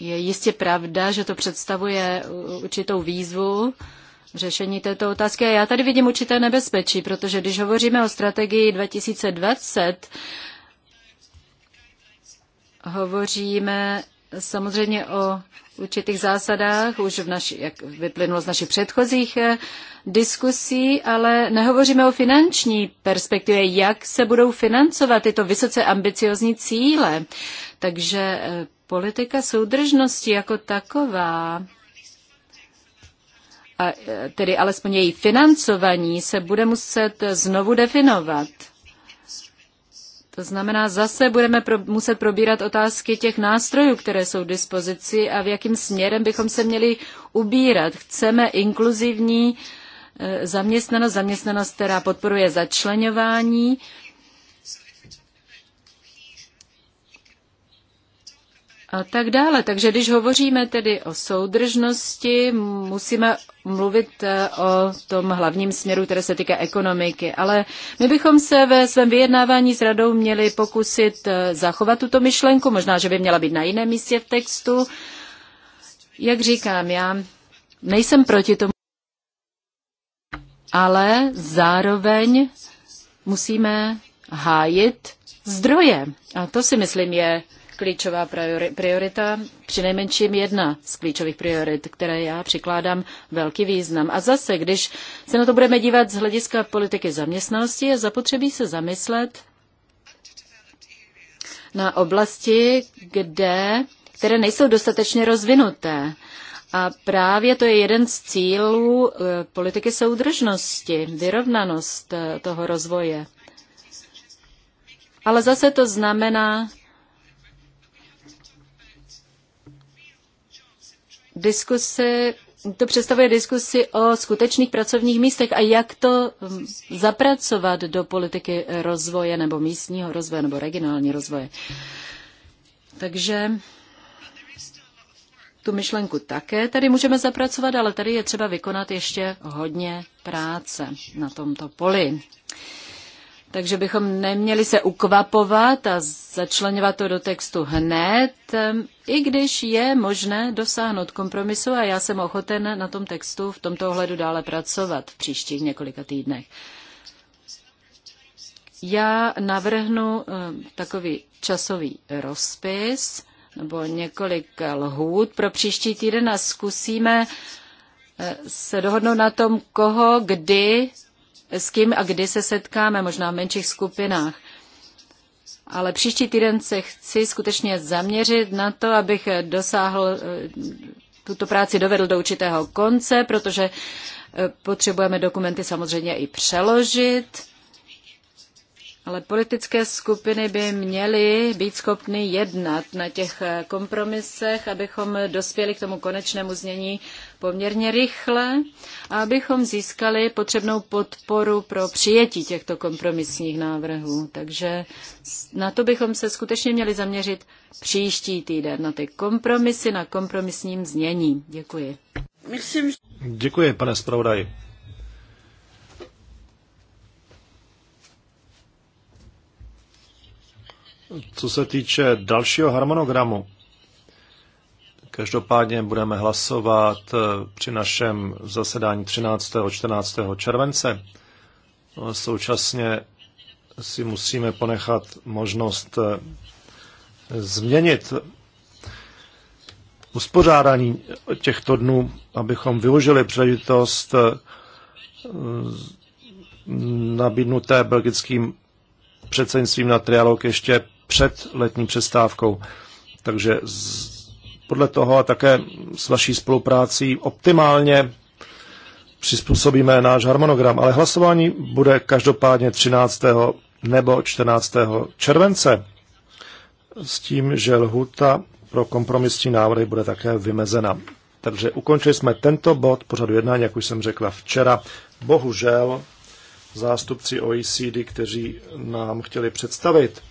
Je jistě pravda, že to představuje určitou výzvu řešení této otázky. A já tady vidím určité nebezpečí, protože když hovoříme o strategii 2020, hovoříme samozřejmě o určitých zásadách, už v naši, jak vyplynulo z našich předchozích eh, diskusí, ale nehovoříme o finanční perspektivě, jak se budou financovat tyto vysoce ambiciozní cíle. Takže eh, politika soudržnosti jako taková, a eh, tedy alespoň její financování, se bude muset znovu definovat. To znamená, zase budeme pro, muset probírat otázky těch nástrojů, které jsou v dispozici a v jakým směrem bychom se měli ubírat. Chceme inkluzivní eh, zaměstnanost, zaměstnanost, která podporuje začlenování, a tak dále. Takže když hovoříme tedy o soudržnosti, musíme mluvit eh, o tom hlavním směru, které se týká ekonomiky. Ale my bychom se ve svém vyjednávání s radou měli pokusit eh, zachovat tuto myšlenku, možná, že by měla být na jiném místě v textu. Jak říkám, já nejsem proti tomu, ale zároveň musíme hájit zdroje. A to si myslím je klíčová priorita, přinejmenším jedna z klíčových priorit, které já přikládám velký význam. A zase, když se na to budeme dívat z hlediska politiky zaměstnanosti, je zapotřebí se zamyslet na oblasti, kde, které nejsou dostatečně rozvinuté. A právě to je jeden z cílů eh, politiky soudržnosti, vyrovnanost eh, toho rozvoje. Ale zase to znamená diskuse, to představuje diskusi o skutečných pracovních místech a jak to um, zapracovat do politiky rozvoje nebo místního rozvoje nebo regionální rozvoje. Takže tu myšlenku také tady můžeme zapracovat, ale tady je třeba vykonat ještě hodně práce na tomto poli. Takže bychom neměli se ukvapovat a začlenovat to do textu hned, ehm, i když je možné dosáhnout kompromisu a já jsem ochoten na tom textu v tomto ohledu dále pracovat v příštích několika týdnech. Já navrhnu ehm, takový časový rozpis nebo několik lhůt pro příští týden a zkusíme eh, se dohodnout na tom, koho kdy s kým a kdy se setkáme, možná v menších skupinách. Ale příští týden se chci skutečně zaměřit na to, abych dosáhl eh, tuto práci dovedl do určitého konce, protože eh, potřebujeme dokumenty samozřejmě i přeložit ale politické skupiny by měly být schopny jednat na těch eh, kompromisech, abychom dospěli k tomu konečnému znění poměrně rychle a abychom získali potřebnou podporu pro přijetí těchto kompromisních návrhů. Takže na to bychom se skutečně měli zaměřit příští týden, na ty kompromisy, na kompromisním znění. Děkuji. Děkuji, pane zpravodaji. co se týče dalšího harmonogramu, každopádně budeme hlasovat eh, při našem zasedání 13. a 14. července. Současně si musíme ponechat možnost eh, změnit uspořádání těchto dnů, abychom využili příležitost eh, nabídnuté belgickým předsednictvím na trialog ještě před letní přestávkou. Takže z, podle toho a také s vaší spoluprácí optimálně přizpůsobíme náš harmonogram, ale hlasování bude každopádně 13. nebo 14. července s tím, že lhuta pro kompromisní návrhy bude také vymezena. Takže ukončili jsme tento bod pořadu jednání, jak už jsem řekla včera. Bohužel zástupci OECD, kteří nám chtěli představit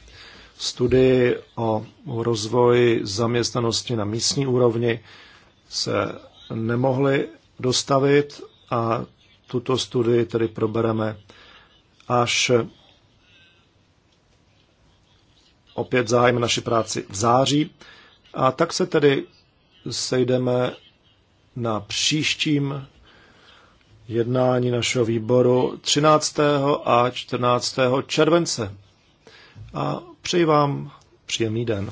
studii o rozvoji zaměstnanosti na místní úrovni se nemohli dostavit a tuto studii tedy probereme až opět zájem naši práci v září. A tak se tedy sejdeme na příštím jednání našeho výboru 13. a 14. července. A Přeji vám příjemný den.